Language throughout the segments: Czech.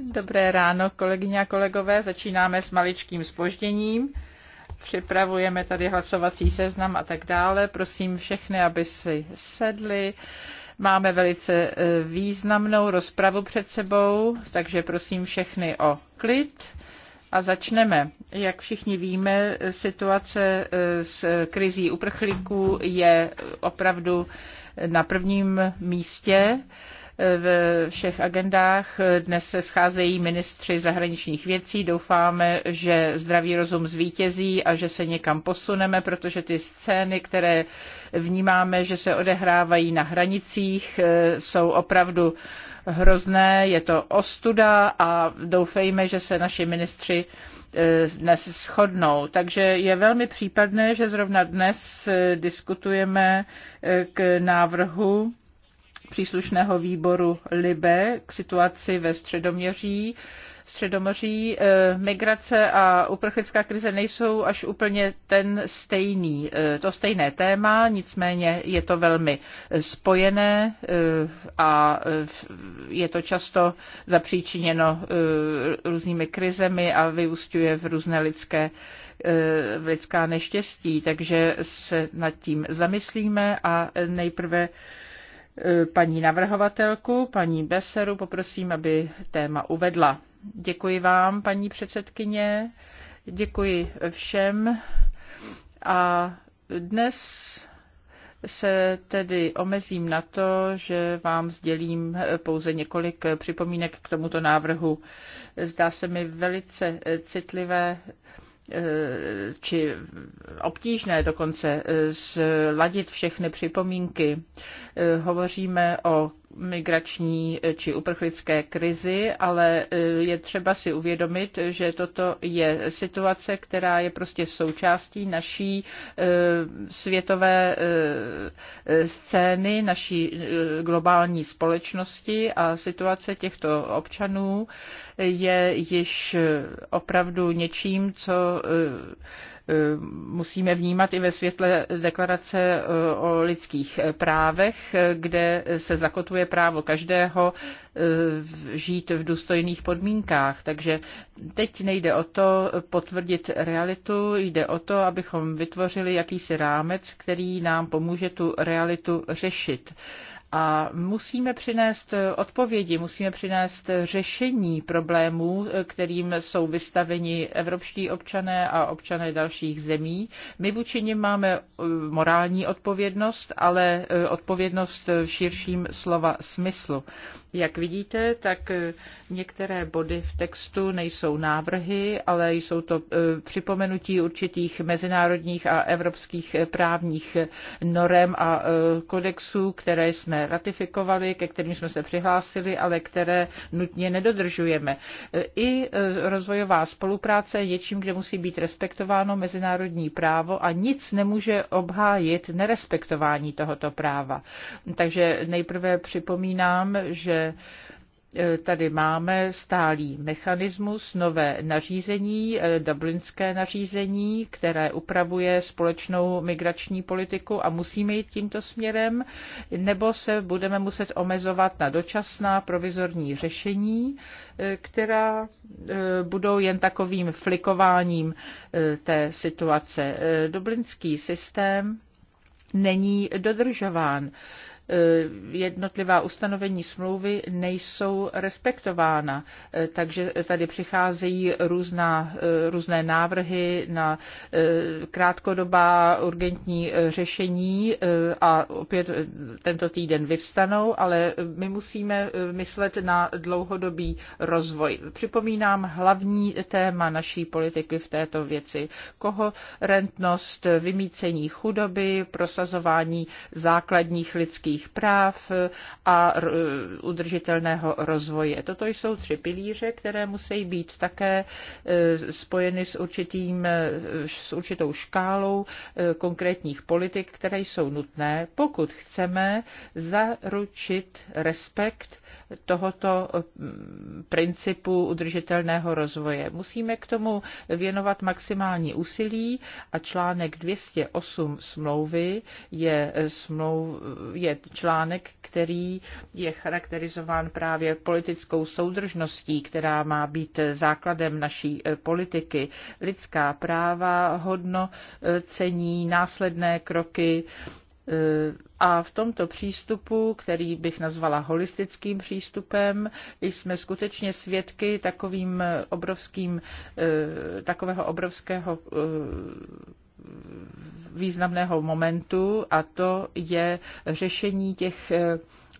Dobré ráno, kolegyně a kolegové. Začínáme s maličkým spožděním. Připravujeme tady hlasovací seznam a tak dále. Prosím všechny, aby si sedli. Máme velice e, významnou rozpravu před sebou, takže prosím všechny o klid. A začneme. Jak všichni víme, situace e, s krizí uprchlíků je opravdu na prvním místě ve všech agendách. Dnes se scházejí ministři zahraničních věcí. Doufáme, že zdravý rozum zvítězí a že se někam posuneme, protože ty scény, které vnímáme, že se odehrávají na hranicích, eh, jsou opravdu hrozné, je to ostuda a doufejme, že se naši ministři eh, dnes shodnou. Takže je velmi případné, že zrovna dnes eh, diskutujeme k návrhu příslušného výboru LIBE k situaci ve Středoměří. Středomoří eh, migrace a uprchlická krize nejsou až úplně ten stejný, eh, to stejné téma, nicméně je to velmi spojené eh, a je to často zapříčiněno různými krizemi a vyústňuje v různé lidské v lidská neštěstí, takže se nad tím zamyslíme a nejprve paní navrhovatelku, paní Beseru, poprosím, aby téma uvedla. Děkuji vám, paní předsedkyně, děkuji všem a dnes se tedy omezím na to, že vám sdělím pouze několik připomínek k tomuto návrhu. Zdá se mi velice citlivé Eh, či obtížné dokonce eh, sladit všechny připomínky. Eh, hovoříme o migrační eh, či uprchlické krizi, ale eh, je třeba si uvědomit, že toto je situace, která je prostě součástí naší eh, světové scény, naší globální společnosti a situace těchto občanů je již opravdu něčím, co E, musíme vnímat i ve světle deklarace e, o lidských e, právech, kde se zakotuje právo každého žít v důstojných podmínkách. Takže teď nejde o to potvrdit realitu, jde o to, abychom vytvořili jakýsi rámec, který nám pomůže tu realitu řešit. A musíme přinést odpovědi, musíme přinést řešení problémů, kterým jsou vystaveni evropští občané a občané dalších zemí. My vůči nim máme eh, morální odpovědnost, ale eh, odpovědnost v širším slova smyslu. Jak vidíte, tak eh, některé body v textu nejsou návrhy, ale jsou to připomenutí určitých mezinárodních a evropských právních norem a kodexů, které jsme ratifikovali, ke kterým jsme se přihlásili, ale které nutně nedodržujeme. I e, rozvojová spolupráce je něčím, kde musí být respektováno mezinárodní právo a nic nemůže obhájit nerespektování tohoto práva. Takže nejprve připomínám, že E, tady máme stálý mechanismus, nové nařízení, e, dublinské nařízení, které upravuje společnou migrační politiku a musíme jít tímto směrem, nebo se budeme muset omezovat na dočasná provizorní řešení, e, která budou jen takovým flikováním té situace. Dublinský systém není dodržován. Eh, jednotlivá ustanovení smlouvy nejsou respektována. Eh, takže tady přicházejí různá, eh, různé návrhy na krátkodobá urgentní řešení a opět tento týden vyvstanou, ale my musíme myslet na dlouhodobý rozvoj. Připomínám hlavní téma naší politiky v této věci. koho, rentnost, vymícení chudoby, prosazování základních lidských lidských práv a udržitelného rozvoje. Toto jsou tři pilíře, které musí být také e, spojeny s, určitým, e, s určitou škálou e, konkrétních politik, které jsou nutné, pokud chceme zaručit respekt tohoto principu udržitelného rozvoje. Musíme k tomu věnovat maximální úsilí a článek 208 smlouvy je, smlouv, je článek, který je charakterizován právě politickou soudržností, která má být základem naší eh, politiky. Lidská práva, hodno, cení následné kroky, eh, a v tomto přístupu, který bych nazvala holistickým přístupem, jsme skutečně svědky takovým obrovským, eh, takového obrovského významného momentu a to je řešení těch eh,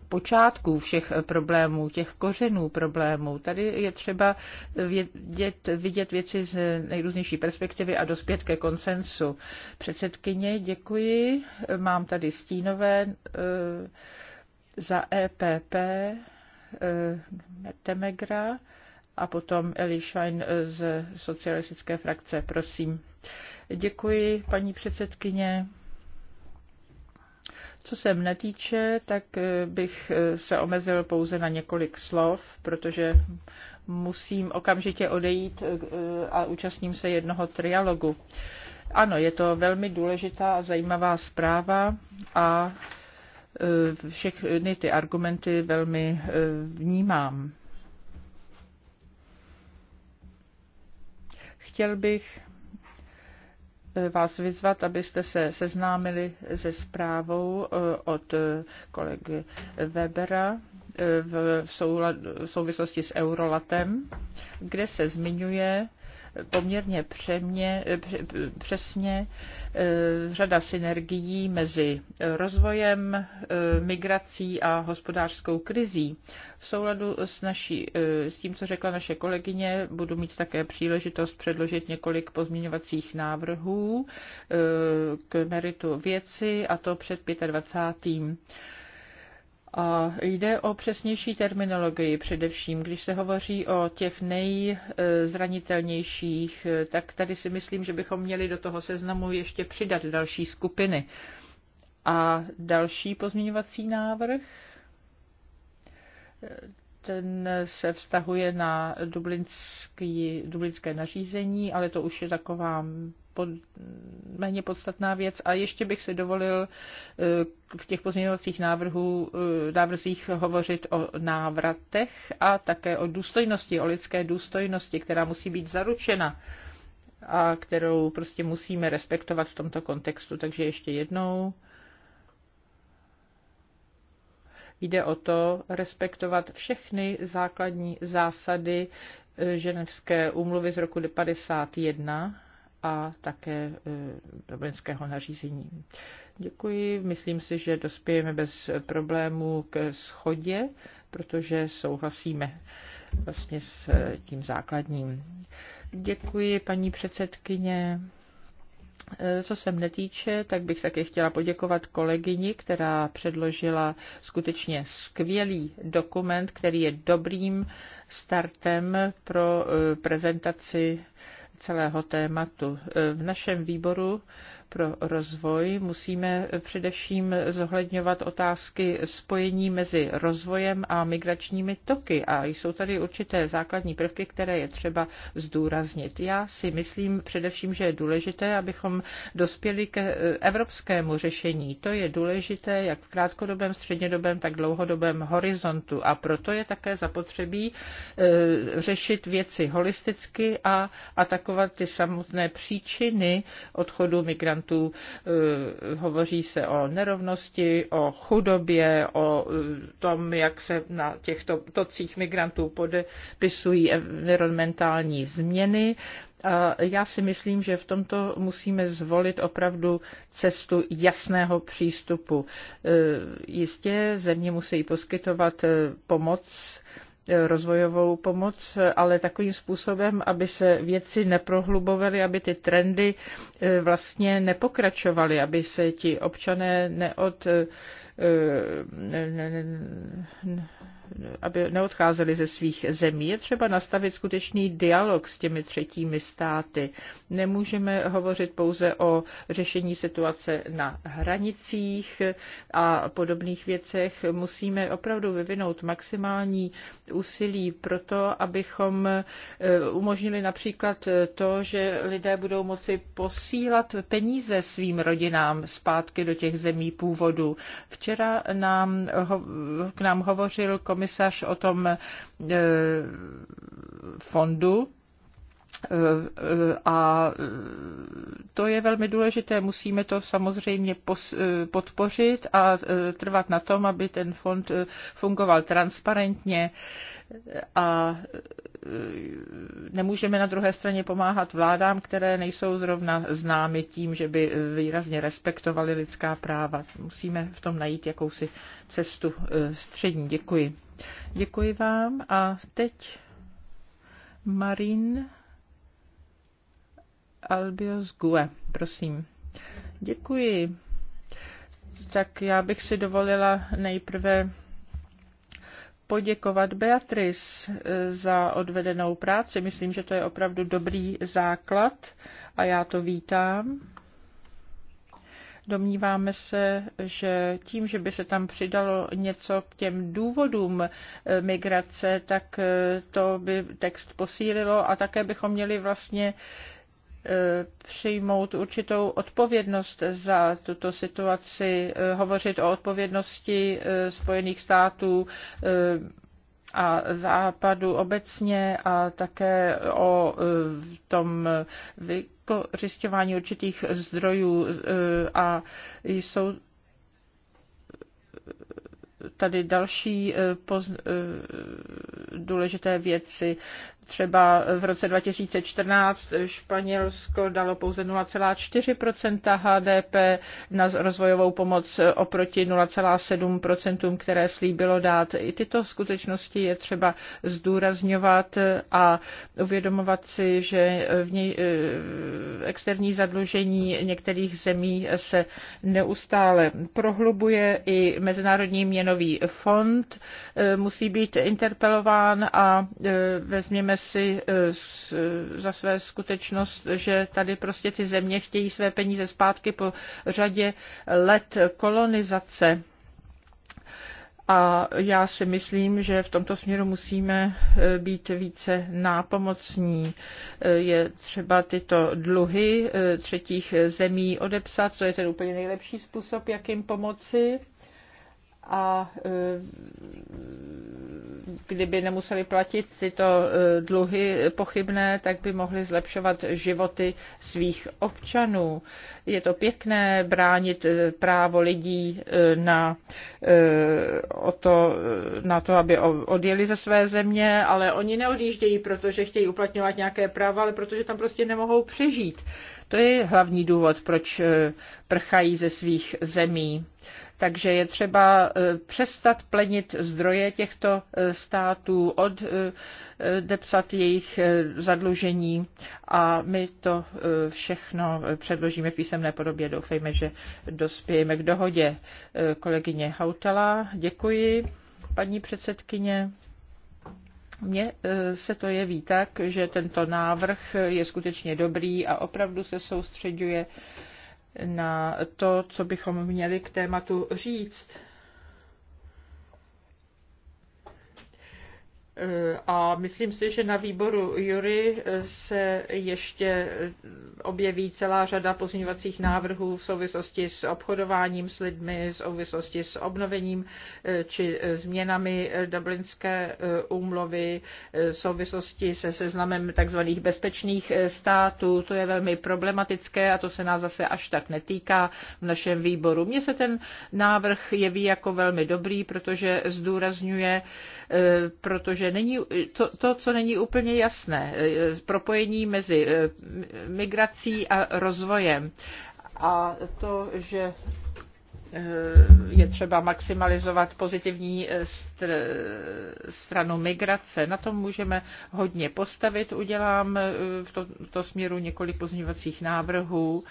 počátků všech problémů, těch kořenů problémů. Tady je třeba vědět, vidět věci z nejrůznější perspektivy a dospět ke konsensu. Předsedkyně, děkuji. Mám tady stínové eh, za EPP eh, Temegra a potom Eli Schein z socialistické frakce. Prosím. Děkuji, paní předsedkyně. Co se mne týče, tak eh, bych eh, se omezil pouze na několik slov, protože musím okamžitě odejít eh, a účastním se jednoho trialogu. Ano, je to velmi důležitá a zajímavá zpráva a všechny ty argumenty velmi vnímám. Chtěl bych vás vyzvat, abyste se seznámili se zprávou eh, od kolegy Webera eh, v souvislosti s Eurolatem, kde se zmiňuje poměrně přemě, přesně eh, řada synergií mezi rozvojem, eh, migrací a hospodářskou krizí. V souladu s, naší, eh, s tím, co řekla naše kolegyně, budu mít také příležitost předložit několik pozměňovacích návrhů k meritu věci a to před 25. A jde o přesnější terminologii především, když se hovoří o těch nejzranitelnějších, tak tady si myslím, že bychom měli do toho seznamu ještě přidat další skupiny. A další pozměňovací návrh, ten se vztahuje na dublinský, dublinské nařízení, ale to už je taková pod, méně podstatná věc. A ještě bych si dovolil eh, v těch pozměňovacích návrhů, eh, návrzích hovořit o návratech a také o důstojnosti, o lidské důstojnosti, která musí být zaručena a kterou prostě musíme respektovat v tomto kontextu. Takže ještě jednou. Jde o to respektovat všechny základní zásady eh, ženevské úmluvy z roku 1951 a také e, dublinského nařízení. Děkuji. Myslím si, že dospějeme bez problémů k schodě, protože souhlasíme vlastně s e, tím základním. Děkuji, paní předsedkyně. E, co se mne týče, tak bych také chtěla poděkovat kolegyni, která předložila skutečně skvělý dokument, který je dobrým startem pro prezentaci celého tématu. E, v našem výboru pro rozvoj musíme především zohledňovat otázky spojení mezi rozvojem a migračními toky. A jsou tady určité základní prvky, které je třeba zdůraznit. Já si myslím především, že je důležité, abychom dospěli ke evropskému řešení. To je důležité jak v krátkodobém, střednědobém, tak dlouhodobém horizontu. A proto je také zapotřebí e, řešit věci holisticky a atakovat ty samotné příčiny odchodu migrantů migrantů. Eh, hovoří se o nerovnosti, o chudobě, o eh, tom, jak se na těchto tocích migrantů podepisují environmentální změny. A já si myslím, že v tomto musíme zvolit opravdu cestu jasného přístupu. Eh, jistě země musí poskytovat pomoc rozvojovou pomoc, ale takovým způsobem, aby se věci neprohlubovaly, aby ty trendy e, vlastně nepokračovaly, aby se ti občané neod, e, aby neodcházeli ze svých zemí. Je třeba nastavit skutečný dialog s těmi třetími státy. Nemůžeme hovořit pouze o řešení situace na hranicích a podobných věcech. Musíme opravdu vyvinout maximální úsilí pro to, abychom eh, umožnili například eh, to, že lidé budou moci posílat peníze svým rodinám zpátky do těch zemí původu. Včera nám, k nám hovořil komisář komisař o tom e, fondu e, e, a to je velmi důležité. Musíme to samozřejmě podpořit a trvat na tom, aby ten fond fungoval transparentně a nemůžeme na druhé straně pomáhat vládám, které nejsou zrovna známy tím, že by výrazně respektovaly lidská práva. Musíme v tom najít jakousi cestu střední. Děkuji. Děkuji vám a teď Marin Albios Gue, prosím. Děkuji. Tak já bych si dovolila nejprve poděkovat Beatrice eh, za odvedenou práci. Myslím, že to je opravdu dobrý základ a já to vítám. Domníváme se, že tím, že by se tam přidalo něco k těm důvodům eh, migrace, tak eh, to by text posílilo a také bychom měli vlastně eh, přijmout určitou odpovědnost za tuto situaci, hovořit o odpovědnosti Spojených států, a západu obecně a také o e, tom vykořišťování určitých zdrojů e, a jsou tady další e, poz, důležité věci. Třeba v roce 2014 Španělsko dalo pouze 0,4 HDP na rozvojovou pomoc oproti 0,7 které slíbilo dát. I tyto skutečnosti je třeba zdůrazňovat a uvědomovat si, že v něj, eh, externí zadlužení některých zemí se neustále prohlubuje. I Mezinárodní měnový fond eh, musí být interpelován a eh, vezměme přiznejme si eh, za své skutečnost, že tady prostě ty země chtějí své peníze zpátky po řadě let kolonizace. A já si myslím, že v tomto směru musíme eh, být více nápomocní. Eh, je třeba tyto dluhy třetích zemí odepsat, to je ten úplně nejlepší způsob, jak jim pomoci a e, kdyby nemuseli platit tyto e, dluhy pochybné, tak by mohli zlepšovat životy svých občanů. Je to pěkné bránit e, právo lidí na, o to, na to, aby odjeli ze své země, ale oni neodjíždějí, protože chtějí uplatňovat nějaké práva, ale protože tam prostě nemohou přežít. To je hlavní důvod, proč prchají ze svých zemí. Takže je třeba eh, přestat plenit zdroje těchto eh, států, oddepsat eh, jejich zadlužení a my to všechno předložíme v písemné podobě. Doufejme, že dospějeme k dohodě. Kolegyně Hautala, děkuji. Paní předsedkyně. Mně se to jeví tak, že tento návrh je skutečně dobrý a opravdu se soustředuje na to, co bychom měli k tématu říct. A myslím si, že na výboru Jury se ještě objeví celá řada pozměňovacích návrhů v souvislosti s obchodováním s lidmi, v souvislosti s obnovením eh, či eh, změnami eh, Dublinské úmluvy, v souvislosti se seznamem tzv. bezpečných států. To je velmi problematické a to se nás zase až tak netýká v našem výboru. Mně se ten návrh jeví jako velmi dobrý, protože zdůrazňuje, protože není to, to, co není úplně jasné, e, propojení mezi e, migrací a rozvojem. A to, že e, je třeba maximalizovat pozitivní str- stranu migrace. Na tom můžeme hodně postavit. Udělám v tomto směru několik pozměňovacích návrhů.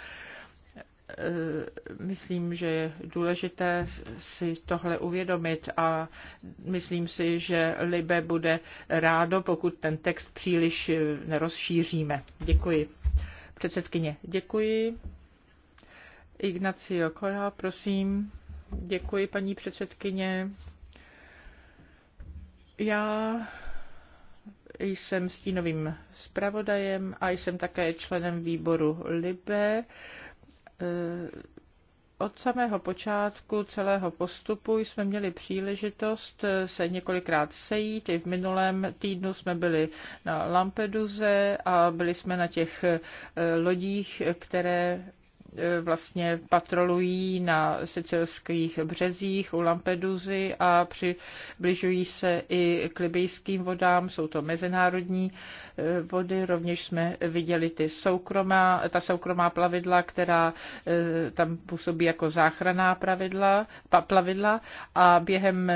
Eh, myslím, že je důležité si tohle uvědomit a myslím si, že Libe bude rádo, pokud ten text příliš eh, nerozšíříme. Děkuji. Předsedkyně, děkuji. Ignacio Kora, prosím. Děkuji, paní předsedkyně. Já jsem stínovým zpravodajem a jsem také členem výboru LIBE Eh, od samého počátku celého postupu jsme měli příležitost eh, se několikrát sejít. I v minulém týdnu jsme byli na Lampeduze a byli jsme na těch eh, lodích, které E, vlastně patrolují na sicilských březích u Lampeduzy a přibližují se i k libijským vodám. Jsou to mezinárodní e, vody. Rovněž jsme viděli ty soukromá, ta soukromá plavidla, která e, tam působí jako záchraná pravidla, plavidla a během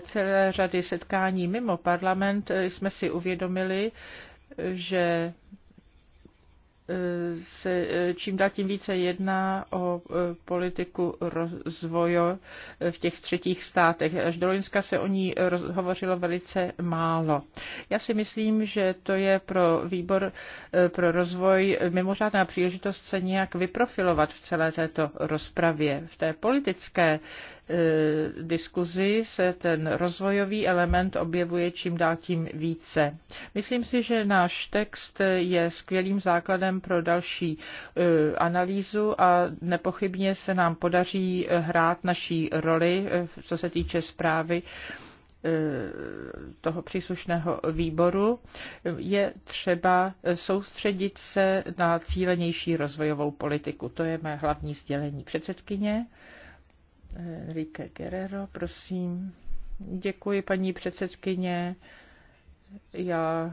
celé řady setkání mimo parlament jsme si uvědomili, že se eh, čím dál tím více jedná o eh, politiku rozvoje v těch třetích státech. Až do Loňska se o ní hovořilo velice málo. Já si myslím, že to je pro výbor eh, pro rozvoj mimořádná příležitost se nějak vyprofilovat v celé této rozpravě. V té politické E, diskuzi se ten rozvojový element objevuje čím dál tím více. Myslím si, že náš text je skvělým základem pro další e, analýzu a nepochybně se nám podaří hrát naší roli, e, co se týče zprávy toho příslušného výboru, je třeba soustředit se na cílenější rozvojovou politiku. To je mé hlavní sdělení předsedkyně. Enrique Guerrero, prosím. Děkuji, paní předsedkyně. Já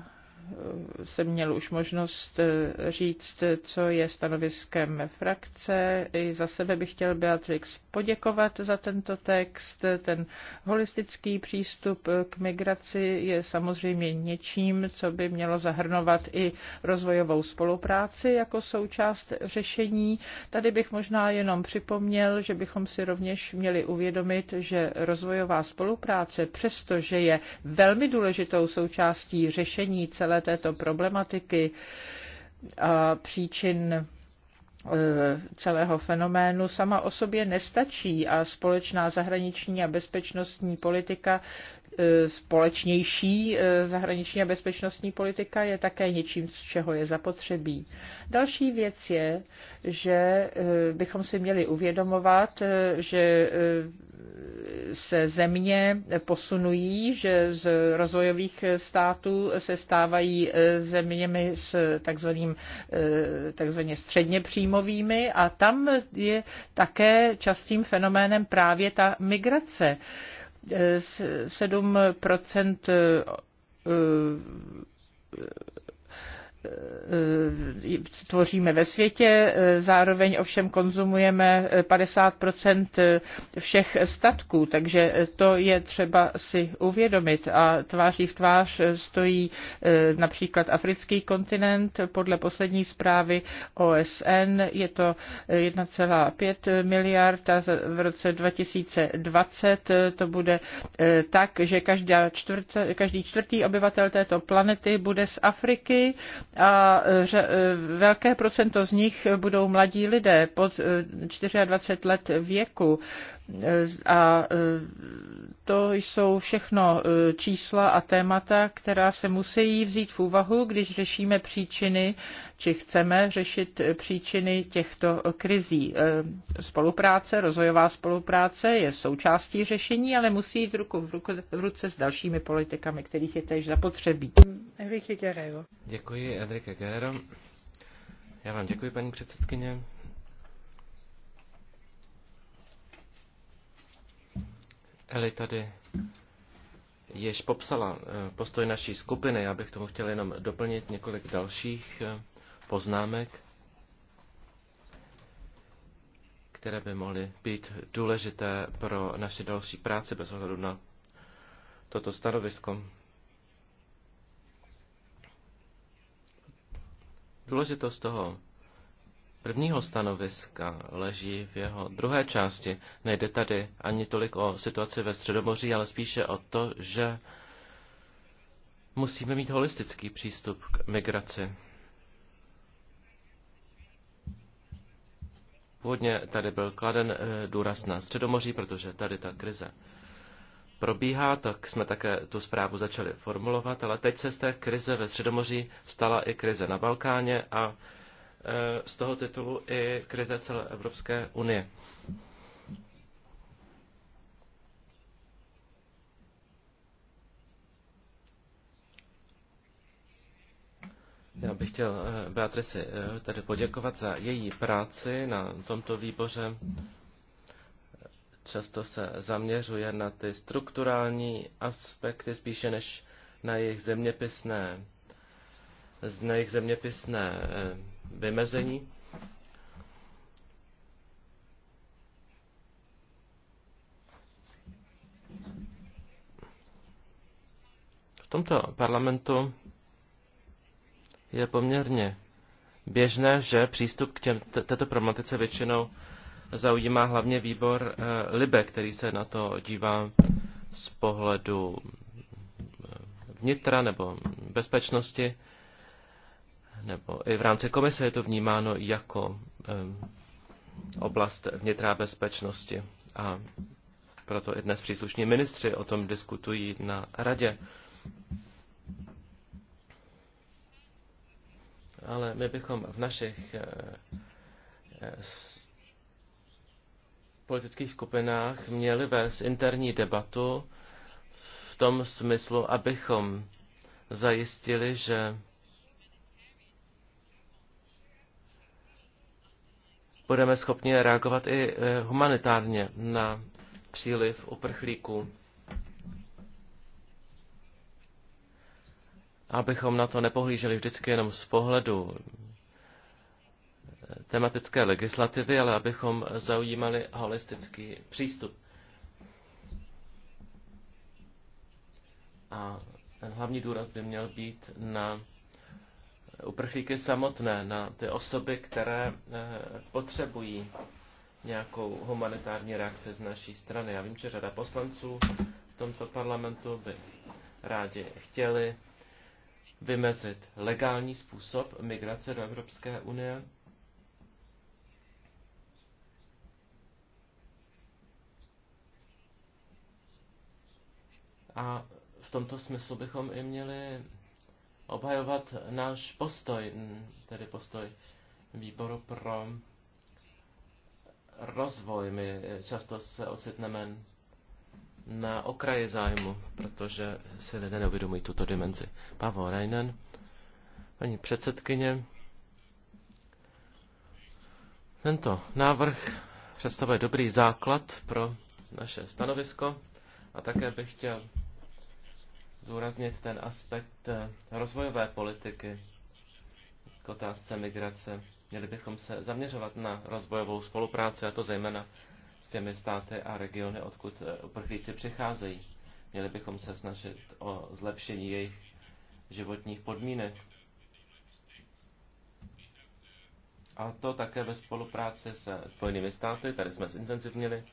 jsem měl už možnost eh, říct, co je stanoviskem frakce. I za sebe bych chtěl Beatrix poděkovat za tento text. Ten holistický přístup k migraci je samozřejmě něčím, co by mělo zahrnovat i rozvojovou spolupráci jako součást řešení. Tady bych možná jenom připomněl, že bychom si rovněž měli uvědomit, že rozvojová spolupráce, přestože je velmi důležitou součástí řešení celé celé této problematiky a příčin e, celého fenoménu sama o sobě nestačí a společná zahraniční a bezpečnostní politika, e, společnější e, zahraniční a bezpečnostní politika je také něčím, z čeho je zapotřebí. Další věc je, že bychom si měli uvědomovat, že se země posunují, že z rozvojových států se stávají eh, zeměmi s takzvaným, eh, takzvaně středně příjmovými a tam je také častým fenoménem právě ta migrace. 7 eh, procent Eh, tvoříme ve světě, eh, zároveň ovšem konzumujeme 50 eh, všech statků, takže to je třeba si uvědomit. A tváří v tvář stojí například africký kontinent. Podle poslední zprávy OSN je to 1,5 miliard a v roce 2020 to bude tak, že každá čtvrt, každý čtvrtý obyvatel této planety bude z Afriky a e, e, velké procento z nich budou mladí lidé pod 24 e, let věku. A to jsou všechno čísla a témata, která se musí vzít v úvahu, když řešíme příčiny, či chceme řešit příčiny těchto krizí. Spolupráce, rozvojová spolupráce je součástí řešení, ale musí jít ruku v, ruku, v ruce s dalšími politikami, kterých je též zapotřebí. Děkuji, Enrique Guerrero. Já vám děkuji, paní předsedkyně. Eli tady jež popsala eh, postoj naší skupiny. Já bych tomu chtěl jenom doplnit několik dalších eh, poznámek, které by mohly být důležité pro naši další práci bez ohledu na toto stanovisko. Důležitost toho prvního stanoviska leží v jeho druhé části. Nejde tady ani tolik o situaci ve Středomoří, ale spíše o to, že musíme mít holistický přístup k migraci. Původně tady byl kladen eh, důraz na Středomoří, protože tady ta krize probíhá, tak jsme také tu zprávu začali formulovat, ale teď se z té krize ve Středomoří stala i krize na Balkáně a e, z toho titulu i krize celé Evropské unie. Já bych chtěl e, Beatrice tady poděkovat za její práci na tomto výboře často se zaměřuje na ty strukturální aspekty spíše než na jejich zeměpisné, na jejich zeměpisné eh, vymezení. V tomto parlamentu je poměrně běžné, že přístup k těm, této problematice většinou zaujímá hlavně výbor eh, Libe, který se na to dívá z pohledu eh, vnitra nebo bezpečnosti, nebo i v rámci komise je to vnímáno jako eh, oblast vnitra bezpečnosti. A proto i dnes příslušní ministři o tom diskutují na radě. Ale my bychom v našich politických skupinách měli vést interní debatu v tom smyslu, abychom zajistili, že budeme schopni reagovat i eh, humanitárně na příliv uprchlíků. Abychom na to nepohlíželi vždycky jenom z pohledu tematické legislativy, ale abychom zaujímali holistický přístup. A hlavní důraz by měl být na uprchlíky samotné, na ty osoby, které eh, potřebují nějakou humanitární reakci z naší strany. Já vím, že řada poslanců v tomto parlamentu by rádi chtěli vymezit legální způsob migrace do Evropské unie. A v tomto smyslu bychom i měli obhajovat náš postoj, tedy postoj výboru pro rozvoj. My často se ocitneme na okraji zájmu, protože si lidé neuvědomují tuto dimenzi. Pavel Reinen, paní předsedkyně, tento návrh představuje dobrý základ pro naše stanovisko a také bych chtěl zdůraznit ten aspekt eh, rozvojové politiky k otázce migrace. Měli bychom se zaměřovat na rozvojovou spolupráci, a to zejména s těmi státy a regiony, odkud eh, uprchlíci přicházejí. Měli bychom se snažit o zlepšení jejich životních podmínek. A to také ve spolupráci se Spojenými státy. Tady jsme zintenzivnili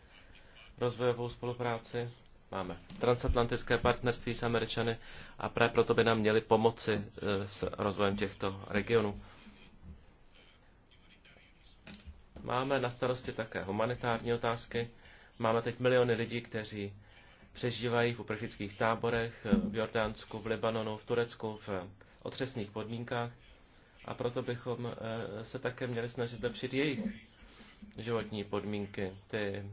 rozvojovou spolupráci Máme transatlantické partnerství s Američany a právě proto by nám měli pomoci eh, s rozvojem těchto regionů. Máme na starosti také humanitární otázky. Máme teď miliony lidí, kteří přežívají v uprchlických táborech eh, v Jordánsku, v Libanonu, v Turecku, v otřesných podmínkách a proto bychom eh, se také měli snažit zlepšit jejich životní podmínky. Ty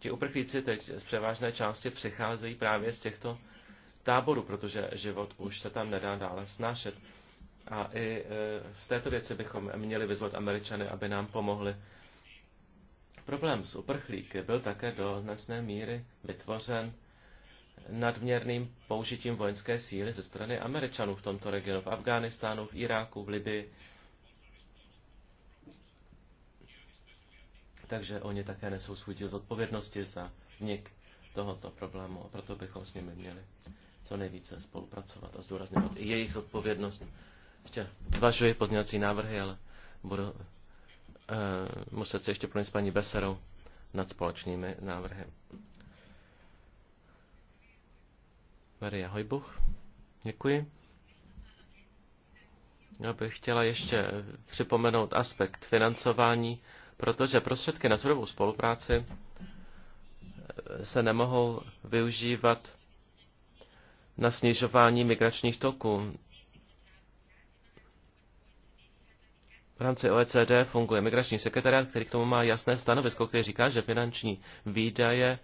Ti uprchlíci teď z převážné části přicházejí právě z těchto táborů, protože život už se tam nedá dále snášet. A i e, v této věci bychom měli vyzvat Američany, aby nám pomohli. Problém s uprchlíky byl také do značné míry vytvořen nadměrným použitím vojenské síly ze strany Američanů v tomto regionu, v Afghánistánu, v Iráku, v Libii takže oni také nesou svůj díl zodpovědnosti za vznik tohoto problému a proto bychom s nimi měli co nejvíce spolupracovat a zdůrazněvat i jejich zodpovědnost. Ještě zvažuji pozměňovací návrhy, ale budu uh, muset se ještě plnit s paní Beserou nad společnými návrhy. Maria Hojbuch, děkuji. Já bych chtěla ještě připomenout aspekt financování protože prostředky na surovou spolupráci eh, se nemohou využívat na snižování migračních toků. V rámci OECD funguje migrační sekretariat, který k tomu má jasné stanovisko, který říká, že finanční výdaje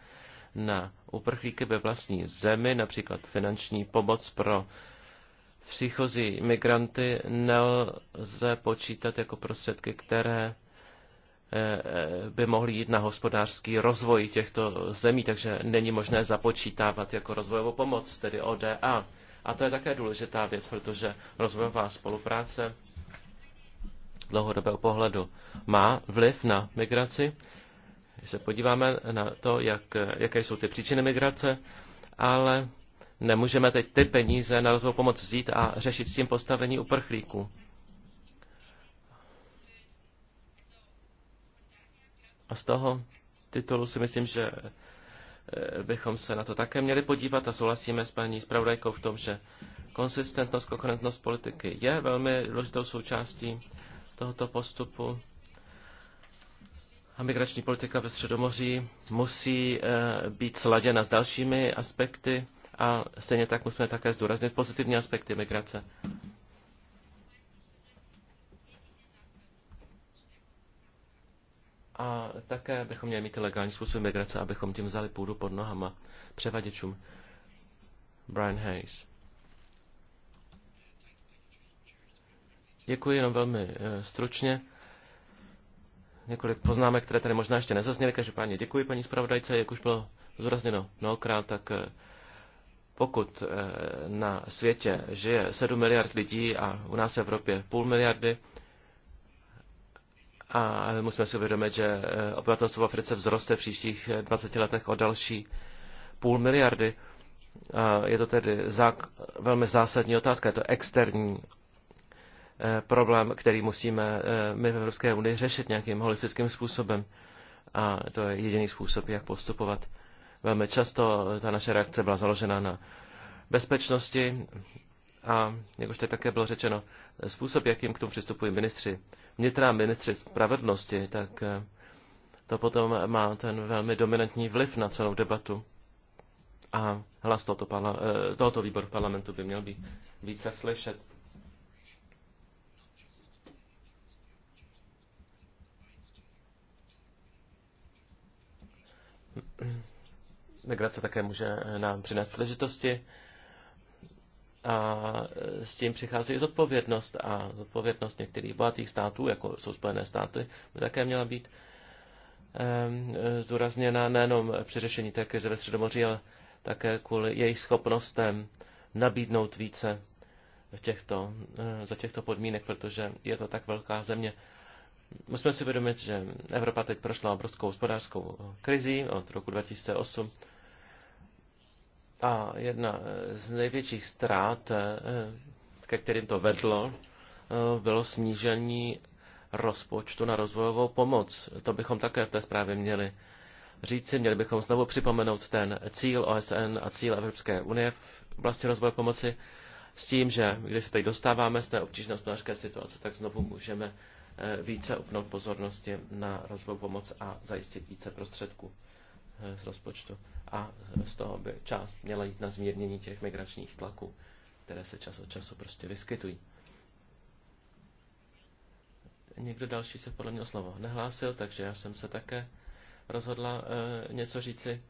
na uprchlíky ve vlastní zemi, například finanční pomoc pro příchozí migranty, nelze počítat jako prostředky, které by mohly jít na hospodářský rozvoj těchto zemí, takže není možné započítávat jako rozvojovou pomoc, tedy ODA. A to je také důležitá věc, protože rozvojová spolupráce dlouhodobého pohledu má vliv na migraci. Když se podíváme na to, jak, jaké jsou ty příčiny migrace, ale nemůžeme teď ty peníze na rozvoj pomoc vzít a řešit s tím postavení uprchlíků. A z toho titulu si myslím, že eh, bychom se na to také měli podívat a souhlasíme s paní zpravodajkou v tom, že konsistentnost, koherentnost politiky je velmi důležitou součástí tohoto postupu. A migrační politika ve Středomoří musí eh, být sladěna s dalšími aspekty a stejně tak musíme také zdůraznit pozitivní aspekty migrace. A také bychom měli mít legální způsob migrace, abychom tím vzali půdu pod nohama převaděčům. Brian Hayes. Děkuji jenom velmi eh, stručně. Několik poznámek, které tady možná ještě nezazněly. Každopádně děkuji paní zpravodajce, jak už bylo zúrazněno mnohokrát, tak eh, pokud eh, na světě žije 7 miliard lidí a u nás v Evropě půl miliardy, a musíme si uvědomit, že eh, obyvatelstvo v Africe vzroste v příštích 20 eh, letech o další půl miliardy. A je to tedy zák- velmi zásadní otázka, je to externí eh, problém, který musíme my v Evropské unii řešit nějakým holistickým způsobem. A to je jediný způsob, jak postupovat. Velmi často ta naše reakce byla založena na bezpečnosti, a jak už teď také bylo řečeno, způsob, jakým k tomu přistupují ministři vnitra, ministři spravedlnosti, tak eh, to potom má ten velmi dominantní vliv na celou debatu. A hlas tohoto, parla- eh, tohoto výboru parlamentu by měl být více slyšet. Migrace také může eh, nám přinést příležitosti a s tím přichází i zodpovědnost a zodpovědnost některých bohatých států, jako jsou Spojené státy, by také měla být zdůrazněna nejenom při řešení té krize ve Středomoří, ale také kvůli jejich schopnostem nabídnout více těchto, eh, za těchto podmínek, protože je to tak velká země. Musíme si uvědomit, že Evropa teď prošla obrovskou hospodářskou krizi od roku 2008 a jedna z největších ztrát, eh, ke kterým to vedlo, eh, bylo snížení rozpočtu na rozvojovou pomoc. To bychom také v té zprávě měli říci. Měli bychom znovu připomenout ten cíl OSN a cíl Evropské unie v oblasti rozvoje pomoci s tím, že když se teď dostáváme z té obtížné hospodářské situace, tak znovu můžeme eh, více upnout pozornosti na rozvoj pomoc a zajistit více prostředků z rozpočtu a z toho by část měla jít na zmírnění těch migračních tlaků, které se čas od času prostě vyskytují. Někdo další se podle mě o slovo nehlásil, takže já jsem se také rozhodla e, něco říci,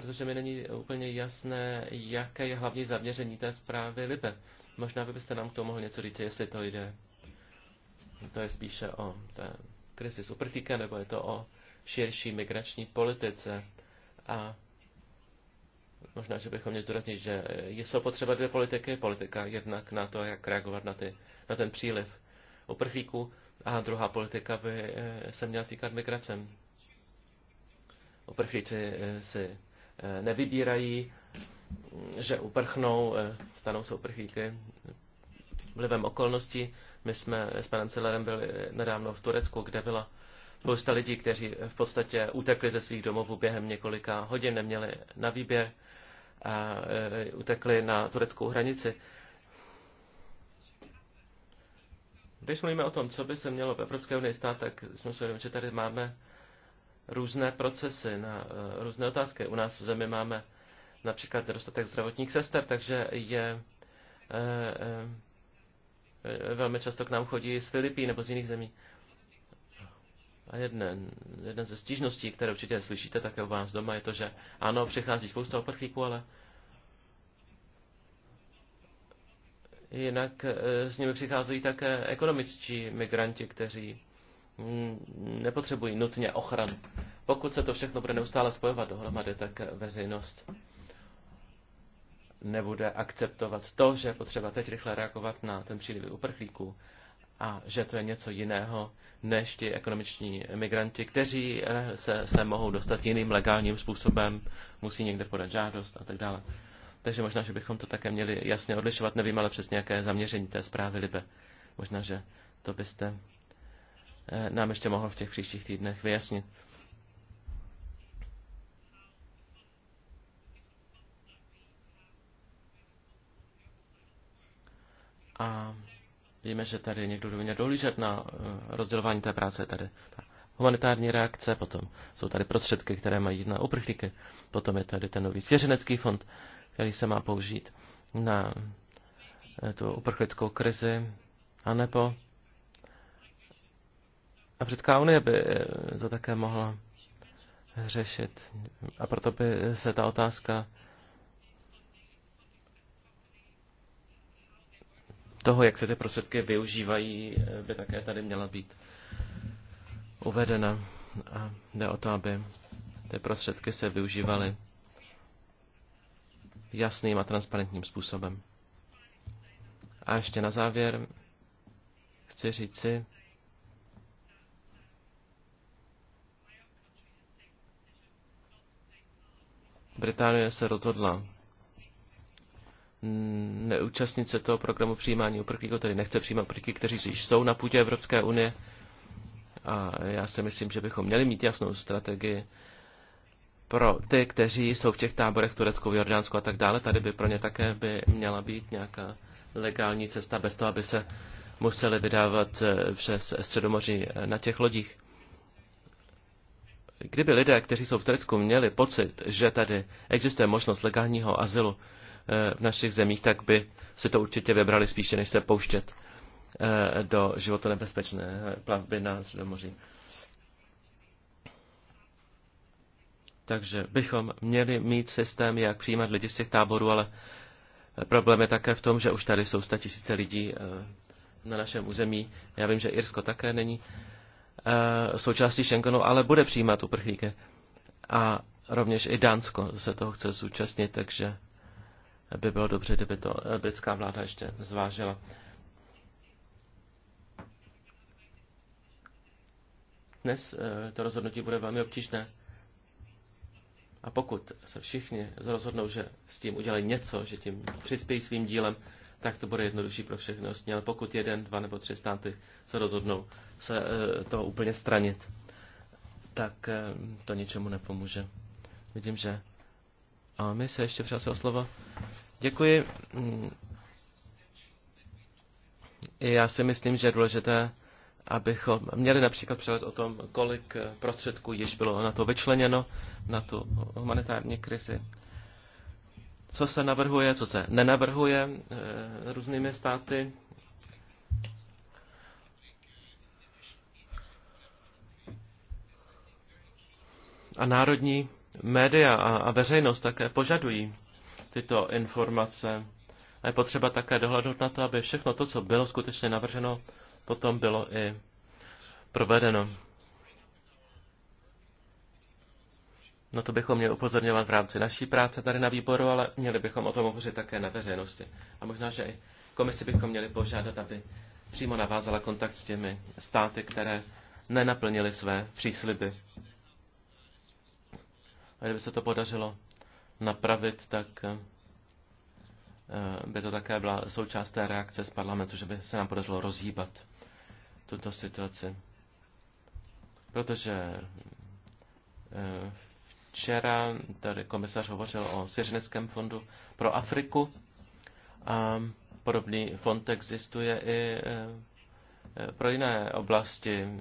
protože mi není úplně jasné, jaké je hlavní zaměření té zprávy Libe. Možná by byste nám k tomu mohl něco říci, jestli to jde. To je spíše o té krizi s nebo je to o širší migrační politice. A možná, že bychom měli zdůraznit, že jsou potřeba dvě politiky. Politika jednak na to, jak reagovat na, ty, na ten příliv uprchlíků, a druhá politika by eh, se měla týkat migracem. Uprchlíci eh, si eh, nevybírají, mm, že uprchnou, stanou se uprchlíky vlivem okolností. My jsme s panem Celerem byli nedávno v Turecku, kde byla Spousta lidí, kteří v podstatě utekli ze svých domovů během několika hodin, neměli na výběr a e, utekli na tureckou hranici. Když mluvíme o tom, co by se mělo v Evropské unii stát, tak jsme se že tady máme různé procesy na e, různé otázky. U nás v zemi máme například nedostatek zdravotních sester, takže je e, velmi často k nám chodí z Filipí nebo z jiných zemí. A jedne, jedna ze stížností, které určitě slyšíte také u vás doma, je to, že ano, přichází spousta oprchlíků, ale jinak e, s nimi přicházejí také ekonomičtí migranti, kteří mm, nepotřebují nutně ochranu. Pokud se to všechno bude neustále spojovat dohromady, tak veřejnost nebude akceptovat to, že je potřeba teď rychle reagovat na ten příliv uprchlíků a že to je něco jiného než ti ekonomiční migranti, kteří eh, se, se mohou dostat jiným legálním způsobem, musí někde podat žádost a tak dále. Takže možná, že bychom to také měli jasně odlišovat, nevím, ale přesně jaké zaměření té zprávy Libe. Možná, že to byste eh, nám ještě mohl v těch příštích týdnech vyjasnit. A Víme, že tady někdo měl dohlížet na eh, rozdělování té práce tady. Ta humanitární reakce, potom jsou tady prostředky, které mají jít na uprchlíky, potom je tady ten nový svěřenecký fond, který se má použít na eh, tu uprchlickou krizi, anebo Africká unie by eh, to také mohla řešit. A proto by se ta otázka toho, jak se ty prostředky využívají, eh, by také tady měla být uvedena. A jde o to, aby ty prostředky se využívaly jasným a transparentním způsobem. A ještě na závěr chci říci, Británie se rozhodla Mm, neúčastnit se toho programu přijímání uprchlíků, tedy nechce přijímat uprchlíky, kteří již jsou na půdě Evropské unie. A já si myslím, že bychom měli mít jasnou strategii pro ty, kteří jsou v těch táborech Turecku, v Jordánsku a tak dále. Tady by pro ně také by měla být nějaká legální cesta bez toho, aby se museli vydávat eh, přes Středomoří eh, na těch lodích. Kdyby lidé, kteří jsou v Turecku, měli pocit, že tady existuje možnost legálního azylu, Eh, v našich zemích, tak by si to určitě vybrali spíše, než se pouštět eh, do životu nebezpečné plavby na Středomoří. Takže bychom měli mít systém, jak přijímat lidi z těch táborů, ale problém je také v tom, že už tady jsou tisíce lidí eh, na našem území. Já vím, že Irsko také není součástí Schengenu, ale bude přijímat uprchlíky. A rovněž i Dánsko se toho chce zúčastnit, takže by bylo dobře, kdyby to eh, britská vláda ještě zvážila. Dnes eh, to rozhodnutí bude velmi obtížné. A pokud se všichni rozhodnou, že s tím udělají něco, že tím přispějí svým dílem, tak to bude jednodušší pro všechny ostatní. Ale pokud jeden, dva nebo tři státy se rozhodnou se eh, to úplně stranit, tak to ničemu nepomůže. Vidím, že a my se ještě přihlásil o slovo. Děkuji. Mm. Já si myslím, že je důležité, abychom měli například přehled o tom, kolik prostředků již bylo na to vyčleněno, na tu humanitární krizi. Co se navrhuje, co se nenavrhuje eh, různými státy. A národní média a, a veřejnost také požadují tyto informace. A je potřeba také dohlednout na to, aby všechno to, co bylo skutečně navrženo, potom bylo i provedeno. No to bychom měli upozorňovat v rámci naší práce tady na výboru, ale měli bychom o tom hovořit také na veřejnosti. A možná, že i komisi bychom měli požádat, aby přímo navázala kontakt s těmi státy, které nenaplnili své přísliby. A kdyby se to podařilo napravit, tak eh, by to také byla součást té reakce z parlamentu, že by se nám podařilo rozhýbat tuto situaci. Protože eh, včera tady komisař hovořil o Svěřeneckém fondu pro Afriku a podobný fond existuje i eh, pro jiné oblasti,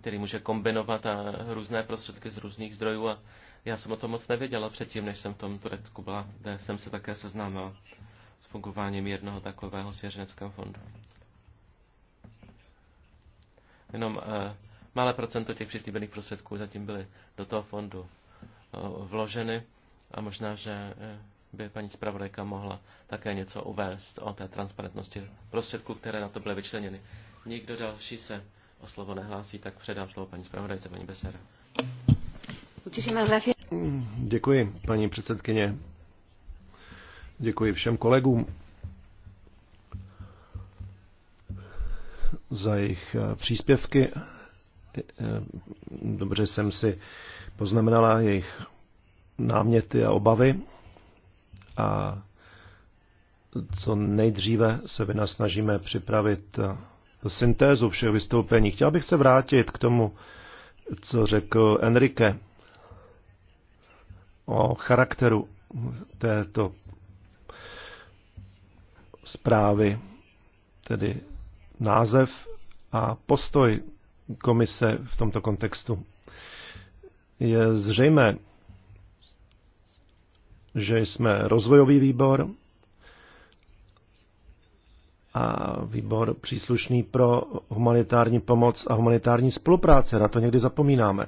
který může kombinovat a různé prostředky z různých zdrojů a já jsem o tom moc nevěděla předtím, než jsem v tom Turecku byla, kde jsem se také seznámila s fungováním jednoho takového svěřeneckého fondu. Jenom eh, malé procento těch přislíbených prostředků zatím byly do toho fondu eh, vloženy a možná, že eh, by paní zpravodajka mohla také něco uvést o té transparentnosti prostředků, které na to byly vyčleněny. Nikdo další se o slovo nehlásí, tak předám slovo paní zpravodajce, paní Besera. Muchísimas gracias. Děkuji, paní předsedkyně. Děkuji všem kolegům za jejich eh, příspěvky. Eh, dobře jsem si poznamenala jejich náměty a obavy a co nejdříve se snažíme připravit eh, syntézu všech vystoupení. Chtěl bych se vrátit k tomu, co řekl Enrique o charakteru této zprávy, tedy název a postoj komise v tomto kontextu. Je zřejmé, že jsme rozvojový výbor a výbor příslušný pro humanitární pomoc a humanitární spolupráce. Na to někdy zapomínáme.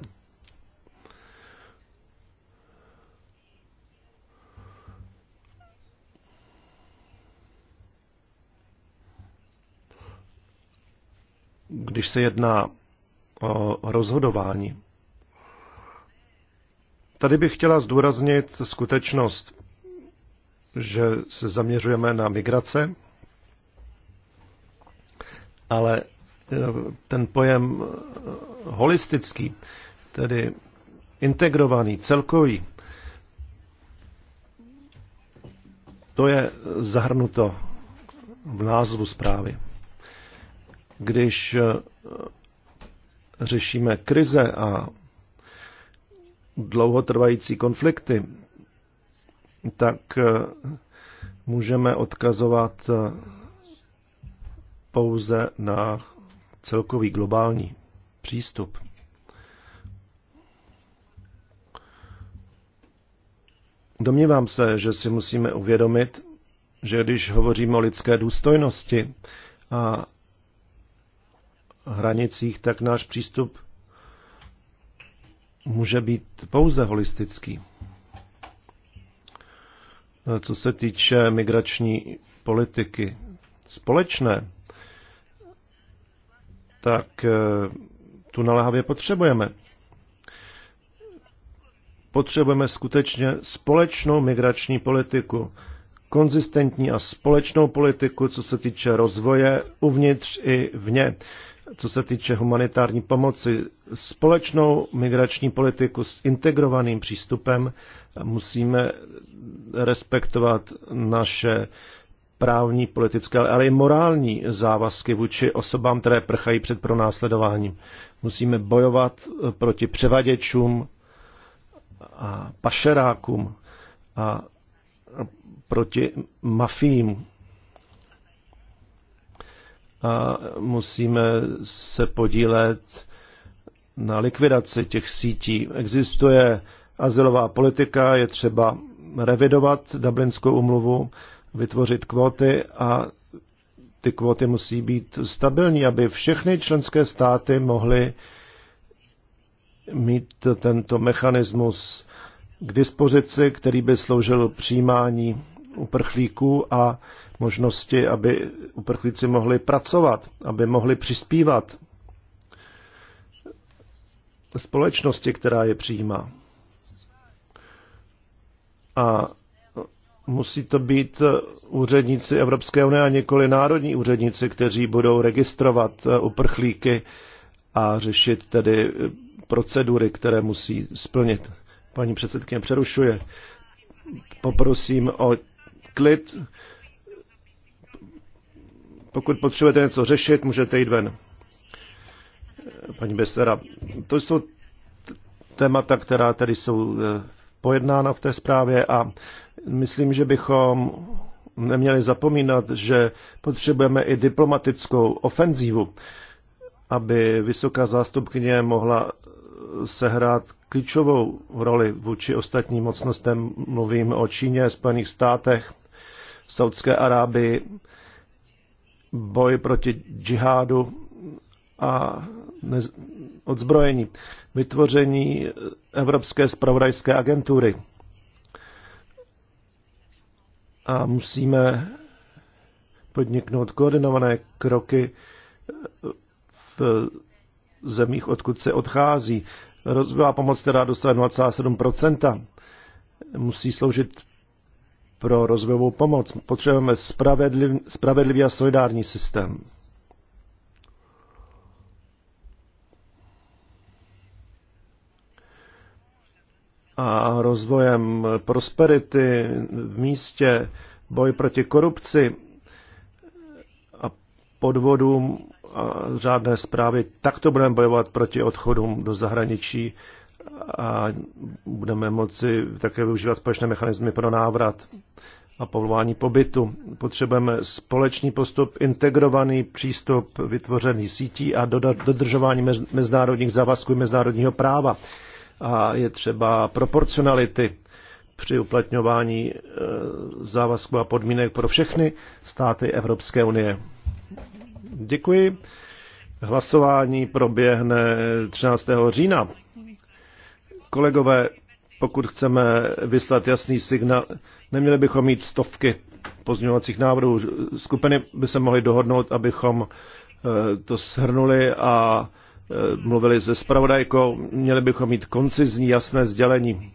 když se jedná o rozhodování. Tady bych chtěla zdůraznit skutečnost, že se zaměřujeme na migrace, ale e, ten pojem e, holistický, tedy integrovaný, celkový, to je zahrnuto v názvu zprávy když eh, řešíme krize a dlouhotrvající konflikty, tak eh, můžeme odkazovat eh, pouze na celkový globální přístup. Domnívám se, že si musíme uvědomit, že když hovoříme o lidské důstojnosti a hranicích, tak náš přístup může být pouze holistický. Co se týče migrační politiky společné, tak eh, tu naléhavě potřebujeme. Potřebujeme skutečně společnou migrační politiku, konzistentní a společnou politiku, co se týče rozvoje uvnitř i vně co se týče humanitární pomoci, společnou migrační politiku s integrovaným přístupem musíme respektovat naše právní, politické, ale i morální závazky vůči osobám, které prchají před pronásledováním. Musíme bojovat proti převaděčům a pašerákům a proti mafím, a musíme se podílet na likvidaci těch sítí. Existuje azylová politika, je třeba revidovat Dublinskou umluvu, vytvořit kvóty a ty kvóty musí být stabilní, aby všechny členské státy mohly mít tento mechanismus k dispozici, který by sloužil přijímání uprchlíků a možnosti, aby uprchlíci mohli pracovat, aby mohli přispívat společnosti, která je přijímá. A musí to být úředníci Evropské unie a nikoli národní úředníci, kteří budou registrovat uprchlíky a řešit tedy procedury, které musí splnit. Paní předsedkyně přerušuje. Poprosím o klid. Pokud potřebujete něco řešit, můžete jít ven. Paní Besera, to jsou témata, která tady jsou eh, pojednána v té zprávě a myslím, že bychom neměli zapomínat, že potřebujeme i diplomatickou ofenzívu, aby vysoká zástupkyně mohla sehrát klíčovou roli vůči ostatním mocnostem. Mluvím o Číně, Spojených státech v Saudské Arábii, boj proti džihádu a odzbrojení, vytvoření Evropské spravodajské agentury. A musíme podniknout koordinované kroky v zemích, odkud se odchází. Rozvojová pomoc, která dostane 0,7%, musí sloužit pro rozvojovou pomoc. Potřebujeme spravedliv, spravedlivý a solidární systém. A rozvojem prosperity v místě, boj proti korupci a podvodům a řádné zprávy. Takto budeme bojovat proti odchodům do zahraničí a budeme moci také využívat společné mechanismy pro návrat a povolání pobytu. Potřebujeme společný postup, integrovaný přístup vytvořený sítí a dodržování mezinárodních závazků mezinárodního práva. A je třeba proporcionality při uplatňování e, závazků a podmínek pro všechny státy Evropské unie. Děkuji. Hlasování proběhne 13. října. Kolegové, pokud chceme vyslat jasný signál, neměli bychom mít stovky pozměňovacích návrhů. Skupiny by se mohly dohodnout, abychom eh, to shrnuli a eh, mluvili se spravodajkou. Měli bychom mít koncizní, jasné sdělení.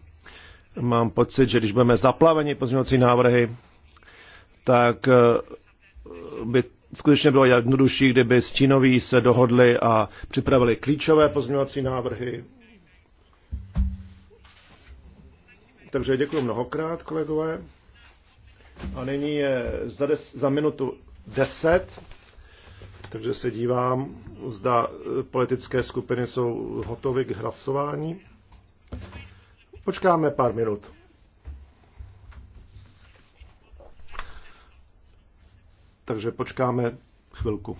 Mám pocit, že když budeme zaplaveni pozměňovací návrhy, tak eh, by skutečně bylo jednodušší, kdyby stínoví se dohodli a připravili klíčové pozměňovací návrhy Takže děkuji mnohokrát, kolegové. A nyní je za, des, za minutu deset, takže se dívám, zda politické skupiny jsou hotovy k hlasování. Počkáme pár minut. Takže počkáme chvilku.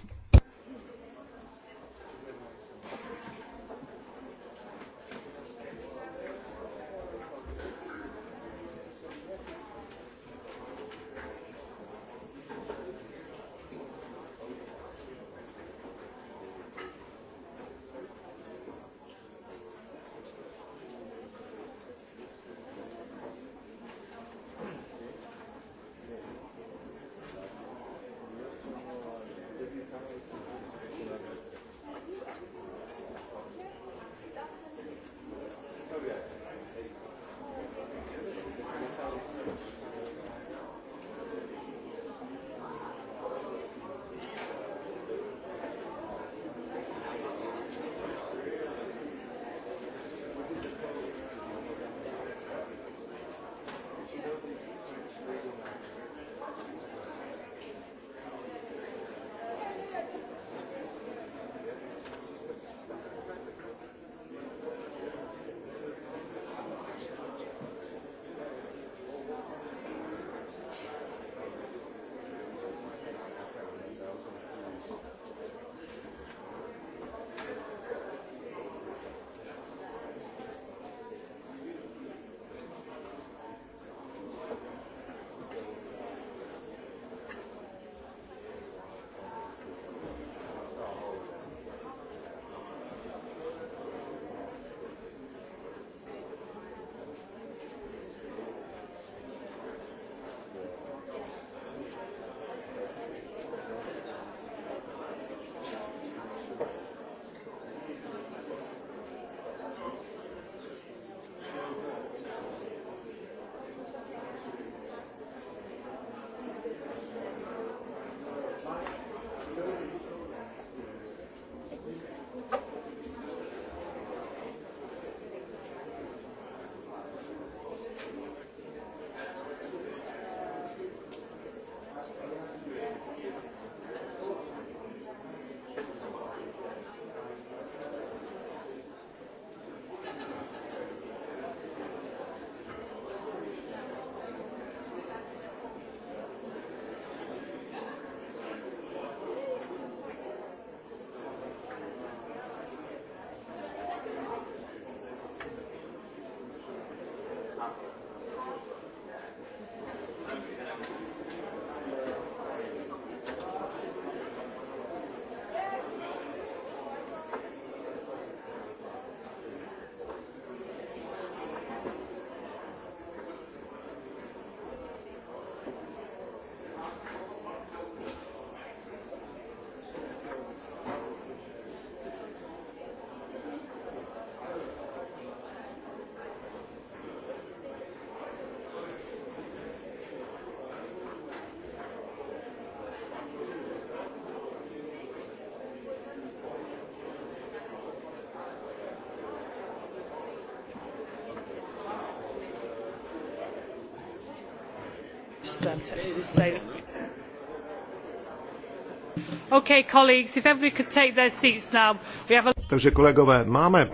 Takže kolegové, máme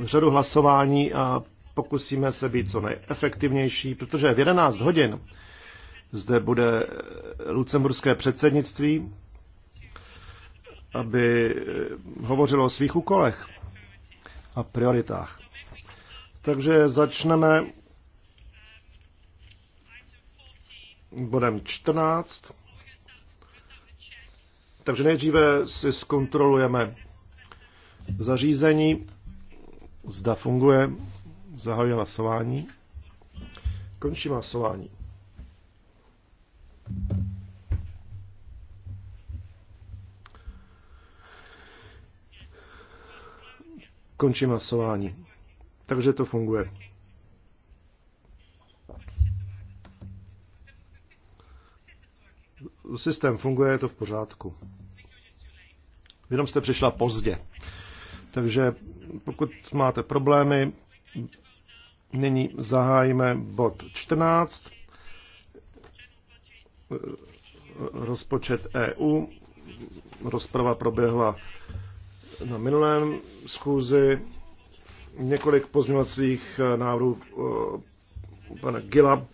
řadu hlasování a pokusíme se být co nejefektivnější, protože v 11 hodin zde bude lucemburské předsednictví, aby hovořilo o svých úkolech a prioritách. Takže začneme bodem 14. Takže nejdříve si zkontrolujeme zařízení, zda funguje, zahajuje hlasování, končím hlasování. Končím hlasování. Takže to funguje. systém funguje, je to v pořádku. Jenom jste přišla pozdě. Takže pokud máte problémy, nyní zahájíme bod 14, rozpočet EU. Rozprava proběhla na minulém schůzi. Několik pozměňovacích eh, návrhů eh, pana Gila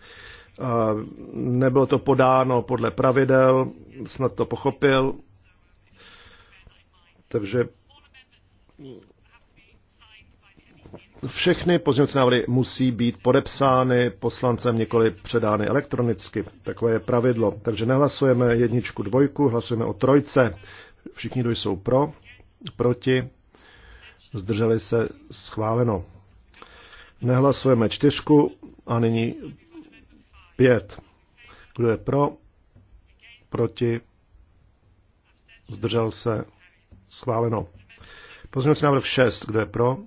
Nebylo to podáno podle pravidel, snad to pochopil. Takže všechny pozměňovací návrhy musí být podepsány poslancem, nikoli předány elektronicky. Takové je pravidlo. Takže nehlasujeme jedničku, dvojku, hlasujeme o trojce. Všichni, kdo jsou pro, proti, zdrželi se schváleno. Nehlasujeme čtyřku a nyní 5. Kdo je pro? Proti? Zdržel se? Schváleno. Pozměňovací návrh 6. Kdo je pro?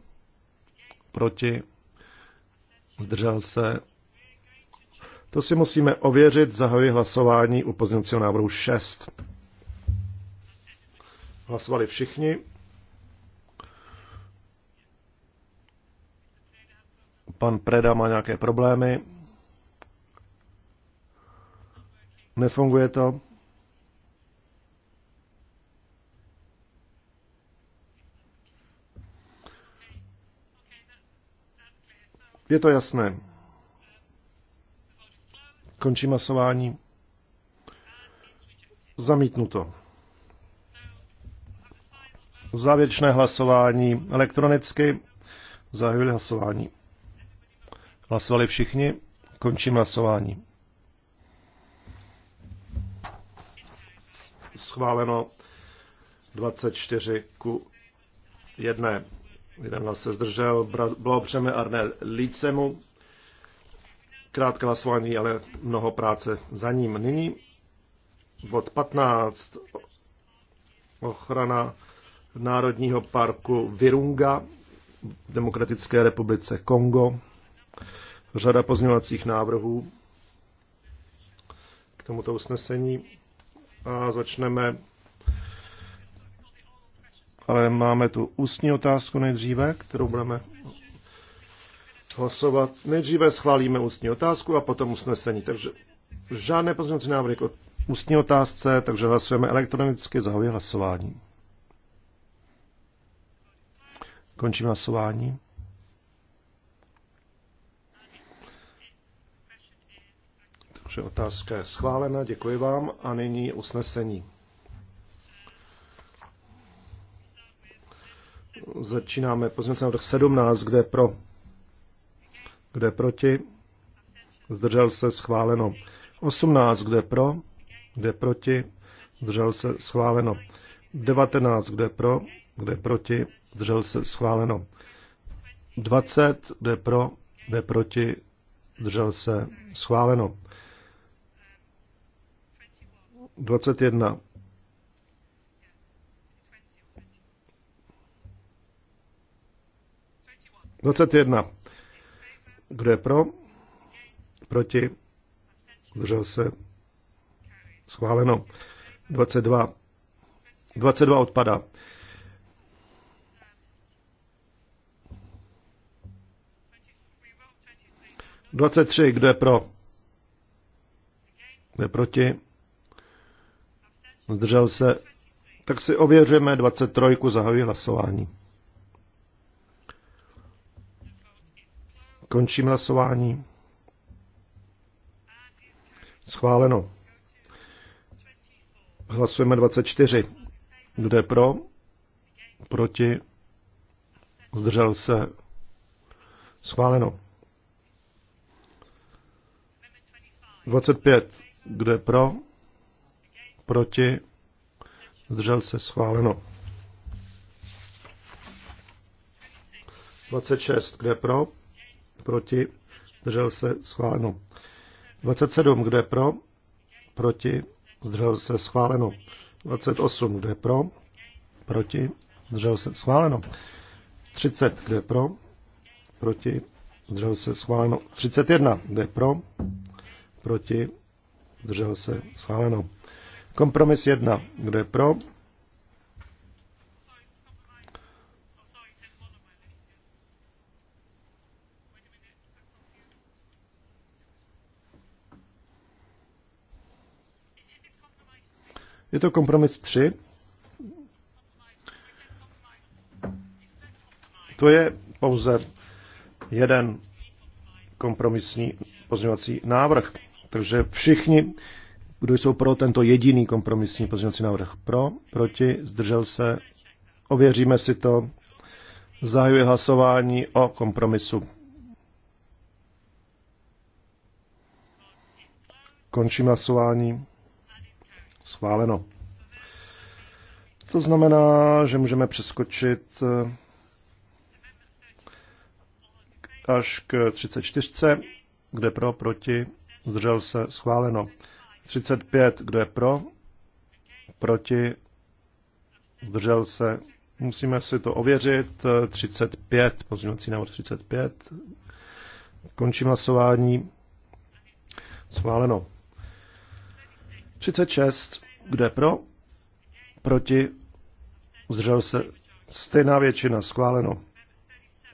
Proti? Zdržel se? To si musíme ověřit. Zahajuji hlasování u pozměňovacího návrhu 6. Hlasovali všichni. Pan Preda má nějaké problémy. Nefunguje to? Je to jasné. Končí masování. Zamítnuto. Závěrečné hlasování elektronicky. Zahajuji hlasování. Hlasovali všichni. Končím hlasování. schváleno 24 ku 1. Jeden hlas se zdržel, blahopřeme Arne Lícemu. Krátké hlasování, ale mnoho práce za ním. Nyní bod 15. Ochrana Národního parku Virunga v Demokratické republice Kongo. Řada pozměňovacích návrhů k tomuto usnesení a začneme. Ale máme tu ústní otázku nejdříve, kterou budeme hlasovat. Nejdříve schválíme ústní otázku a potom usnesení. Takže žádné pozměňovací návrhy k ústní otázce, takže hlasujeme elektronicky, za hlasování. Končím hlasování. Vaše otázka je schválena, děkuji vám a nyní usnesení. Začínáme pozměnce návrh 17, kde pro, kde proti, zdržel se schváleno. 18, kde pro, kde proti, zdržel se schváleno. 19, kde pro, kde proti, zdržel se schváleno. 20, kde pro, kde proti, zdržel se schváleno. 21. Dvacet jedna. Kdo je pro? Proti? Zdržel se? Schváleno. 22. 22 odpadá. Dvacet tři. Kdo je pro? Kdo je proti? Zdržel se? Tak si ověřujeme 23. Zahajuji hlasování. Končím hlasování. Schváleno. Hlasujeme 24. Kdo je pro? Proti? Zdržel se? Schváleno. 25. Kdo je pro? proti, zdržel se schváleno. 26, kde pro, proti, zdržel se schváleno. 27, kde pro, proti, zdržel se schváleno. 28, kde pro, proti, zdržel se schváleno. 30, kde pro, proti, zdržel se schváleno. 31, kde pro, proti, zdržel se schváleno. Kompromis 1. Kdo je pro? Je to kompromis 3. To je pouze jeden kompromisní pozměňovací návrh. Takže všichni kdo jsou pro tento jediný kompromisní pozměňovací návrh? Pro, proti, zdržel se. Ověříme si to. Zahajuji hlasování o kompromisu. Končím hlasování. Schváleno. To znamená, že můžeme přeskočit eh, až k 34, kde pro, proti, zdržel se, schváleno. 35, kdo je pro, proti, zdržel se, musíme si to ověřit, 35, pozměňovací návrh 35, končím hlasování, schváleno. 36, kdo je pro, proti, zdržel se, stejná většina, schváleno.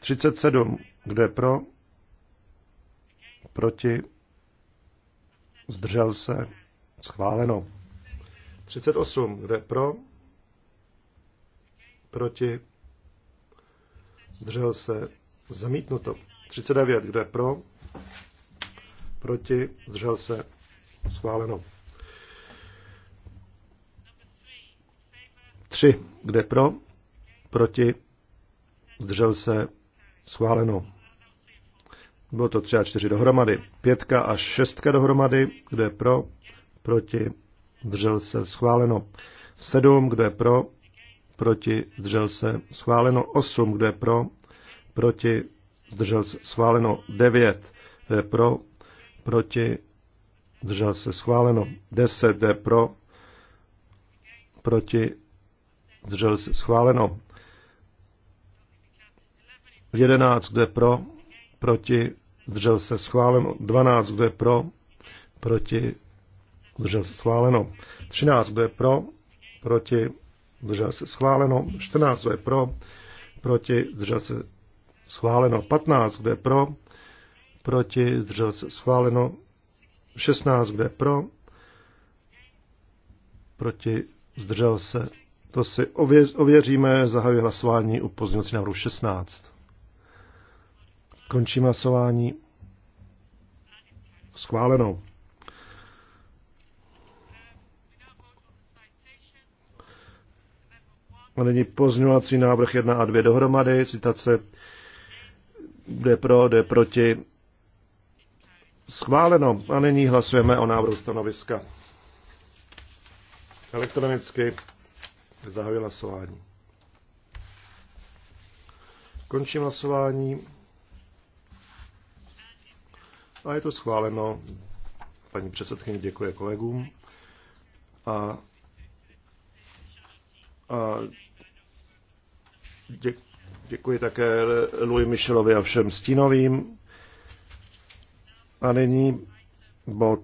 37, kdo je pro, proti, zdržel se, Schváleno. 38. Kde pro? Proti? Zdržel se? Zamítnuto. 39. Kde pro? Proti? Zdržel se? Schváleno. 3. Kde pro? Proti? Zdržel se? Schváleno. Bylo to 3 a 4 dohromady. Pětka a šestka dohromady. Kde pro? proti, držel se, schváleno. 7, kdo je pro, proti, držel se, schváleno 8, kdo je pro, proti, držel se, schváleno 9, kdo je pro, proti, držel se, schváleno 10, kdo je pro, proti, držel se, schváleno 11, kdo je pro, proti, držel se, schváleno 12, kdo je pro, proti, zdržel se schváleno. 13, kdo je pro, proti, zdržel se schváleno. 14, kdo je pro, proti, zdržel se schváleno. 15, kdo je pro, proti, zdržel se schváleno. 16, kdo je pro, proti, zdržel se. To si ověř, ověříme, zahajuji hlasování u pozměňovací návrhu 16. Končím hlasování. Schváleno. A není pozňovací návrh 1 a 2 dohromady, citace jde pro, jde proti. Schváleno. A nyní hlasujeme o návrhu stanoviska. Elektronicky zahajuji hlasování. Končím hlasování. A je to schváleno. Paní předsedkyně děkuje kolegům. A, a Děkuji také Louis Michelovi a všem stínovým. A nyní bod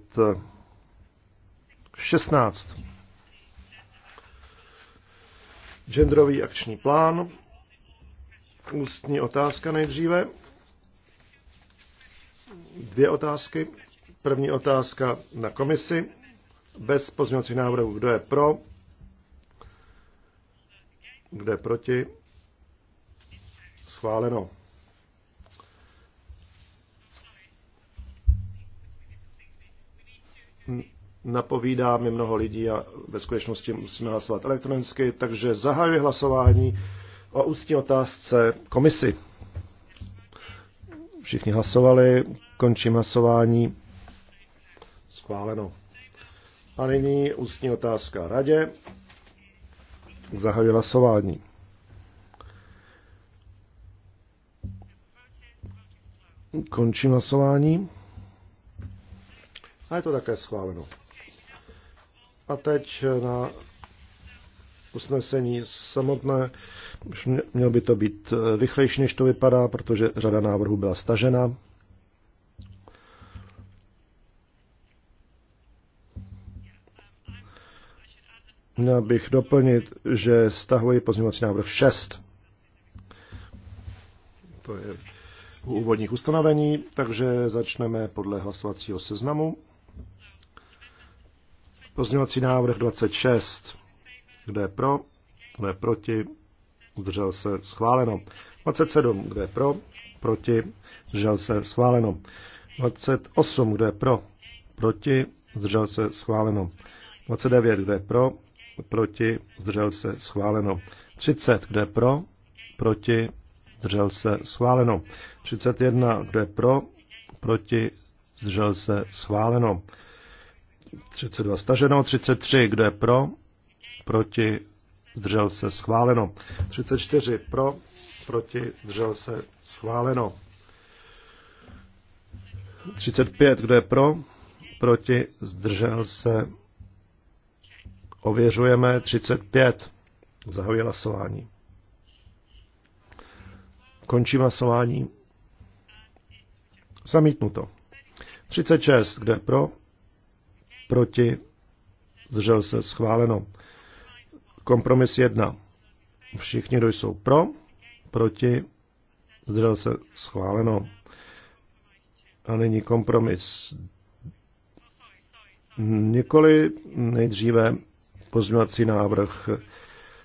16. Genderový akční plán. Ústní otázka nejdříve. Dvě otázky. První otázka na komisi. Bez pozměňovacích návrhů. Kdo je pro? Kdo je proti? Schváleno. Napovídá mi mnoho lidí a ve skutečnosti musíme hlasovat elektronicky, takže zahajuji hlasování o ústní otázce komisi. Všichni hlasovali, končím hlasování. Schváleno. A nyní ústní otázka radě. Zahajuji hlasování. Končím hlasování. A je to také schváleno. A teď na usnesení samotné. Mělo by to být eh, rychlejší, než to vypadá, protože řada návrhů byla stažena. Měl bych doplnit, že stahuji pozměňovací návrh 6. To je u úvodních ustanovení, takže začneme podle hlasovacího seznamu. Pozměňovací návrh 26. Kdo je pro? Kdo je proti? Zdržel se schváleno. 27. Kdo je pro? Proti? Zdržel se schváleno. 28. Kdo je pro? Proti? Zdržel se schváleno. 29. Kdo je pro? Proti? Zdržel se schváleno. 30. Kdo je pro? Proti? zdržel se, schváleno. 31, kdo je pro, proti, zdržel se, schváleno. 32, staženo. 33, kdo je pro, proti, zdržel se, schváleno. 34, pro, proti, zdržel se, schváleno. 35, kdo je pro, proti, zdržel se, ověřujeme 35. Zahajuji hlasování. Končím hlasování. Zamítnuto. 36, kde pro, proti, zdržel se, schváleno. Kompromis 1. Všichni, kdo jsou pro, proti, zdržel se, schváleno. A nyní kompromis. Nikoli nejdříve pozměňovací návrh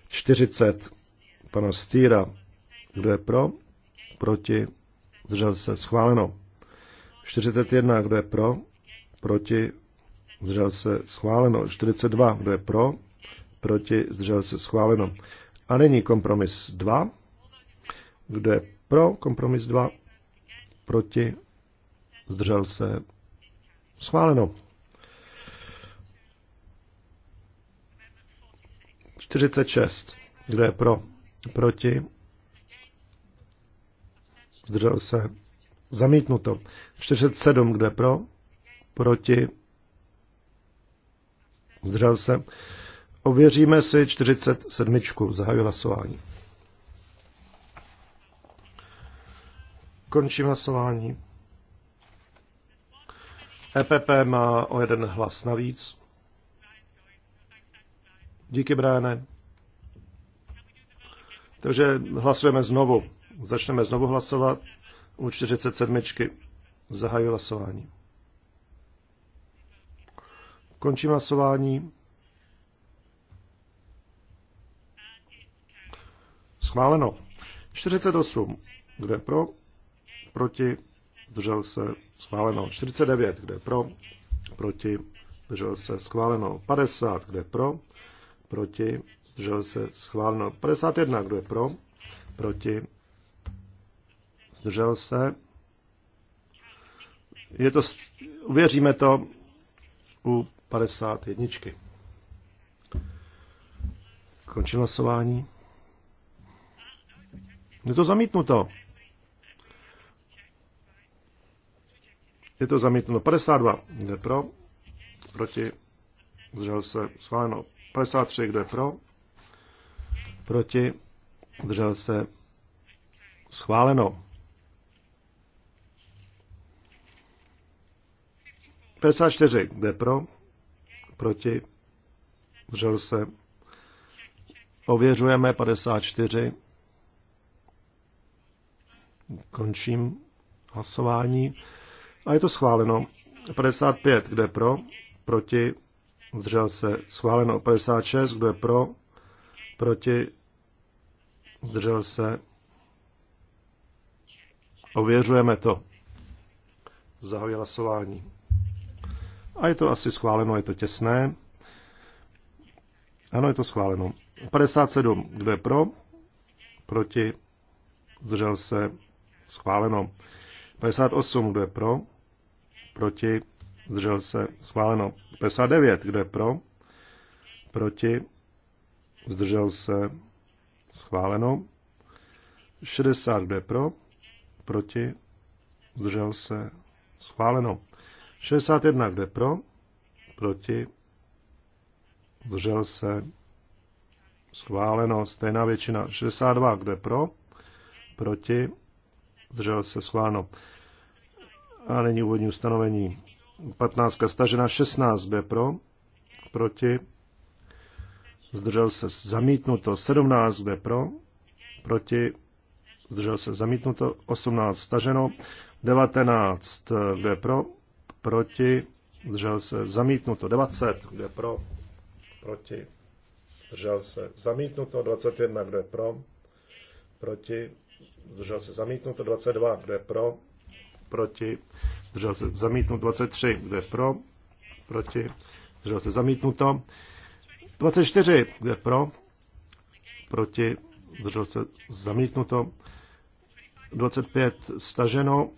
40 pana Stýra. Kdo je pro? proti, zdržel se, schváleno. 41, kdo je pro, proti, zdržel se, schváleno. 42, kdo je pro, proti, zdržel se, schváleno. A nyní kompromis 2, kdo je pro, kompromis 2, proti, zdržel se, schváleno. 46, kdo je pro, proti, zdržel se, zamítnuto. 47, kde pro, proti, zdržel se. Ověříme si 47. Zahajuji hlasování. Končím hlasování. EPP má o jeden hlas navíc. Díky, Bráne. Takže hlasujeme znovu. Začneme znovu hlasovat u 47. Zahajuji hlasování. Končím hlasování. Schváleno. 48. Kdo je pro? Proti? Držel se? Schváleno. 49. Kdo je pro? Proti? Držel se? Schváleno. 50. Kdo je pro? Proti? Držel se? Schváleno. 51. Kdo je pro? Proti? zdržel se. Je to, uvěříme to u 51. Končím hlasování. Je to zamítnuto. Je to zamítnuto. 52. Kdo pro? Proti? Zdržel se. Schváleno. 53. Kdo je pro? Proti? Zdržel se. Schváleno. 54, kde pro, proti, držel se. Ověřujeme 54. Končím hlasování. A je to schváleno. 55, kde pro, proti, zdržel se. Schváleno 56, kde pro, proti, zdržel se. Ověřujeme to. Zahajuji hlasování. A je to asi schváleno, je to těsné. Ano, je to schváleno. 57, kdo je pro? Proti? Zdržel se? Schváleno. 58, kdo je pro? Proti? Zdržel se? Schváleno. 59, kdo je pro? Proti? Zdržel se? Schváleno. 60, kdo je pro? Proti? Zdržel se? Schváleno. 61, kde pro, proti, zdržel se, schváleno, stejná většina. 62, kde pro, proti, zdržel se, schváleno. A není úvodní ustanovení. 15, stažena 16, kde pro, proti, zdržel se, zamítnuto. 17, kde pro, proti, zdržel se, zamítnuto. 18, staženo. 19, kde pro, proti, zdržel se zamítnuto 20, kdo je pro, proti, zdržel se zamítnuto 21, kdo je pro, proti, zdržel se zamítnuto 22, kdo je pro, proti, zdržel se zamítnuto 23, kdo je pro, proti, zdržel se zamítnuto 24, kdo je pro, proti, zdržel se zamítnuto 25, staženo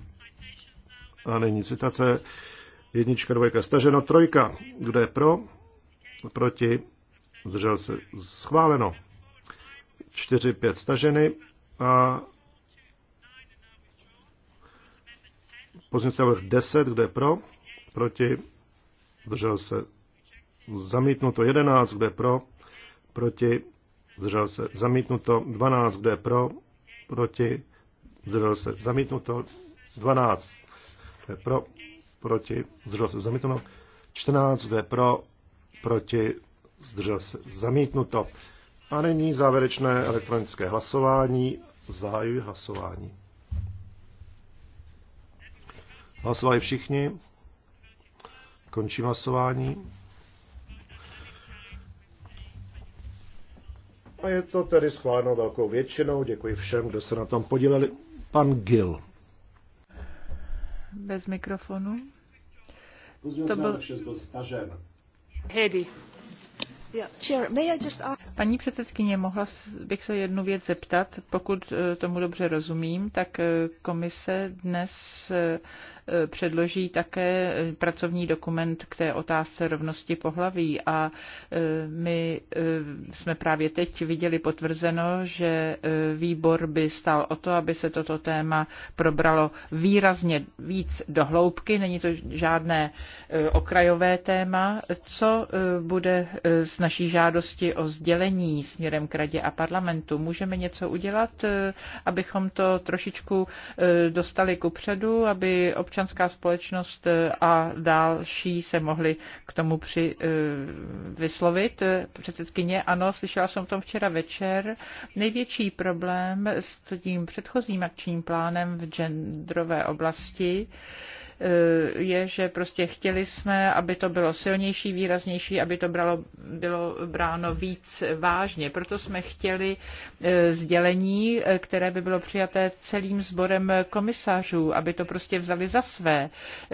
a není citace Jednička, dvojka, staženo, trojka. Kdo je pro? Proti? Zdržel se. Schváleno. čtyři, pět, staženy a pozměnce návrh 10, kde je pro, proti, zdržel se zamítnuto 11, kde je pro, proti, zdržel se zamítnuto 12, kde je pro, proti, zdržel se zamítnuto 12, Kdo je pro, proti, zdržel se zamítnuto. 14 ve pro, proti, zdržel se zamítnuto. A nyní závěrečné elektronické hlasování. Zahajuji hlasování. Hlasovali všichni. Končím hlasování. A je to tedy schváleno velkou většinou. Děkuji všem, kdo se na tom podíleli. Pan Gil. Bez mikrofonu to byl... Hedy. Paní předsedkyně, mohla bych se jednu věc zeptat. Pokud eh, tomu dobře rozumím, tak eh, komise dnes eh, předloží také pracovní dokument k té otázce rovnosti pohlaví a e, my e, jsme právě teď viděli potvrzeno, že e, výbor by stal o to, aby se toto téma probralo výrazně víc dohloubky. Není to žádné okrajové téma. Co bude s naší žádosti o sdělení směrem k radě a parlamentu? Můžeme něco udělat, abychom to trošičku dostali ku předu, aby občan občanská společnost eh, a další se mohli k tomu při, eh, vyslovit. Předsedkyně, ano, slyšela jsem o tom včera večer. Největší problém s tím předchozím akčním plánem v genderové oblasti Eh, je, že prostě chtěli jsme, aby to bylo silnější, výraznější, aby to bralo, bylo bráno víc vážně. Proto jsme chtěli eh, sdělení, eh, které by bylo přijaté celým sborem komisařů, aby to prostě vzali za své.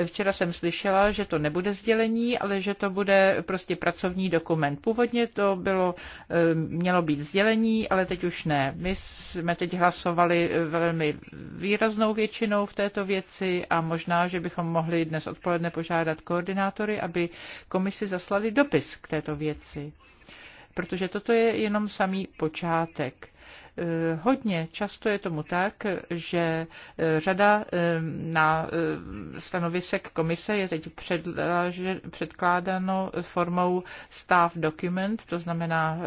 Včera jsem slyšela, že to nebude sdělení, ale že to bude prostě pracovní dokument. Původně to bylo, mělo být sdělení, ale teď už ne. My jsme teď hlasovali velmi výraznou většinou v této věci a možná, že bych bychom mohli dnes odpoledne požádat koordinátory, aby komisi zaslali dopis k této věci, protože toto je jenom samý počátek. Eh, hodně často je tomu tak, že eh, řada eh, na stanovisek komise je teď předkládáno formou staff document, to znamená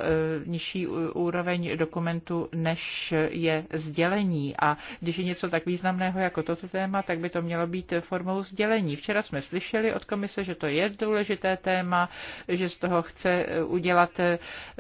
nižší úroveň dokumentu, než je sdělení. A když je něco tak významného jako toto téma, tak by to mělo být formou sdělení. Včera jsme slyšeli od komise, že to je důležité téma, že z toho chce udělat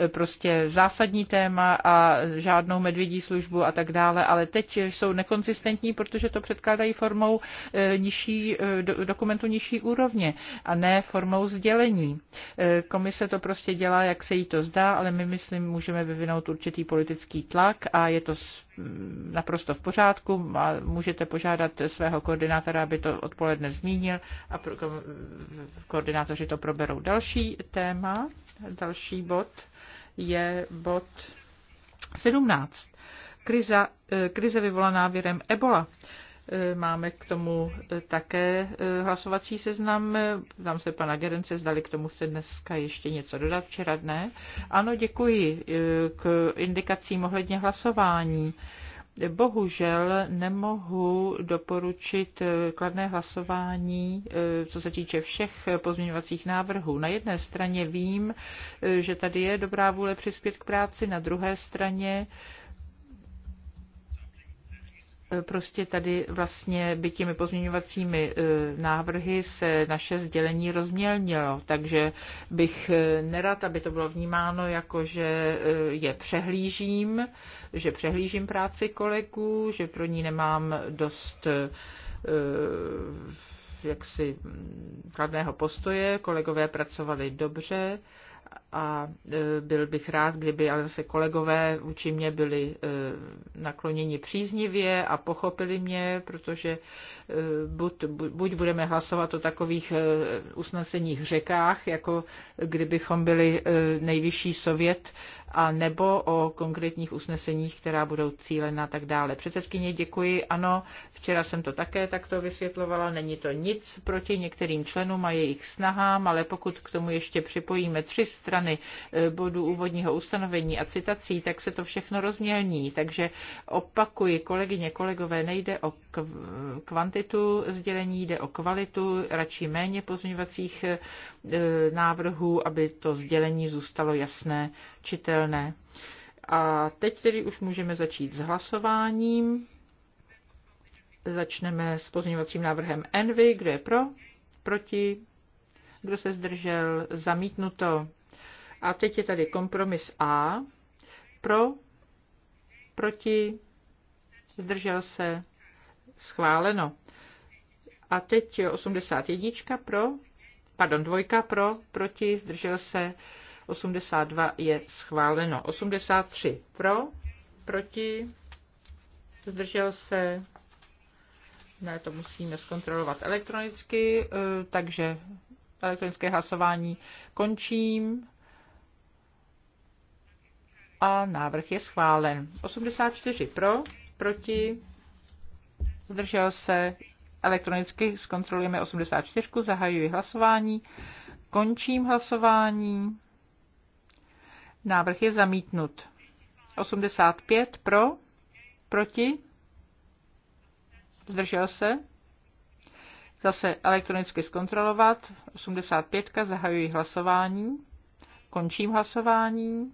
prostě zásadní téma a žádnou žádnou medvědí službu a tak dále, ale teď jsou nekonzistentní, protože to předkládají formou eh, nižší, eh, dokumentu nižší úrovně a ne formou sdělení. Eh, komise to prostě dělá, jak se jí to zdá, ale my, myslím, můžeme vyvinout určitý politický tlak a je to mm, naprosto v pořádku a můžete požádat svého koordinátora, aby to odpoledne zmínil a koordinátoři to proberou. Další téma, další bod je bod 17. Kriza, eh, krize vyvolaná virem Ebola. Eh, máme k tomu eh, také hlasovací seznam. Tam se pana Gerence zdali k tomu chce dneska ještě něco dodat, včera dne. Ano, děkuji k indikacím ohledně hlasování. Bohužel nemohu doporučit kladné hlasování, eh, co se týče všech pozměňovacích návrhů. Na jedné straně vím, eh, že tady je dobrá vůle přispět k práci, na druhé straně E, prostě tady vlastně by těmi pozměňovacími e, návrhy se naše sdělení rozmělnilo, takže bych e, nerad, aby to bylo vnímáno jako, že je přehlížím, že přehlížím práci kolegů, že pro ní nemám dost jaksi kladného postoje, kolegové pracovali dobře a e, byl bych rád, kdyby ale zase kolegové vůči mě byli e, nakloněni příznivě a pochopili mě, protože e, buď, buď budeme hlasovat o takových usneseních řekách, jako kdybychom byli nejvyšší sovět a nebo o konkrétních usneseních, která budou cílena a tak dále. Předsedkyně, děkuji. Ano, včera jsem to také takto vysvětlovala. Není to nic proti některým členům a jejich snahám, ale pokud k tomu ještě připojíme tři strany eh, bodu úvodního ustanovení a citací, tak se to všechno rozmělní. Takže opakuji, kolegyně, kolegové, nejde o kvantitu sdělení, jde o kvalitu, radši méně pozměňovacích eh, návrhů, aby to sdělení zůstalo jasné, čitelné pravidelné. A teď tedy už můžeme začít s hlasováním. Začneme s pozměňovacím návrhem Envy. Kdo je pro? Proti? Kdo se zdržel? Zamítnuto. A teď je tady kompromis A. Pro? Proti? Zdržel se? Schváleno. A teď 81 pro? Pardon, dvojka pro? Proti? Zdržel se? 82 je schváleno. 83 pro, proti, zdržel se, ne, to musíme zkontrolovat elektronicky, eh, takže elektronické hlasování končím a návrh je schválen. 84 pro, proti, zdržel se, elektronicky zkontrolujeme 84, zahajuji hlasování, končím hlasování Návrh je zamítnut. 85 pro, proti, zdržel se. Zase elektronicky zkontrolovat. 85. Zahajuji hlasování. Končím hlasování.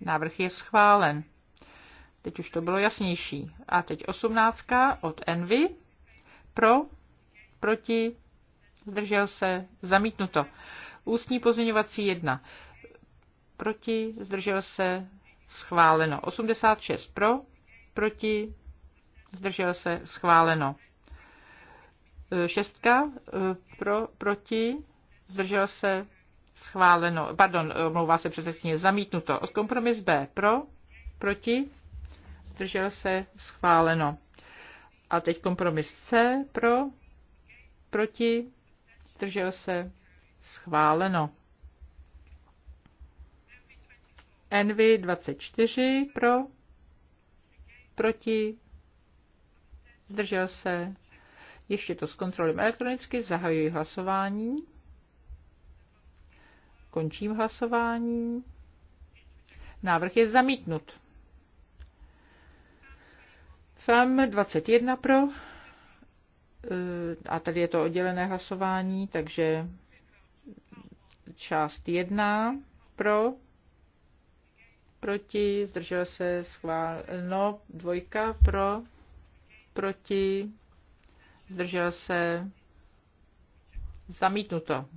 Návrh je schválen. Teď už to bylo jasnější. A teď 18. od Envy. Pro, proti, zdržel se, zamítnuto. Ústní pozměňovací 1. Proti, zdržel se, schváleno. 86 pro, proti, zdržel se, schváleno. E, šestka e, pro, proti, zdržel se, schváleno. Pardon, omlouvá se předsedkyně, zamítnuto. Kompromis B pro, proti, zdržel se, schváleno. A teď kompromis C pro, proti, zdržel se, Schváleno. nv 24 pro, proti, zdržel se. Ještě to zkontrolujeme elektronicky, zahajuji hlasování. Končím hlasování. Návrh je zamítnut. FAM 21 pro. Eh, a tady je to oddělené hlasování, takže část 1 pro, proti, zdržel se schváleno, dvojka pro, proti, zdržel se zamítnuto.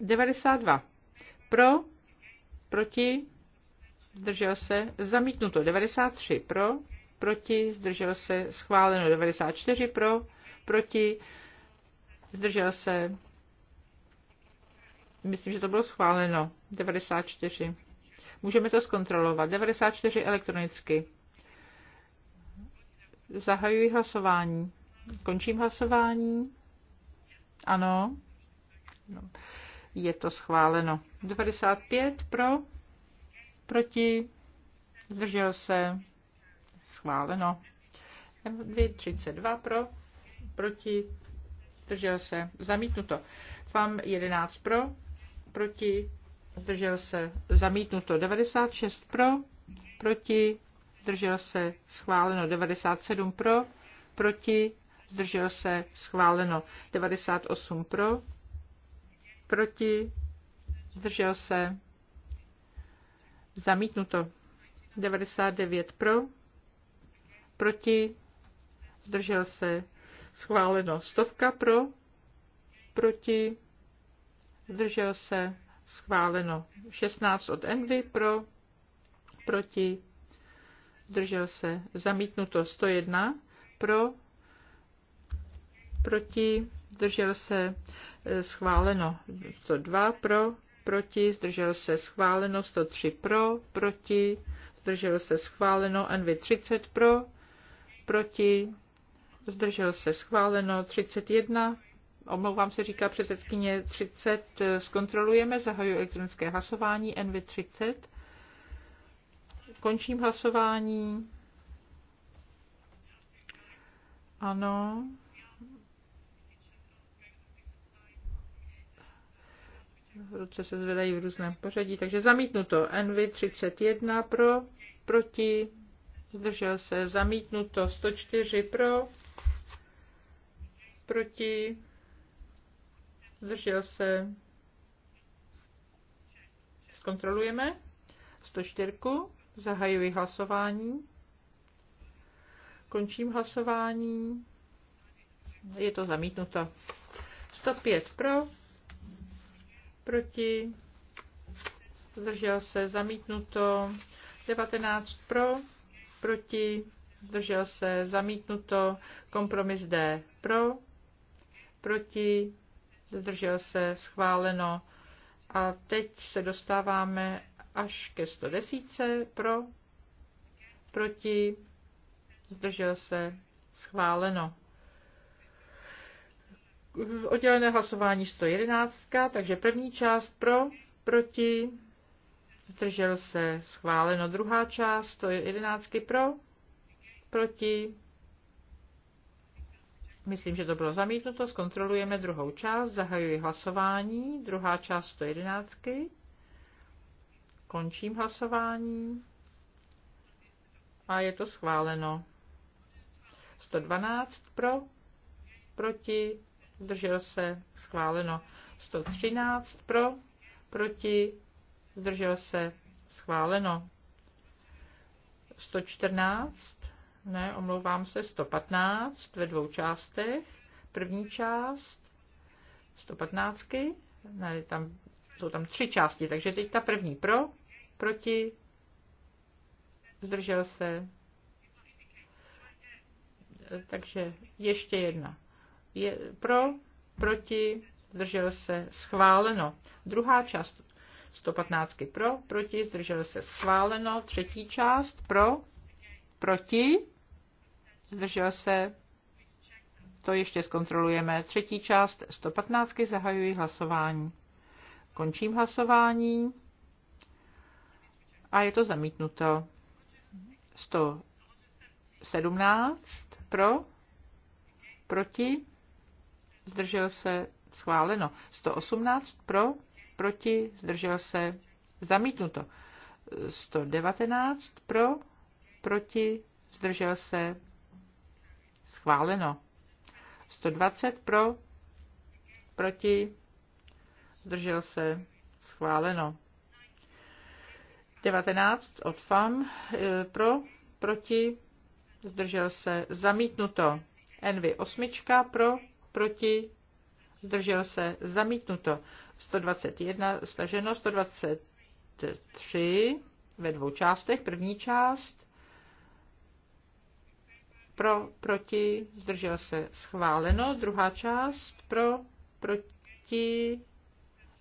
Devadesát dva. Pro, proti, zdržel se, zamítnuto. Devadesát tři. Pro, proti, zdržel se, schváleno 94 pro, proti, zdržel se, myslím, že to bylo schváleno, 94. Můžeme to zkontrolovat, 94 elektronicky. Zahajuji hlasování. Končím hlasování. Ano. No. Je to schváleno. 95 pro, proti, zdržel se, Schváleno. 232 pro, proti, držel se, zamítnuto. FAM 11 pro, proti, držel se, zamítnuto. 96 pro, proti, držel se, schváleno. 97 pro, proti, zdržel se, schváleno. 98 pro, proti, zdržel se, zamítnuto. 99 pro, proti, zdržel se, schváleno. Stovka pro, proti, zdržel se, schváleno. 16 od Envy pro, proti, zdržel se, zamítnuto 101 e, pro, proti, zdržel se, schváleno 102 pro, proti, zdržel se, schváleno 103 pro, proti, zdržel se, schváleno NV30 pro, proti, zdržel se schváleno 31, omlouvám se, říká předsedkyně 30, zkontrolujeme, zahajuji elektronické hlasování NV30, končím hlasování, ano, ruce se zvedají v různém pořadí, takže zamítnuto NV31 pro, proti, zdržel se, zamítnuto 104 pro, proti, zdržel se, zkontrolujeme 104, zahajuji hlasování, končím hlasování, je to zamítnuto. 105 pro, proti, zdržel se, zamítnuto, 19 pro, proti, zdržel se, zamítnuto, kompromis D pro, proti, zdržel se, schváleno. A teď se dostáváme až ke 110 pro, proti, zdržel se, schváleno. Oddělené hlasování 111, takže první část pro, proti, zdržel se, schváleno. Druhá část, to je jedenáctky pro, proti, myslím, že to bylo zamítnuto, zkontrolujeme druhou část, zahajuji hlasování, druhá část 111. Končím hlasování a je to schváleno. 112 pro, proti, zdržel se, schváleno. 113 pro, proti, zdržel se, schváleno. 114, ne, omlouvám se, 115 ve dvou částech. První část 115, ne, tam, jsou tam tři části, takže teď ta první pro, proti, zdržel se. Takže ještě jedna. Je pro, proti, zdržel se, schváleno. Druhá část 115 pro, proti, zdržel se schváleno. Třetí část pro, proti, zdržel se. To ještě zkontrolujeme. Třetí část 115 zahajuji hlasování. Končím hlasování a je to zamítnuto. 117 pro, proti, zdržel se schváleno. 118 pro, proti, zdržel se, zamítnuto. 119 pro, proti, zdržel se, schváleno. 120 pro, proti, zdržel se, schváleno. 19 od FAM e, pro, proti, zdržel se, zamítnuto. Envy 8 pro, proti, zdržel se, zamítnuto. 121 staženo, 123 ve dvou částech. První část pro, proti, zdržel se schváleno. Druhá část pro, proti,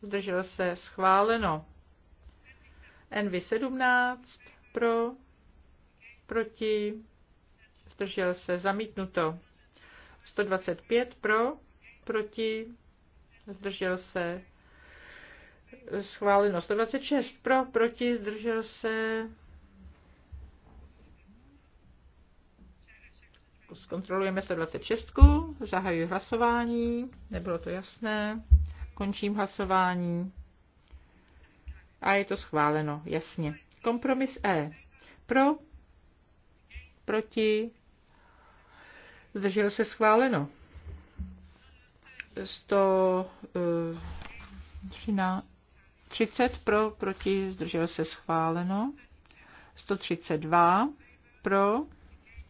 zdržel se schváleno. NV17 pro, proti, zdržel se zamítnuto. 125 pro, proti, zdržel se schváleno 126 pro, proti, zdržel se. Zkontrolujeme 126, zahajuji hlasování, nebylo to jasné, končím hlasování a je to schváleno, jasně. Kompromis E. Pro, proti, zdržel se schváleno. 113 130 pro, proti, zdržel se schváleno. 132 pro,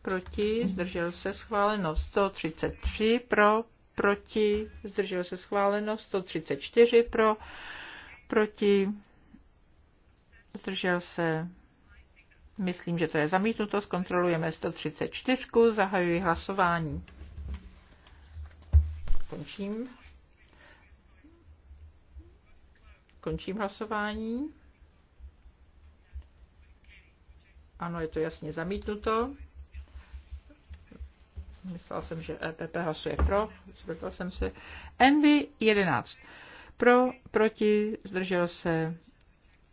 proti, zdržel se schváleno. 133 pro, proti, zdržel se schváleno. 134 pro, proti, zdržel se. Myslím, že to je zamítnuto. Zkontrolujeme 134. Zahajuji hlasování. Končím. Končím hlasování. Ano, je to jasně zamítnuto. Myslel jsem, že EPP hlasuje pro, zvrtl jsem se. NV 11. Pro, proti, zdržel se.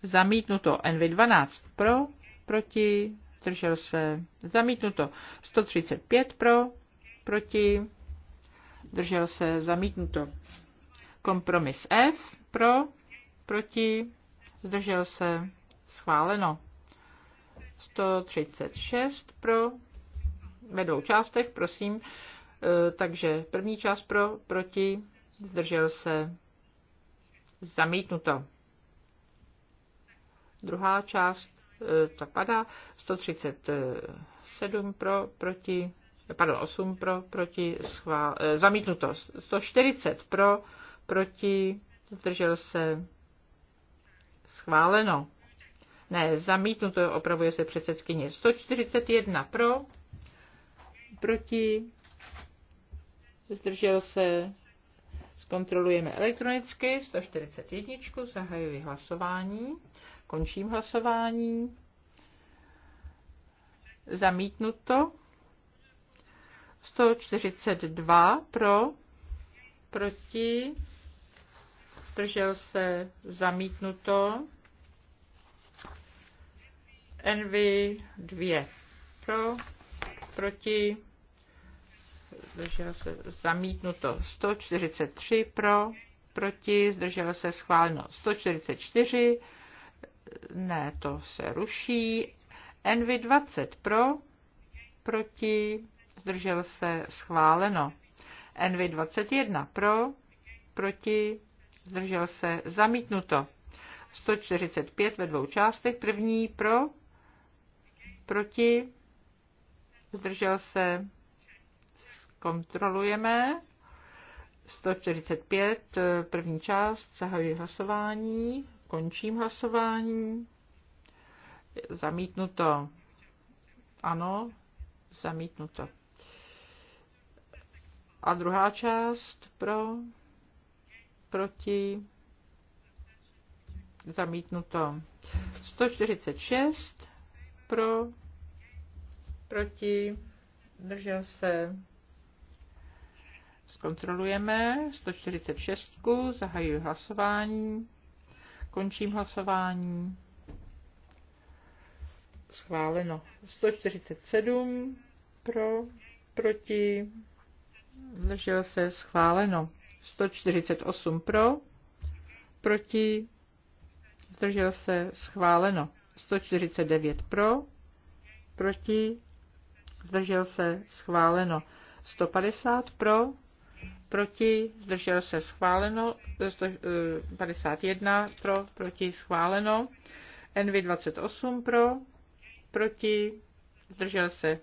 Zamítnuto. NV 12. Pro, proti, zdržel se. Zamítnuto. 135 pro, proti, zdržel se. Zamítnuto. Kompromis F pro, proti, zdržel se, schváleno. 136 pro, ve dvou částech, prosím. E, takže první část pro, proti, zdržel se, zamítnuto. Druhá část, e, ta padá, 137 pro, proti, pardon, 8 pro, proti, schvál, e, zamítnuto, 140 pro, proti, zdržel se, Schváleno. Ne, zamítnuto, opravuje se předsedkyně. 141 pro, proti, zdržel se, zkontrolujeme elektronicky, 141, zahajuji hlasování, končím hlasování, zamítnuto, 142 pro, proti, zdržel se, zamítnuto. NV 2 pro, proti, zdržel se, zamítnuto. 143 pro, proti, zdržel se, schváleno. 144, ne, to se ruší. NV 20 pro, proti, zdržel se, schváleno. NV 21 pro, proti, zdržel se, zamítnuto. 145 ve dvou částech, první pro, proti, zdržel se, zkontrolujeme. 145, první část, zahajuji hlasování, končím hlasování. Zamítnuto. Ano, zamítnuto. A druhá část pro proti, zamítnuto. 146 pro, proti, držel se, zkontrolujeme, 146, zahajuji hlasování, končím hlasování, schváleno. 147 pro, proti, držel se, schváleno. 148 pro, proti, zdržel se, schváleno. 149 pro, proti, zdržel se, schváleno. 150 pro, proti, zdržel se, schváleno. 151 eh, pro, proti, schváleno. nv 28 pro, proti, zdržel se,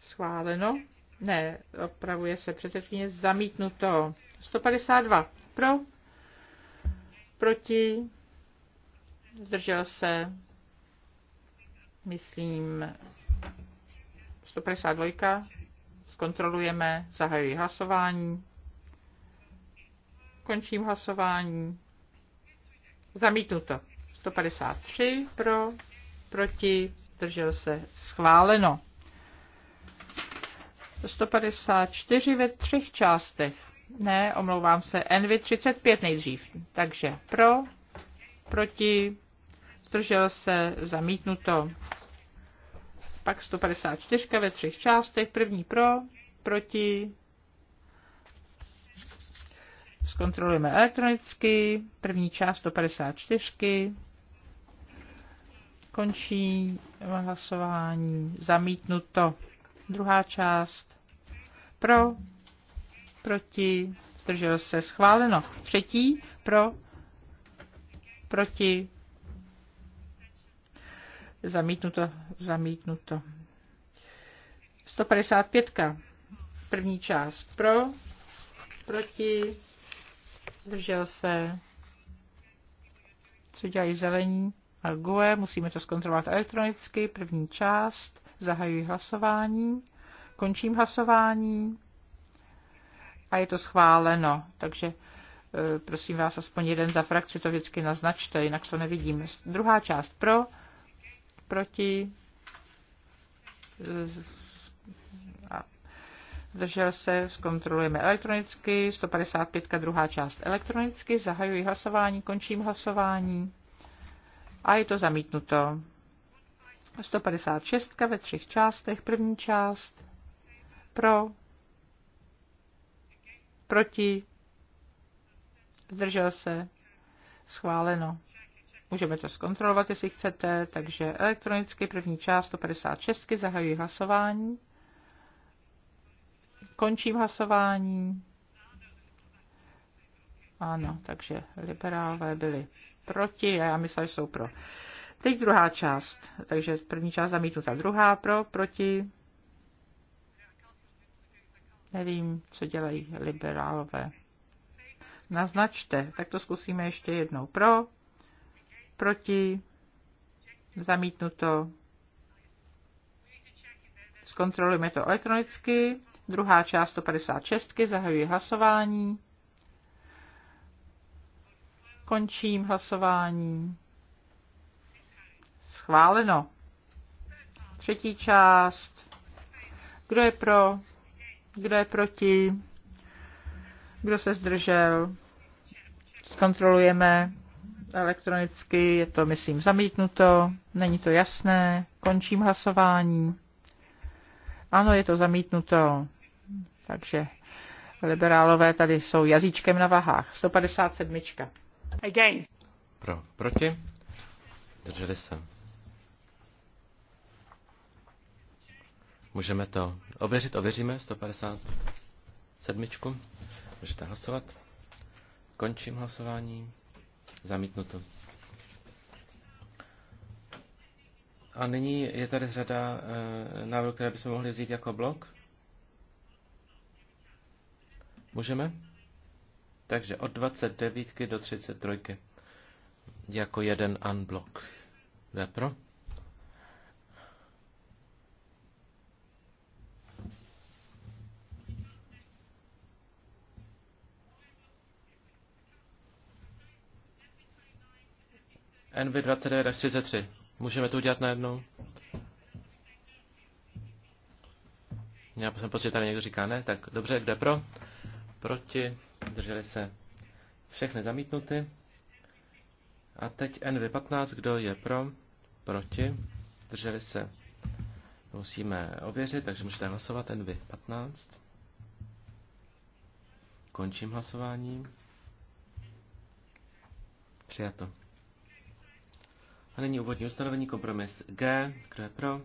schváleno ne, opravuje se předsedkyně, zamítnuto. 152 pro, proti, zdržel se, myslím, 152, zkontrolujeme, zahajuji hlasování, končím hlasování, zamítnuto. 153 pro, proti, zdržel se, schváleno. 154 ve třech částech. Ne, omlouvám se, nv 35 nejdřív. Takže pro, proti, zdržel se, zamítnuto. Pak 154 ve třech částech, první pro, proti. Zkontrolujeme elektronicky, první část 154. Končí hlasování, zamítnuto. Druhá část. Pro, proti, zdržel se, schváleno. Třetí, pro, proti, zamítnuto, zamítnuto. 155. První část pro, proti, zdržel se, co dělají zelení a GUE, musíme to zkontrolovat elektronicky, první část. Zahajuji hlasování, končím hlasování a je to schváleno. Takže e, prosím vás, aspoň jeden za frakci to vždycky naznačte, jinak to nevidím. Druhá část pro, proti, e, držel se, zkontrolujeme elektronicky, 155. druhá část elektronicky, zahajuji hlasování, končím hlasování a je to zamítnuto. 156 ve třech částech. První část pro, proti, zdržel se, schváleno. Můžeme to zkontrolovat, jestli chcete, takže elektronicky první část 156 zahajuji hlasování. Končím hlasování. Ano, takže liberálové byli proti a já myslel, že jsou pro. Teď druhá část. Takže první část zamítnuta. Druhá pro, proti. Nevím, co dělají liberálové. Naznačte. Tak to zkusíme ještě jednou. Pro, proti, zamítnuto. Zkontrolujeme to elektronicky. Druhá část 156. Zahajuji hlasování. Končím hlasování. Schváleno. Třetí část. Kdo je pro? Kdo je proti? Kdo se zdržel? Zkontrolujeme elektronicky, je to, myslím, zamítnuto, není to jasné, končím hlasování. Ano, je to zamítnuto, takže liberálové tady jsou jazyčkem na vahách. 157. Again. Pro, proti? Drželi se. Můžeme to ověřit, ověříme 157. Můžete hlasovat. Končím hlasování. Zamítnuto. A nyní je tady řada e, návrhů, které bychom mohli vzít jako blok. Můžeme? Takže od 29 do 33 jako jeden unblock. vepro? pro? NV 29 až 33. Můžeme to udělat najednou? Já jsem pocit, že tady někdo říká ne, tak dobře, kde pro? Proti, drželi se všechny zamítnuty. A teď NV15, kdo je pro? Proti, drželi se. Musíme ověřit, takže můžete hlasovat NV15. Končím hlasování. Přijato. A nyní úvodní ustanovení, kompromis G, kdo je pro,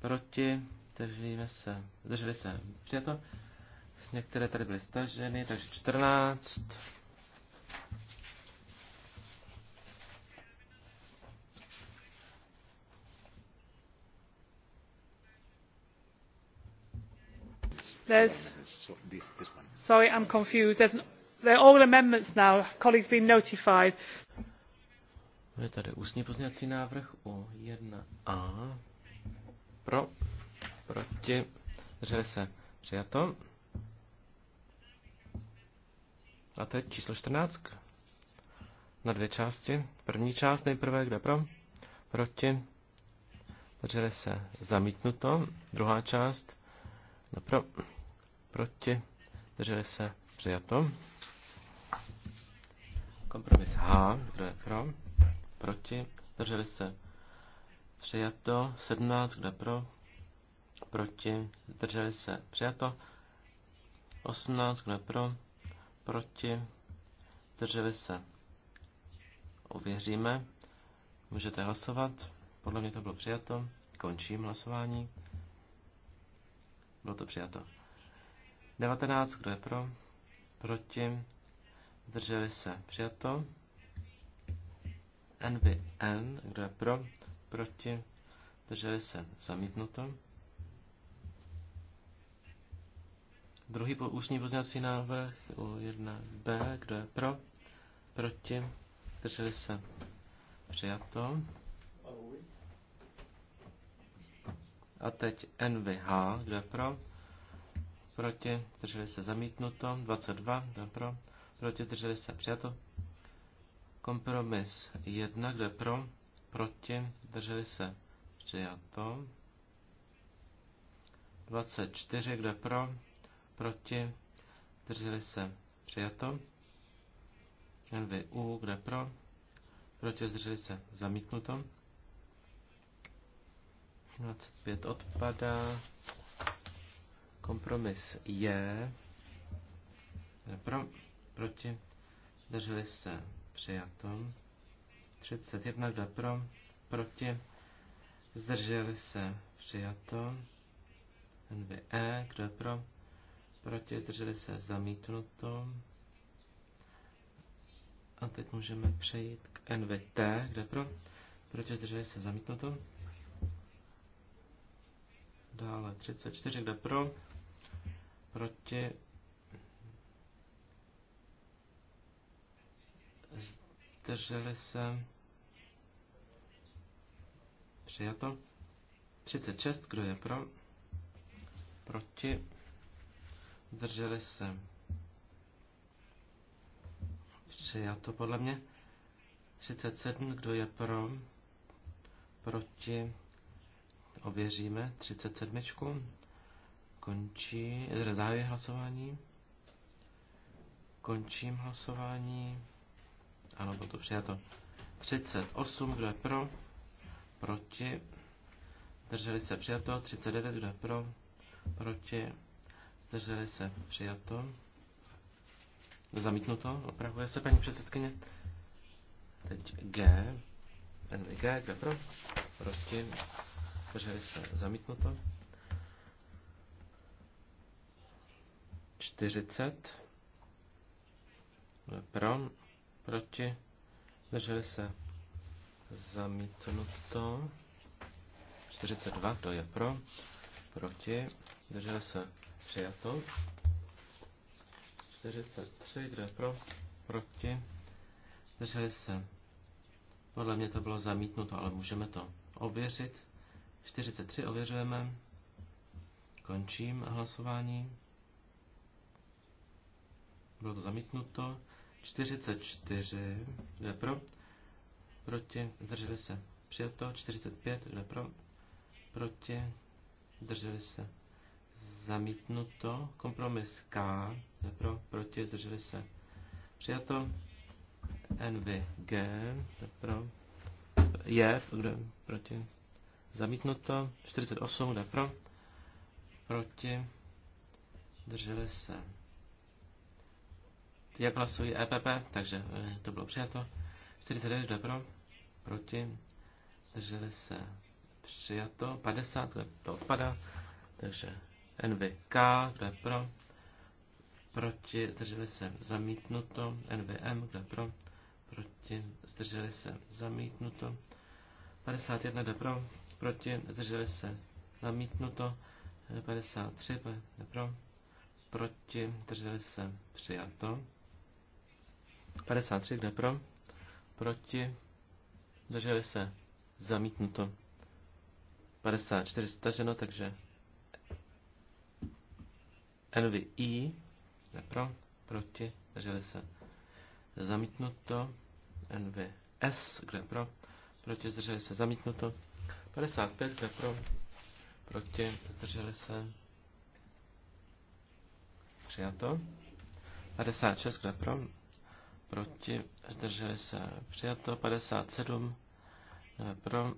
proti, držíme se, drželi se, přijato. Některé tady byly staženy, takže 14. There's, sorry, I'm confused. There's, there are all amendments now. Colleagues being notified. Je tady ústní pozměňovací návrh o 1a. Pro, proti, že se, přijato. A teď číslo 14. Na dvě části. První část nejprve, kde pro, proti, drželi se, zamítnuto. Druhá část, kde pro, proti, drželi se, přijato. Kompromis H, kdo je pro? proti, drželi se přijato, 17, kdo pro, proti, drželi se přijato, 18, kdo pro, proti, drželi se. Ověříme, můžete hlasovat, podle mě to bylo přijato, končím hlasování, bylo to přijato. 19, kdo je pro, proti, drželi se přijato. NVN, kdo je pro, proti, drželi se zamítnuto. Druhý po ústní pozměňovací návrh u 1b, kdo je pro, proti, drželi se přijato. A teď NVH, kdo je pro, proti, drželi se zamítnuto, 22, kdo je pro, proti, drželi se přijato, Kompromis jedna kdo je pro, proti, drželi se, přijato. 24, kdo je pro, proti, drželi se, přijato. NVU, kdo je pro, proti, zdrželi se, zamítnuto. 25 odpadá. Kompromis je. Pro, proti, drželi se Přijato. 31, kdo pro? Proti. Zdrželi se. Přijato. NVE kdo je pro? Proti. Zdrželi se. Zamítnuto. A teď můžeme přejít k NVT, kde pro? Proti zdrželi se zamítnuto. Dále 34, kde pro? Proti zdrželi se, přijato. 36, kdo je pro, proti, zdrželi se, přijato podle mě. 37, kdo je pro, proti, ověříme 37. Končí, eh, zahajuje hlasování. Končím hlasování. Ano, bylo to přijato. 38, kdo je pro? Proti. Zdrželi se přijato. 39, kdo je pro? Proti. Zdrželi se přijato. Zamítnuto, opravuje se paní předsedkyně. Teď G. G kdo pro? Proti. Zdrželi se zamítnuto. 40. Pro proti, drželi se zamítnuto. 42, to je pro, proti, drželi se přijato. 43, kdo je pro, proti, drželi se. Podle mě to bylo zamítnuto, ale můžeme to ověřit. 43 ověřujeme. Končím hlasování. Bylo to zamítnuto. 44, jde pro? Proti, zdrželi se. Přijato 45, jde pro? Proti, zdrželi se. Zamítnuto. Kompromis K, jde pro? Proti, zdrželi se. Přijato NVG, jde pro? Je, proti? Zamítnuto. 48, jde pro? Proti, drželi se jak hlasují EPP, takže eh, to bylo přijato. 49, kdo pro, proti, drželi se přijato. 50, kdo to odpadá, takže NVK, kdo je pro, proti, zdrželi se zamítnuto. NVM, kdo je pro, proti, zdrželi se zamítnuto. 51, kdo je pro, proti, zdrželi se zamítnuto. 53, eh, kdo je pro, proti, zdrželi se přijato. 53, kde pro? Proti. Drželi se. Zamítnuto. 54 staženo, takže NVI, ne pro, proti, drželi se. Zamítnuto. NVS, kde pro, proti, zdrželi se. Zamítnuto. 55, kde pro, proti, zdrželi se. Přijato. 56, kde pro, proti, zdrželi se přijato, 57 eh, pro,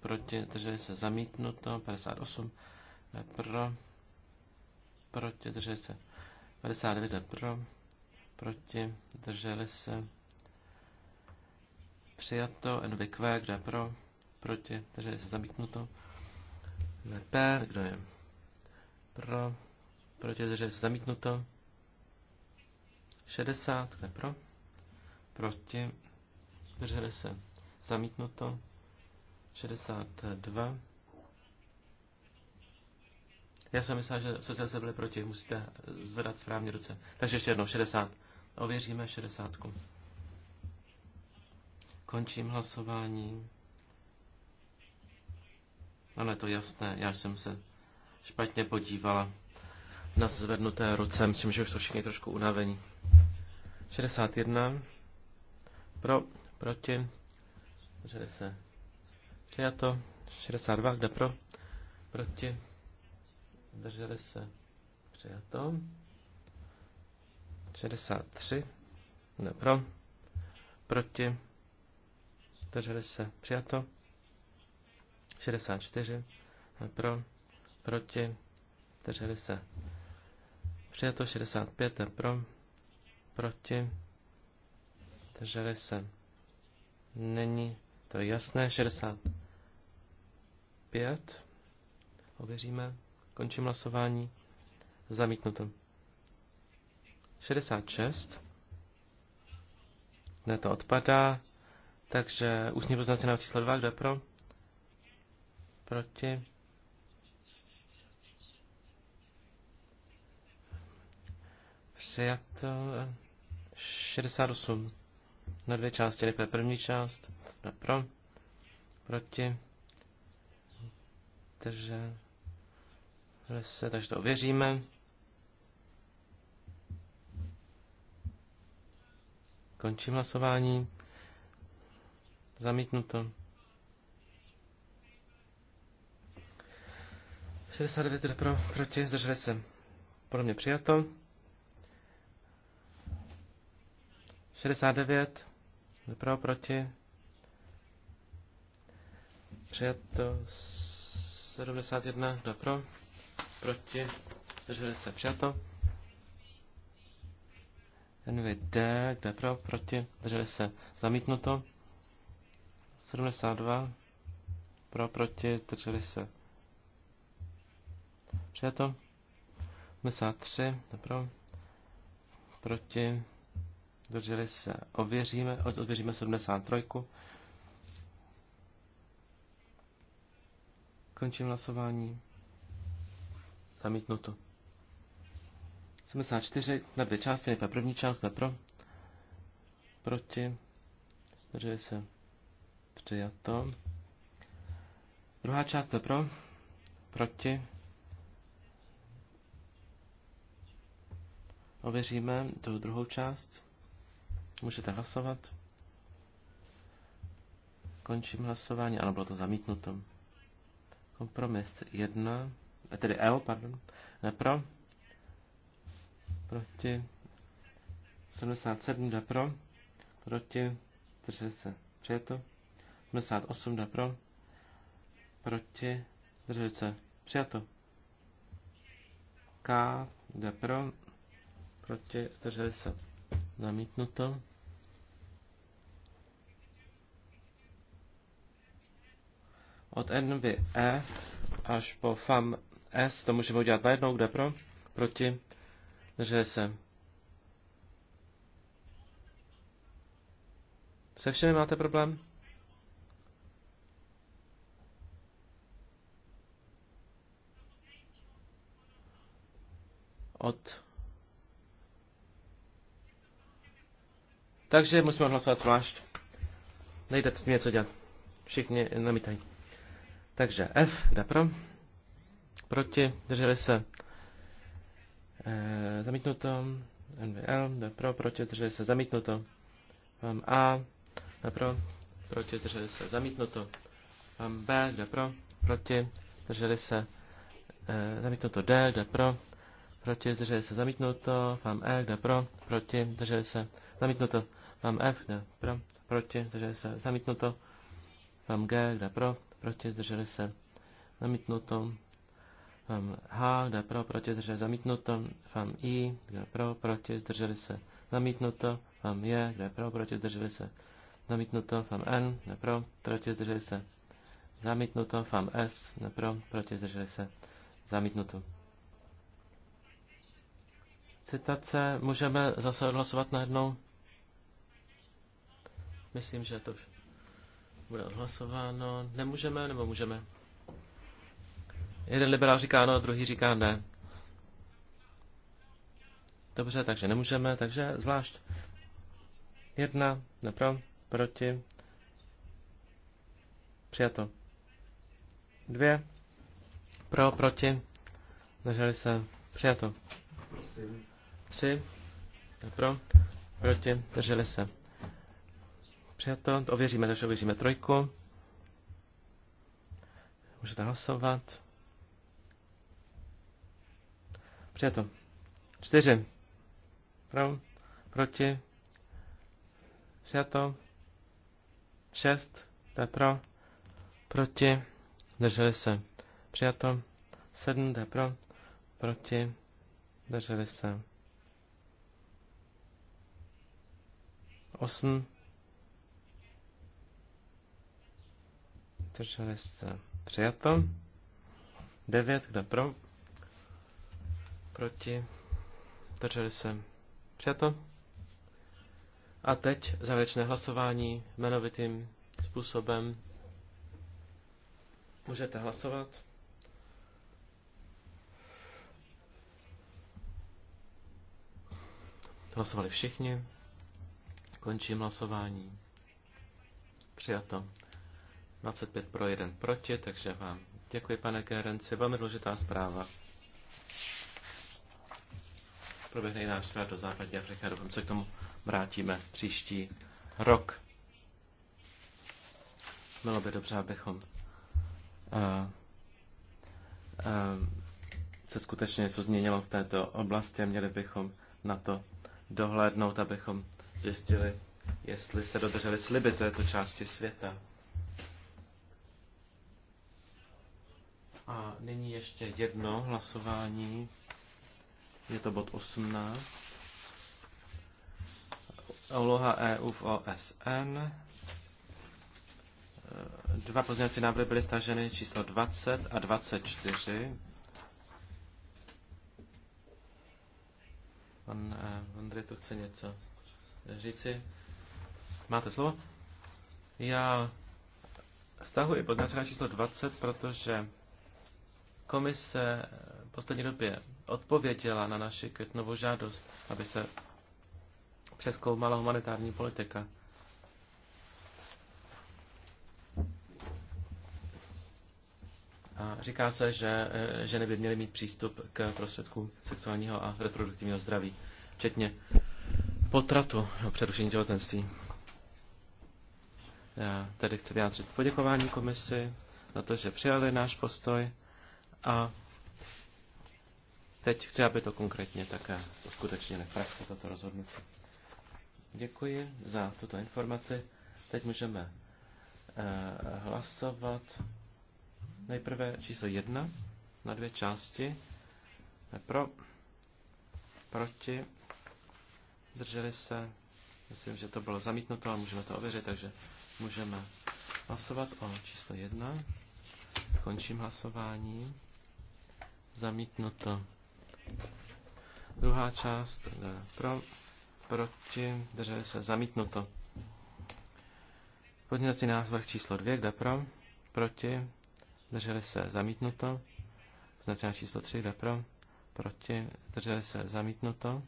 proti, zdrželi se zamítnuto, 58 eh, pro, proti, zdrželi se 59 eh, pro, proti, zdrželi se přijato, NVQ, kdo je pro, proti, zdrželi se zamítnuto, P, kdo je pro, proti, zdrželi se zamítnuto, 60, kdo je pro, proti, zdrželi se zamítnuto, 62. Já jsem myslel, že socialisté byly proti, musíte zvedat správně ruce. Takže ještě jednou, 60. Ověříme 60. Končím hlasování. Ano, je to jasné, já jsem se špatně podívala na zvednuté ruce, myslím, že už jsou všichni trošku unavení. 61. Pro, proti, zdrželi se. Přijato. 62, kde pro, proti, drželi se. Přijato. 63, kde pro, proti, drželi se. Přijato. 64, pro, proti, drželi se. Přijato 65, pro, proti, Drželi se. Není to jasné. 65. Ověříme. Končím hlasování. Zamítnuto. 66. Ne, to odpadá. Takže ústní poznáci na číslo 2, kde pro? Proti. Přijato 68 na dvě části. Nejprve první část. Na pro. Proti. Takže, se, takže to ověříme. Končím hlasování. Zamítnuto. 69 jde pro, proti, zdrželi se. Podobně přijato. 69 pro, proti. Přijato 71, kdo pro? Proti. Drželi se přijato. NVD, kde pro? Proti. Drželi se zamítnuto. 72. Pro, proti. Drželi se. Přijato. 73, kde pro? Proti. Zdrželi se. Ověříme. Ověříme 73. Končím hlasování. Zamítnuto. 74 na dvě části, nejprve první část, pro. Proti. Zdrželi se. Přijato. Druhá část, pro. Proti. Ověříme tu druhou část. Můžete hlasovat. Končím hlasování. Ano, bylo to zamítnuto. Kompromis 1, eh, tedy L, pardon, Ne pro. Proti 77 jde pro, proti 30 se přijeto, 78 jde pro, proti 30 se přijeto, K jde pro, proti 30 se zamítnuto, Od E až po FAM S, to můžeme udělat najednou, kde pro, proti, že se. Se všemi máte problém? Od. Takže musíme hlasovat zvlášť. Nejde s tím něco dělat. Všichni namítají. Takže F, jde pro? Proti, drželi se. E, zamítnuto. NVL, jde pro? Proti, drželi se. Zamítnuto. Mám A, jde pro? Proti, drželi se. Zamítnuto. Mám B, jde pro? Proti, drželi se. E, zamítnuto D, jde pro? Proti, drželi se. Zamítnuto. Mám E, jde pro? Proti, drželi se. Zamítnuto. Mám F, jde pro? Proti, drželi se. Zamítnuto. Mám G, jde pro? proti, zdrželi se, zamítnuto. Fam H, je pro, proti, zdrželi se, zamítnuto. Fam I, je pro, proti, zdrželi se, zamítnuto. Fam J, je pro, proti, zdrželi se, zamítnuto. Fam N, je pro, proti, zdrželi se, zamítnuto. Fam S, kde pro, proti, zdrželi se, zamítnuto. Citace můžeme zase odhlasovat najednou? Myslím, že to vše. Bude odhlasováno. Nemůžeme nebo můžeme? Jeden liberál říká ano, druhý říká ne. Dobře, takže nemůžeme, takže zvlášť. Jedna, napro, proti. Přijato. Dvě. Pro, proti. Drželi se. Přijato. Tři. nepro, proti. Drželi se. Přijato. Ověříme, takže ověříme trojku. Můžete hlasovat. Přijato. Čtyři. Pro. Proti. Přijato. Šest. Jde pro. Proti. Drželi se. Přijato. Sedm. Jde pro. Proti. Drželi se. Osm. Zdrželi jste. Přijato. 9, kdo pro? Proti. Zdrželi se. Přijato. A teď závěrečné hlasování jmenovitým způsobem. Můžete hlasovat. Hlasovali všichni. Končím hlasování. Přijato. 25 pro, 1 proti, takže vám děkuji, pane Gerenci. Velmi důležitá zpráva. Proběhne i náš do západní Afriky a doufám se k tomu vrátíme příští rok. Bylo by dobře, abychom uh, uh, se skutečně něco změnilo v této oblasti a měli bychom na to dohlédnout, abychom zjistili, jestli se dodrželi sliby této části světa. A nyní ještě jedno hlasování. Je to bod 18. Úloha EU v OSN. E, dva pozměňovací návrhy byly staženy číslo 20 a 24. Pan Andrej e, tu chce něco říci. Máte slovo? Já stahuji pozměňovací číslo 20, protože Komise v poslední době odpověděla na naši květnovou žádost, aby se přeskoumala humanitární politika. A říká se, že eh, ženy by měly mít přístup k prostředkům sexuálního a reproduktivního zdraví, včetně potratu o přerušení těhotenství. Já tedy chci vyjádřit poděkování komisi za to, že přijali náš postoj a teď chci, aby to konkrétně také skutečně v toto rozhodnutí. Děkuji za tuto informaci. Teď můžeme eh, hlasovat nejprve číslo jedna na dvě části. Pro, proti, drželi se. Myslím, že to bylo zamítnuto, ale můžeme to ověřit, takže můžeme hlasovat o číslo jedna. Končím hlasování zamítnuto. Druhá část jde pro, proti, drželi se, zamítnuto. Podněcí návrh číslo dvě kde pro, proti, drželi se, zamítnuto. Podněcí číslo tři kde pro, proti, drželi se, zamítnuto.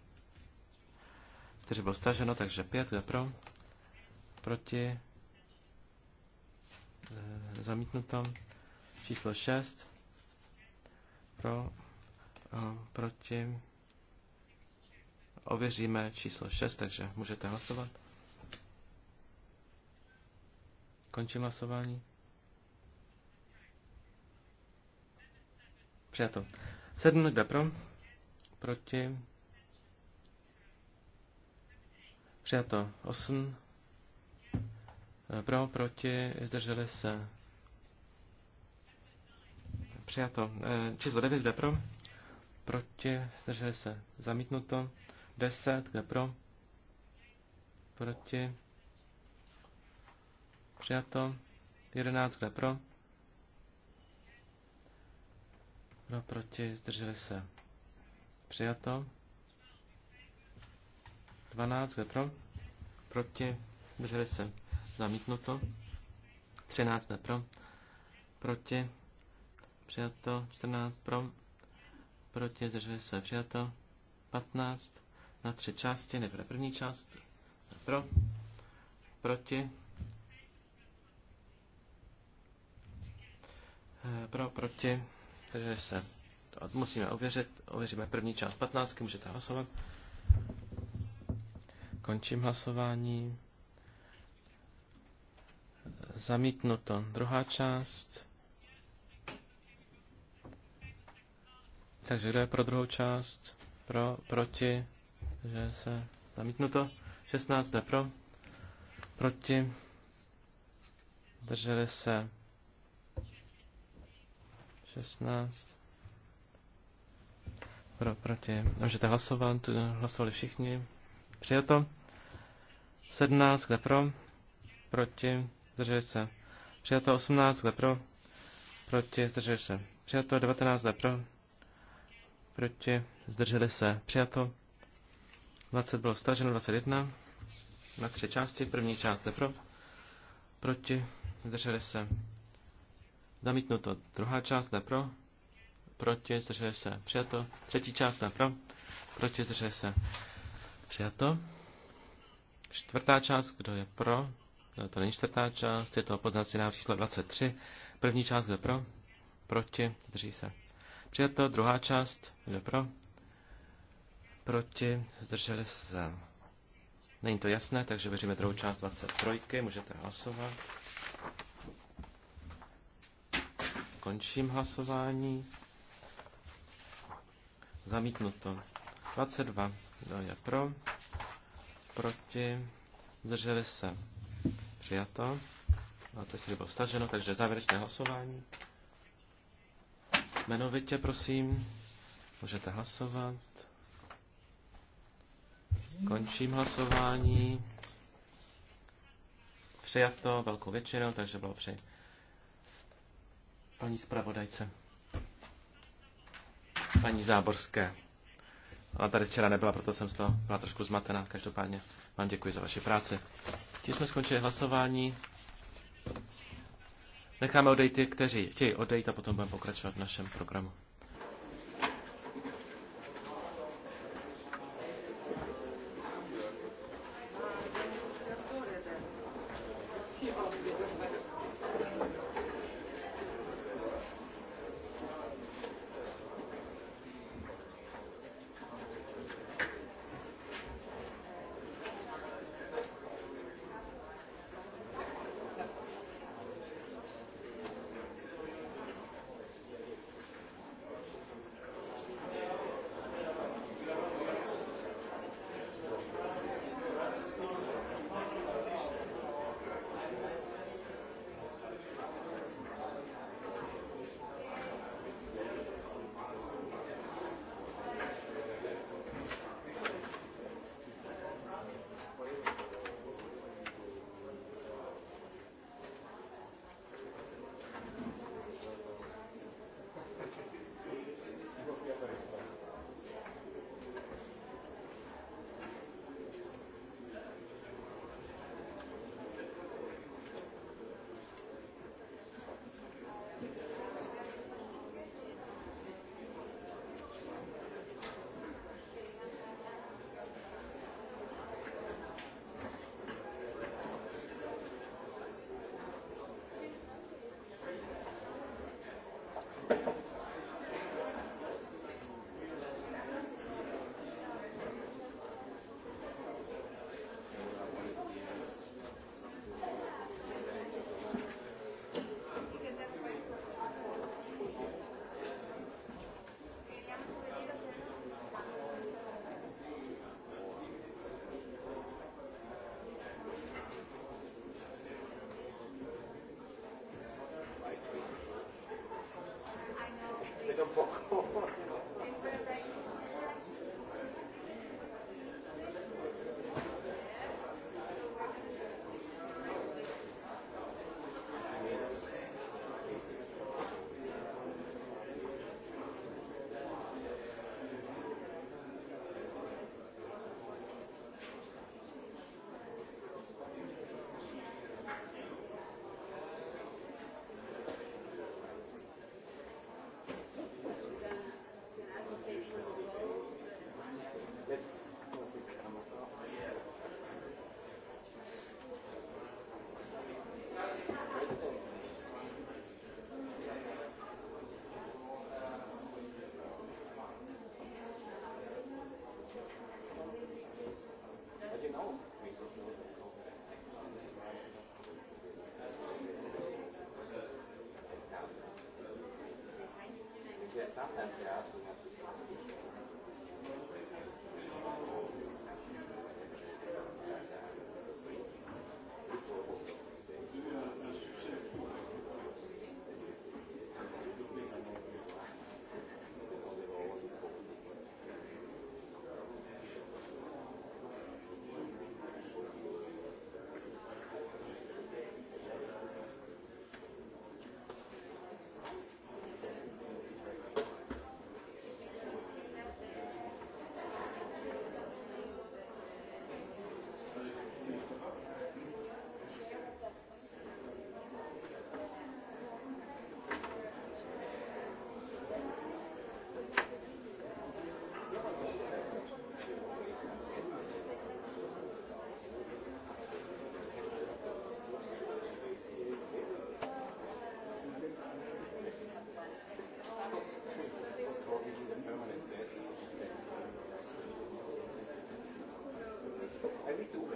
4 bylo staženo, takže pět kde pro, proti, eh, zamítnuto. Číslo šest pro, uh, proti. Ověříme číslo 6, takže můžete hlasovat. Končím hlasování. Přijato. 7 kde pro? Proti. Přijato. 8 e, pro, proti, zdrželi se Přijato. Eh, číslo 9, kde pro? Proti, zdrželi se. Zamítnuto. 10, kde pro? Proti. Přijato. 11, kde pro? Pro, proti, zdrželi se. Přijato. 12, kde pro? Proti, zdrželi se. Zamítnuto. 13, kde pro? Proti, přijato, 14 pro, proti, zdrželi se, přijato, 15 na tři části, nejprve první část, pro, proti, eh, pro, proti, zdrželi se, to musíme ověřit, ověříme první část 15, můžete hlasovat. Končím hlasování. Zamítnuto. Druhá část. Takže kdo je pro druhou část? Pro, proti, že se zamítnuto. 16 jde pro, proti, drželi se 16 pro, proti. Můžete hlasovat, tu hlasovali všichni. Přijato. 17, jde pro, proti, drželi se. Přijato 18, jde pro, proti, drželi se. Přijato 19, jde pro, proti, zdrželi se, přijato. 20 bylo staženo, 21 na tři části, první část je pro, proti, zdrželi se, zamítnuto, druhá část je pro, proti, zdrželi se, přijato, třetí část je pro, proti, zdrželi se, přijato. Čtvrtá část, kdo je pro, no, to není čtvrtá část, je to poznací návrh číslo 23, první část, kdo je pro, proti, zdrží se, Přijato druhá část, kdo pro? Proti, zdrželi se. Není to jasné, takže věříme druhou část 23, můžete hlasovat. Končím hlasování. Zamítnuto. 22. Kdo je pro? Proti? Zdrželi se. Přijato. 24 bylo staženo, takže závěrečné hlasování. Jmenovitě, prosím. Můžete hlasovat. Končím hlasování. Přijato velkou většinou, takže bylo při paní zpravodajce. Paní Záborské. Ona tady včera nebyla, proto jsem z toho byla trošku zmatená. Každopádně vám děkuji za vaši práci. Tím jsme skončili hlasování necháme odejít ty, kteří chtějí odejít a potom budeme pokračovat v našem programu. sometimes Hay visto un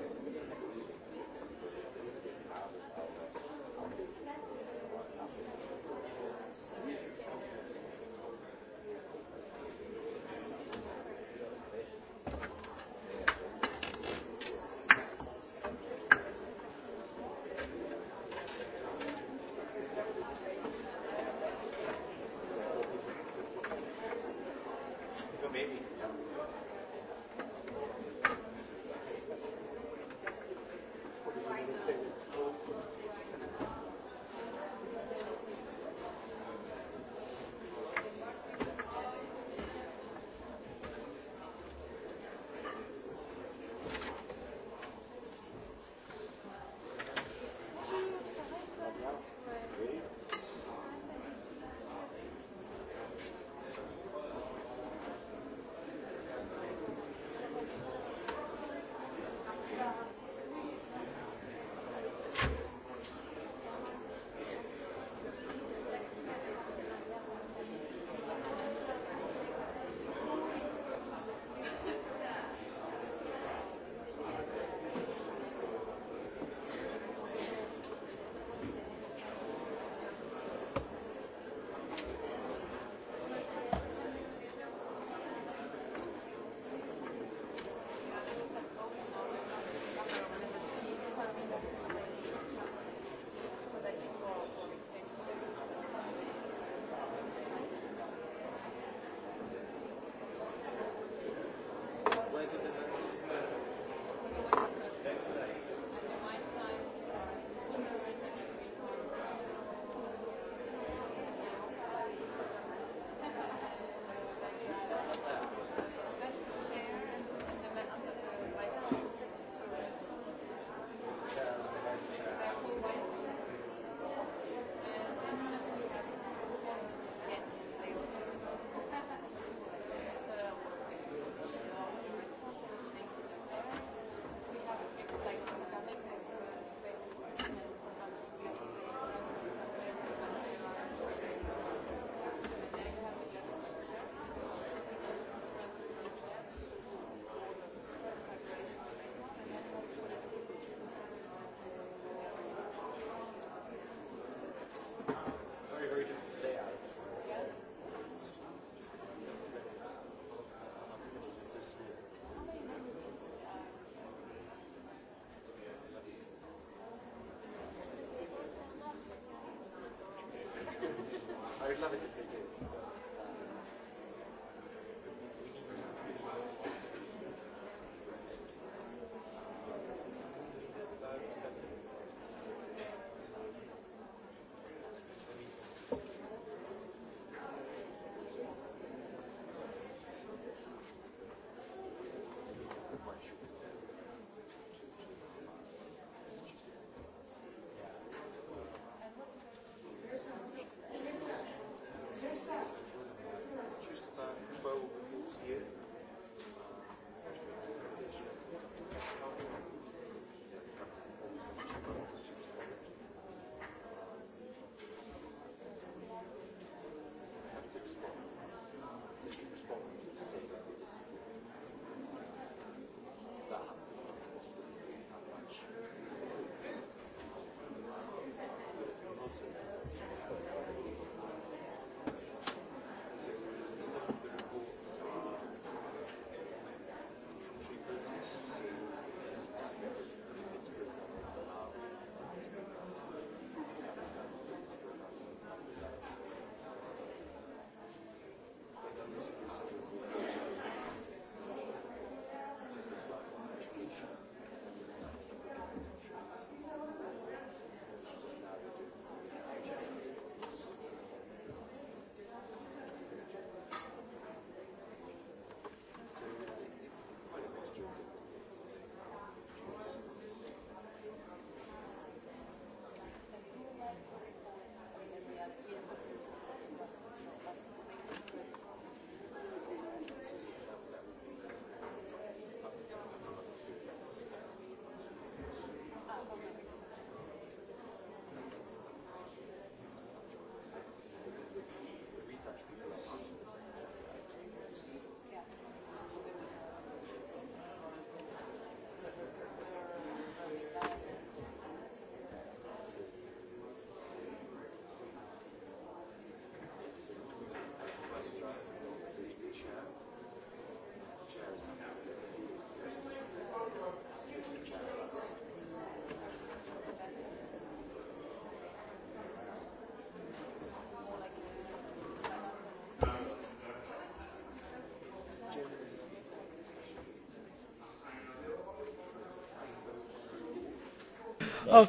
Oh.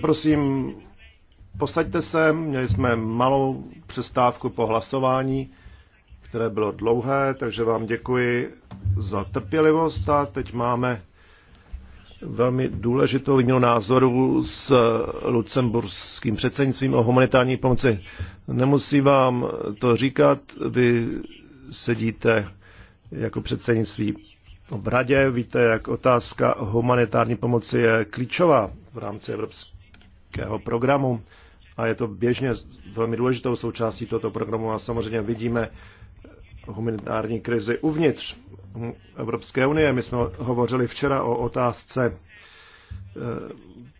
prosím, posaďte se, měli jsme malou přestávku po hlasování, které bylo dlouhé, takže vám děkuji za trpělivost a teď máme velmi důležitou výměnu názoru s lucemburským předsednictvím o humanitární pomoci. Nemusí vám to říkat, vy sedíte jako předsednictví No, v radě. Víte, jak otázka humanitární pomoci je klíčová v rámci evropského programu a je to běžně velmi důležitou součástí tohoto programu a samozřejmě vidíme humanitární krizi uvnitř Evropské unie. My jsme hovořili včera o otázce e,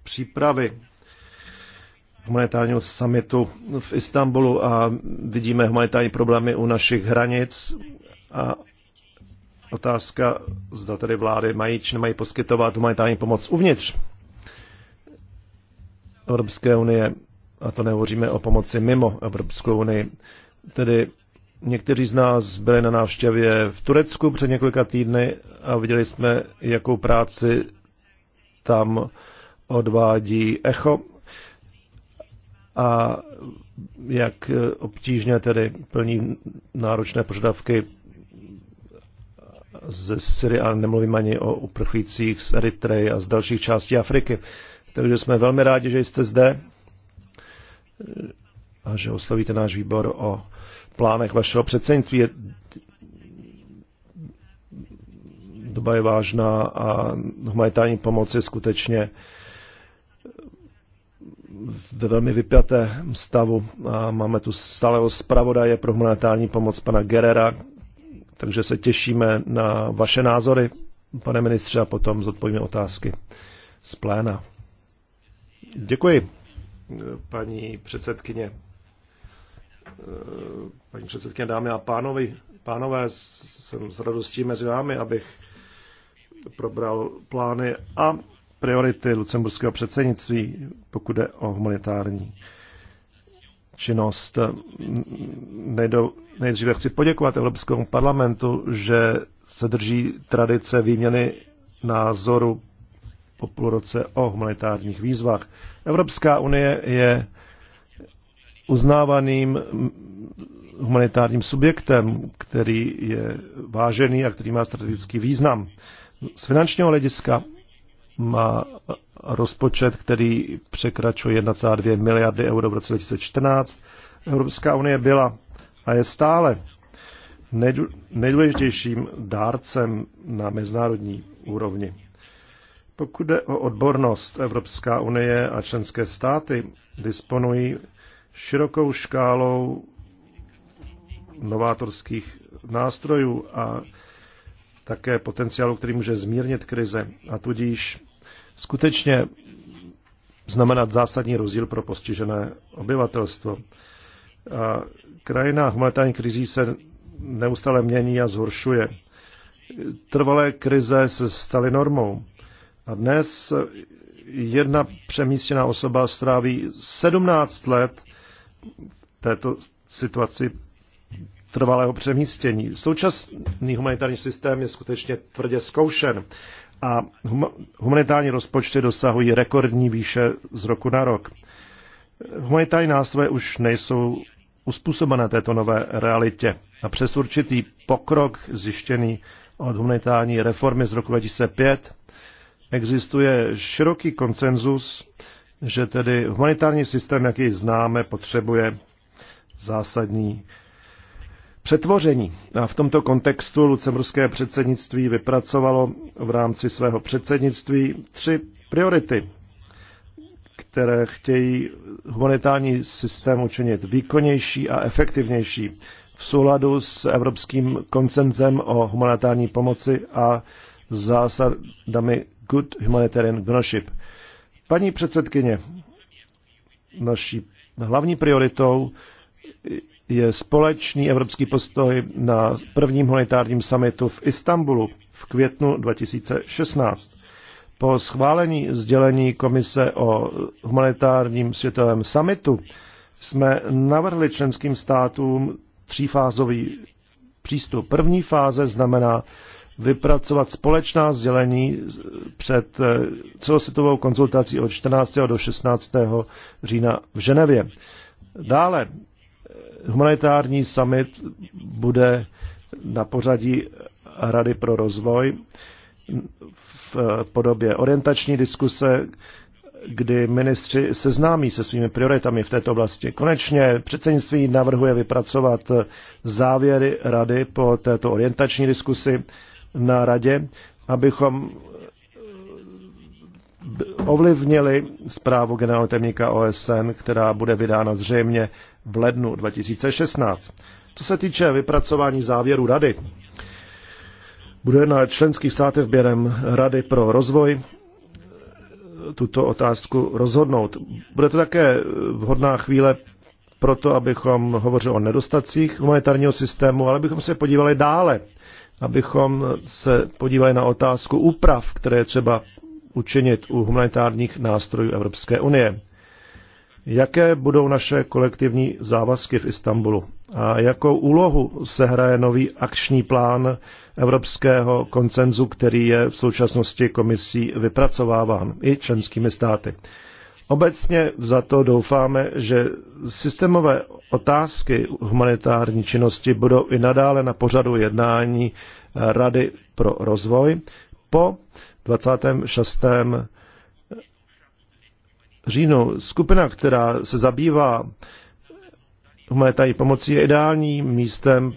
přípravy humanitárního summitu v Istanbulu a vidíme humanitární problémy u našich hranic a Otázka, zda tedy vlády mají či nemají poskytovat humanitární pomoc uvnitř Evropské unie, a to nehovoříme o pomoci mimo Evropskou unii. Tedy někteří z nás byli na návštěvě v Turecku před několika týdny a viděli jsme, jakou práci tam odvádí ECHO a jak obtížně tedy plní náročné požadavky ze Syrie, ale nemluvím ani o uprchlících z Eritreji a z dalších částí Afriky. Takže jsme velmi rádi, že jste zde a že oslovíte náš výbor o plánech vašeho předsednictví. Doba je vážná a humanitární pomoc je skutečně ve velmi vypjatém stavu. A máme tu stáleho zpravodaje pro humanitární pomoc pana Gerera, takže se těšíme na vaše názory, pane ministře, a potom zodpovíme otázky z pléna. Děkuji, paní předsedkyně. Paní předsedkyně, dámy a pánovi, pánové, jsem s radostí mezi vámi, abych probral plány a priority lucemburského předsednictví, pokud jde o humanitární činnost. Nejdou, nejdříve chci poděkovat Evropskému parlamentu, že se drží tradice výměny názoru po půl roce o humanitárních výzvách. Evropská unie je uznávaným humanitárním subjektem, který je vážený a který má strategický význam. Z finančního hlediska má rozpočet, který překračuje 1,2 miliardy euro v roce 2014. Evropská unie byla a je stále nejdůležitějším dárcem na mezinárodní úrovni. Pokud jde o odbornost, Evropská unie a členské státy disponují širokou škálou novátorských nástrojů a také potenciálu, který může zmírnit krize a tudíž skutečně znamenat zásadní rozdíl pro postižené obyvatelstvo. A krajina humanitární krizí se neustále mění a zhoršuje. Trvalé krize se staly normou. A dnes jedna přemístěná osoba stráví 17 let v této situaci trvalého přemístění. Současný humanitární systém je skutečně tvrdě zkoušen a humanitární rozpočty dosahují rekordní výše z roku na rok. Humanitární nástroje už nejsou uspůsobené této nové realitě a přes určitý pokrok zjištěný od humanitární reformy z roku 2005 existuje široký konsenzus, že tedy humanitární systém, jaký známe, potřebuje zásadní přetvoření. A v tomto kontextu lucemburské předsednictví vypracovalo v rámci svého předsednictví tři priority, které chtějí humanitární systém učinit výkonnější a efektivnější v souladu s evropským koncenzem o humanitární pomoci a zásadami Good Humanitarian Ownership. Paní předsedkyně, naší hlavní prioritou je společný evropský postoj na prvním humanitárním summitu v Istanbulu v květnu 2016. Po schválení sdělení Komise o humanitárním světovém summitu jsme navrhli členským státům třífázový přístup. První fáze znamená vypracovat společná sdělení před celosvětovou konzultací od 14. do 16. října v Ženevě. Dále humanitární summit bude na pořadí Rady pro rozvoj v podobě orientační diskuse, kdy ministři seznámí se svými prioritami v této oblasti. Konečně předsednictví navrhuje vypracovat závěry rady po této orientační diskusi na radě, abychom ovlivnili zprávu generálního temníka OSN, která bude vydána zřejmě v lednu 2016. Co se týče vypracování závěru rady, bude na členských státech během Rady pro rozvoj tuto otázku rozhodnout. Bude to také vhodná chvíle pro to, abychom hovořili o nedostacích humanitárního systému, ale abychom se podívali dále, abychom se podívali na otázku úprav, které třeba učinit u humanitárních nástrojů Evropské unie. Jaké budou naše kolektivní závazky v Istanbulu? A jakou úlohu se hraje nový akční plán evropského koncenzu, který je v současnosti komisí vypracováván i členskými státy? Obecně za to doufáme, že systémové otázky humanitární činnosti budou i nadále na pořadu jednání Rady pro rozvoj po 26. říjnu. Skupina, která se zabývá humanitární pomocí, je ideálním místem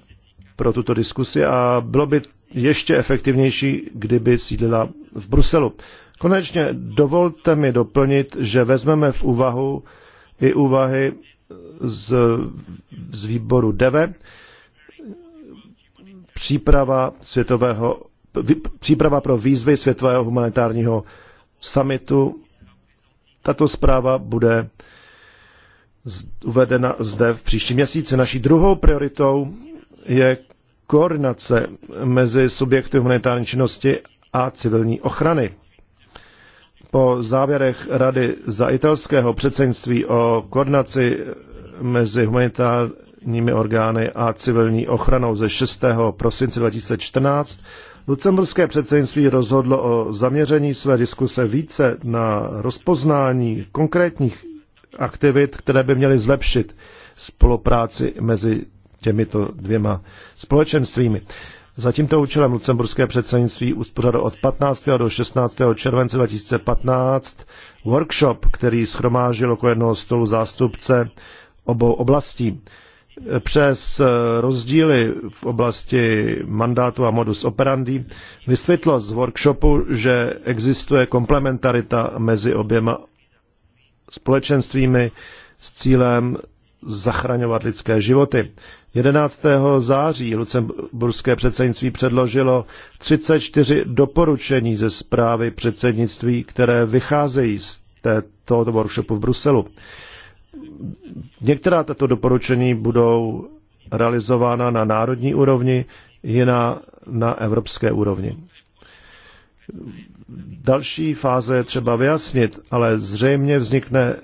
pro tuto diskusi a bylo by ještě efektivnější, kdyby sídlila v Bruselu. Konečně dovolte mi doplnit, že vezmeme v úvahu i úvahy z, z výboru DEVE, příprava světového příprava pro výzvy Světového humanitárního summitu. Tato zpráva bude uvedena zde v příštím měsíci. Naší druhou prioritou je koordinace mezi subjekty humanitární činnosti a civilní ochrany. Po závěrech Rady za italského předsednictví o koordinaci mezi humanitárními orgány a civilní ochranou ze 6. prosince 2014 Lucemburské předsednictví rozhodlo o zaměření své diskuse více na rozpoznání konkrétních aktivit, které by měly zlepšit spolupráci mezi těmito dvěma společenstvími. Za tímto účelem lucemburské předsednictví uspořádalo od 15. do 16. července 2015 workshop, který schromážil okolo jednoho stolu zástupce obou oblastí přes eh, rozdíly v oblasti mandátu a modus operandi vysvětlo z workshopu, že existuje komplementarita mezi oběma společenstvími s cílem zachraňovat lidské životy. 11. září lucemburské předsednictví předložilo 34 doporučení ze zprávy předsednictví, které vycházejí z tohoto workshopu v Bruselu. Některá tato doporučení budou realizována na národní úrovni, jiná na evropské úrovni. Další fáze je třeba vyjasnit, ale zřejmě vznikne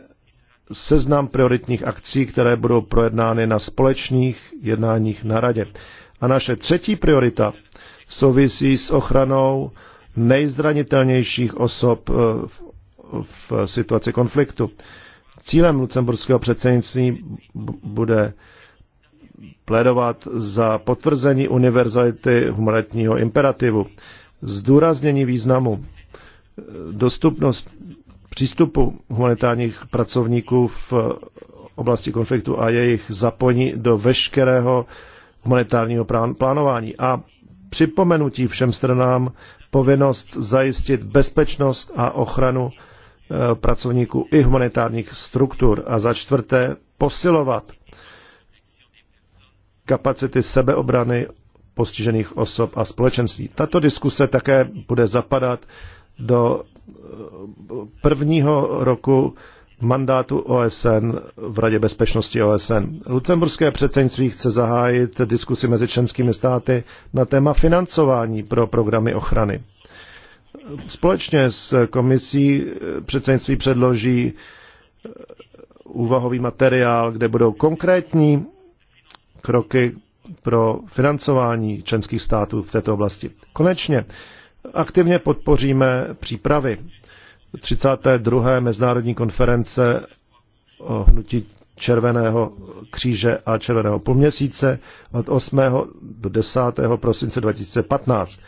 seznam prioritních akcí, které budou projednány na společných jednáních na radě. A naše třetí priorita souvisí s ochranou nejzranitelnějších osob eh, v, v situaci konfliktu. Cílem lucemburského předsednictví bude plédovat za potvrzení univerzality humanitního imperativu, zdůraznění významu, dostupnost přístupu humanitárních pracovníků v oblasti konfliktu a jejich zapojení do veškerého humanitárního plánování a připomenutí všem stranám povinnost zajistit bezpečnost a ochranu Eh, pracovníků i humanitárních struktur. A za čtvrté, posilovat kapacity sebeobrany postižených osob a společenství. Tato diskuse také bude zapadat do eh, prvního roku mandátu OSN v Radě bezpečnosti OSN. Lucemburské předsednictví chce zahájit diskusi mezi členskými státy na téma financování pro programy ochrany společně s komisí eh, předsednictví předloží eh, úvahový materiál, kde budou konkrétní kroky pro financování členských států v této oblasti. Konečně aktivně podpoříme přípravy 32. mezinárodní konference o hnutí Červeného kříže a Červeného půlměsíce od 8. do 10. prosince 2015.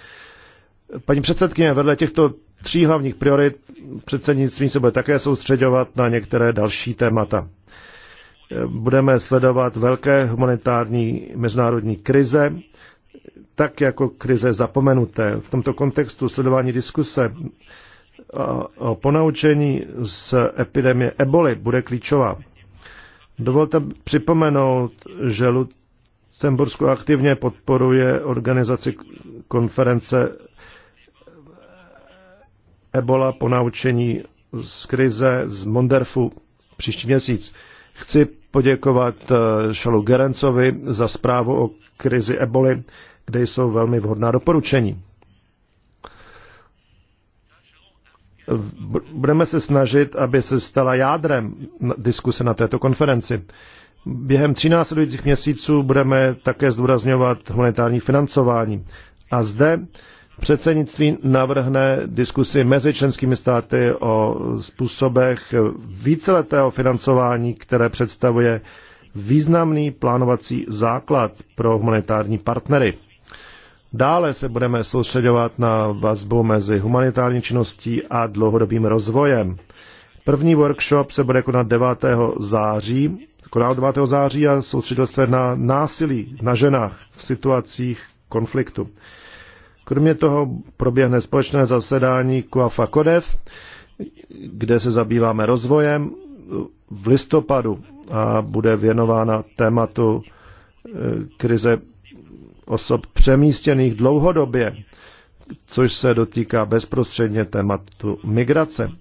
Paní předsedkyně, vedle těchto tří hlavních priorit předsednictví se bude také soustředovat na některé další témata. Budeme sledovat velké humanitární mezinárodní krize, tak jako krize zapomenuté. V tomto kontextu sledování diskuse o ponaučení z epidemie eboli bude klíčová. Dovolte připomenout, že Lucembursko aktivně podporuje organizaci konference Ebola po naučení z krize z Monderfu příští měsíc. Chci poděkovat eh, Šalu Gerencovi za zprávu o krizi eboli, kde jsou velmi vhodná doporučení. Budeme se snažit, aby se stala jádrem diskuse na této konferenci. Během tří následujících měsíců budeme také zdůrazňovat humanitární financování. A zde Předsednictví navrhne diskusi mezi členskými státy o způsobech víceletého financování, které představuje významný plánovací základ pro humanitární partnery. Dále se budeme soustředovat na vazbu mezi humanitární činností a dlouhodobým rozvojem. První workshop se bude konat 9. září, konal 9. září a soustředil se na násilí na ženách v situacích konfliktu. Kromě toho proběhne společné zasedání Kuafa KODEV, kde se zabýváme rozvojem v listopadu a bude věnována tématu e, krize osob přemístěných dlouhodobě, což se dotýká bezprostředně tématu migrace.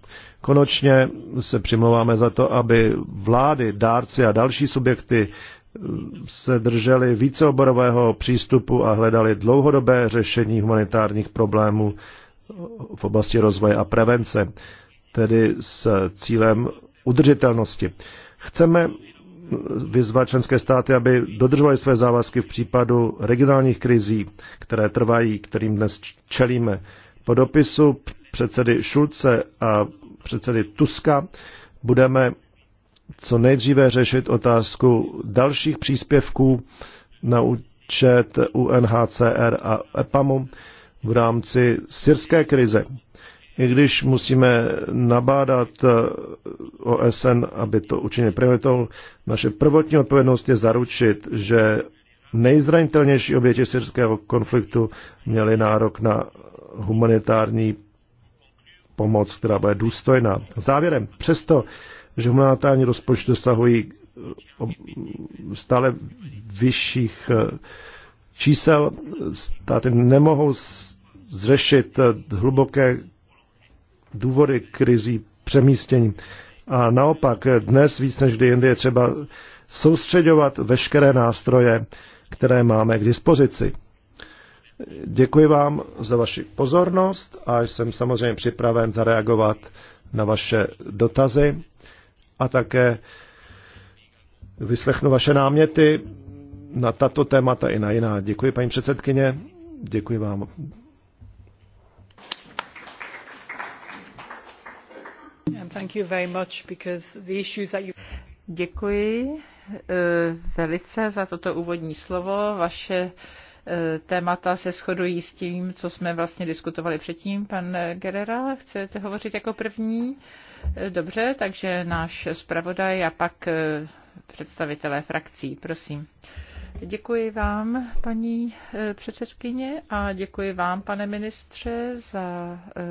Konečně se přimlouváme za to, aby vlády, dárci a další subjekty se drželi víceoborového přístupu a hledali dlouhodobé řešení humanitárních problémů v oblasti rozvoje a prevence, tedy s cílem udržitelnosti. Chceme vyzvat členské státy, aby dodržovaly své závazky v případu regionálních krizí, které trvají, kterým dnes čelíme. Po dopisu předsedy Šulce a předsedy Tuska budeme co nejdříve řešit otázku dalších příspěvků na účet UNHCR a EPAMu v rámci syrské krize. I když musíme nabádat eh, OSN, aby to učinili prioritou, naše prvotní odpovědnost je zaručit, že nejzranitelnější oběti syrského konfliktu měly nárok na humanitární pomoc, která bude důstojná. Závěrem, přesto že humanitární rozpočty dosahují eh, stále vyšších eh, čísel. Státy nemohou zřešit eh, hluboké důvody krizí přemístění. A naopak dnes víc než kdy jindy je třeba soustředovat veškeré nástroje, které máme k dispozici. Děkuji vám za vaši pozornost a jsem samozřejmě připraven zareagovat na vaše dotazy a také vyslechnu vaše náměty na tato témata i na jiná. Děkuji, paní předsedkyně. Děkuji vám. Děkuji eh, velice za toto úvodní slovo. Vaše eh, témata se shodují s tím, co jsme vlastně diskutovali předtím. Pan Gerera, chcete hovořit jako první? Dobře, takže náš zpravodaj a pak eh, představitelé frakcí, prosím. Děkuji vám, paní eh, předsedkyně, a děkuji vám, pane ministře, za eh,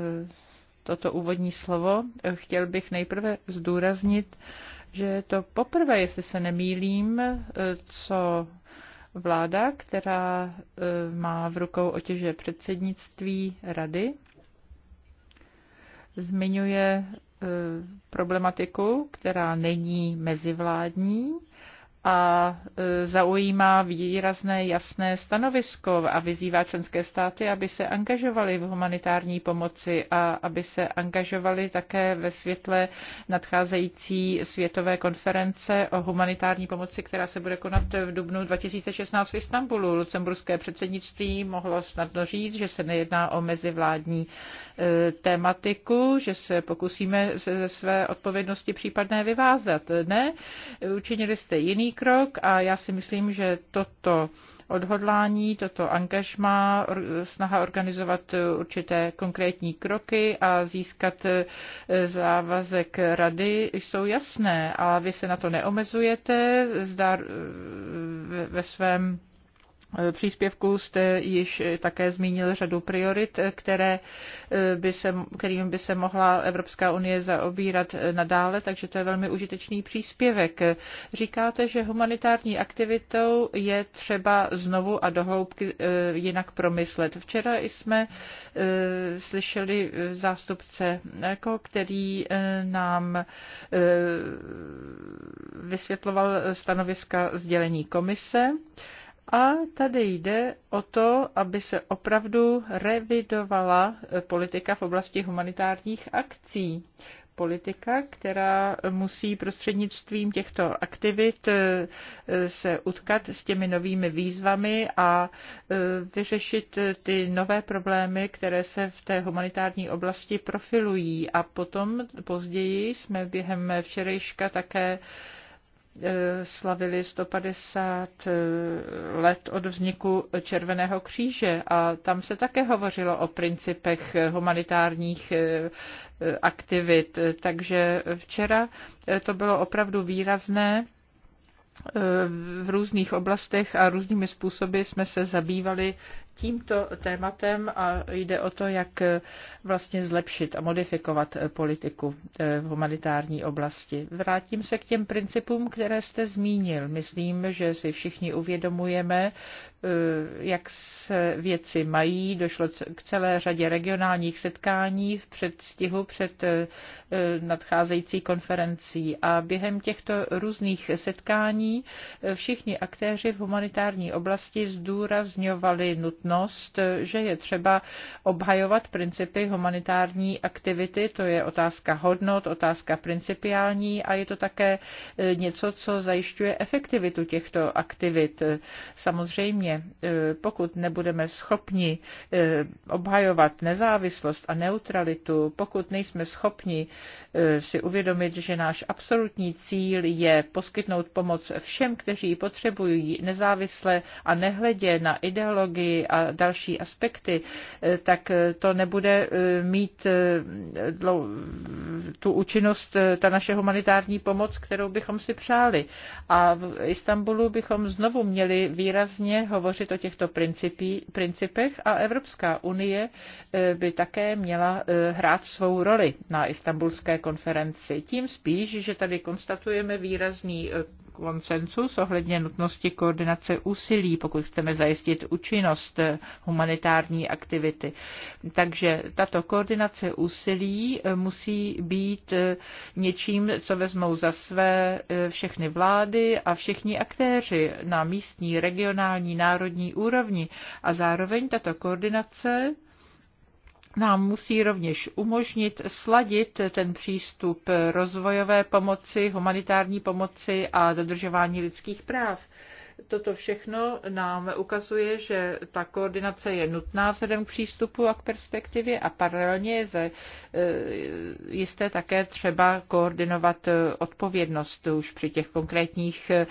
toto úvodní slovo. Chtěl bych nejprve zdůraznit, že je to poprvé, jestli se nemýlím, co vláda, která má v rukou otěže předsednictví rady, zmiňuje Eh, problematiku, která není mezivládní a eh, zaujímá výrazné jasné stanovisko a vyzývá členské státy, aby se angažovali v humanitární pomoci a aby se angažovali také ve světle nadcházející světové konference o humanitární pomoci, která se bude konat v dubnu 2016 v Istanbulu. Lucemburské předsednictví mohlo snadno říct, že se nejedná o mezivládní tématiku, že se pokusíme se ze své odpovědnosti případné vyvázat. Ne, učinili jste jiný krok a já si myslím, že toto odhodlání, toto angažma, snaha organizovat určité konkrétní kroky a získat eh, závazek rady jsou jasné a vy se na to neomezujete, zdá eh, ve svém Eh, příspěvku jste již eh, také zmínil řadu priorit, eh, které by se, kterým by se mohla Evropská unie zaobírat nadále, takže to je velmi užitečný příspěvek. Říkáte, že humanitární aktivitou je třeba znovu a dohloubky jinak promyslet. Včera jsme slyšeli zástupce který nám vysvětloval stanoviska sdělení komise. A tady jde o to, aby se opravdu revidovala eh, politika v oblasti humanitárních akcí. Politika, která musí prostřednictvím těchto aktivit eh, eh, se utkat s těmi novými výzvami a vyřešit ty nové problémy, které se v té humanitární oblasti profilují. A potom později jsme během včerejška také E, slavili 150 e, let od vzniku Červeného kříže a tam se také hovořilo o principech humanitárních e, aktivit. Takže včera to bylo opravdu výrazné v různých oblastech a různými způsoby jsme se zabývali tímto tématem a jde o to, jak eh, vlastně zlepšit a modifikovat eh, politiku eh, v humanitární oblasti. Vrátím se k těm principům, které jste zmínil. Myslím, že si všichni uvědomujeme, jak se věci mají. Došlo k celé řadě regionálních setkání v předstihu před nadcházející konferencí. A během těchto různých setkání všichni aktéři v humanitární oblasti zdůrazňovali nutnost nutnost, že je třeba obhajovat principy humanitární aktivity. To je otázka hodnot, otázka principiální a je to také eh, něco, co zajišťuje efektivitu těchto aktivit. Samozřejmě, eh, pokud nebudeme schopni eh, obhajovat nezávislost a neutralitu, pokud nejsme schopni si uvědomit, že náš absolutní cíl je poskytnout pomoc všem, kteří ji potřebují nezávisle a nehledě na ideologii a další aspekty, eh, tak eh, to nebude eh, mít tu účinnost, ta naše humanitární pomoc, kterou bychom si přáli. A v Istanbulu bychom znovu měli výrazně hovořit o těchto principí, principech a Evropská unie by také měla hrát svou roli na istambulské konferenci. Tím spíš, že tady konstatujeme výrazný konsensus ohledně nutnosti koordinace úsilí, pokud chceme zajistit účinnost humanitární aktivity. Takže tato koordinace úsilí musí být něčím, co vezmou za své eh, všechny vlády a všichni aktéři na místní, regionální, národní úrovni. A zároveň tato koordinace nám musí rovněž umožnit sladit ten přístup rozvojové pomoci, humanitární pomoci a dodržování lidských práv. Toto všechno nám ukazuje, že ta koordinace je nutná vzhledem k přístupu a k perspektivě a paralelně je ze, eh, jisté také třeba koordinovat eh, odpovědnost už při těch konkrétních eh,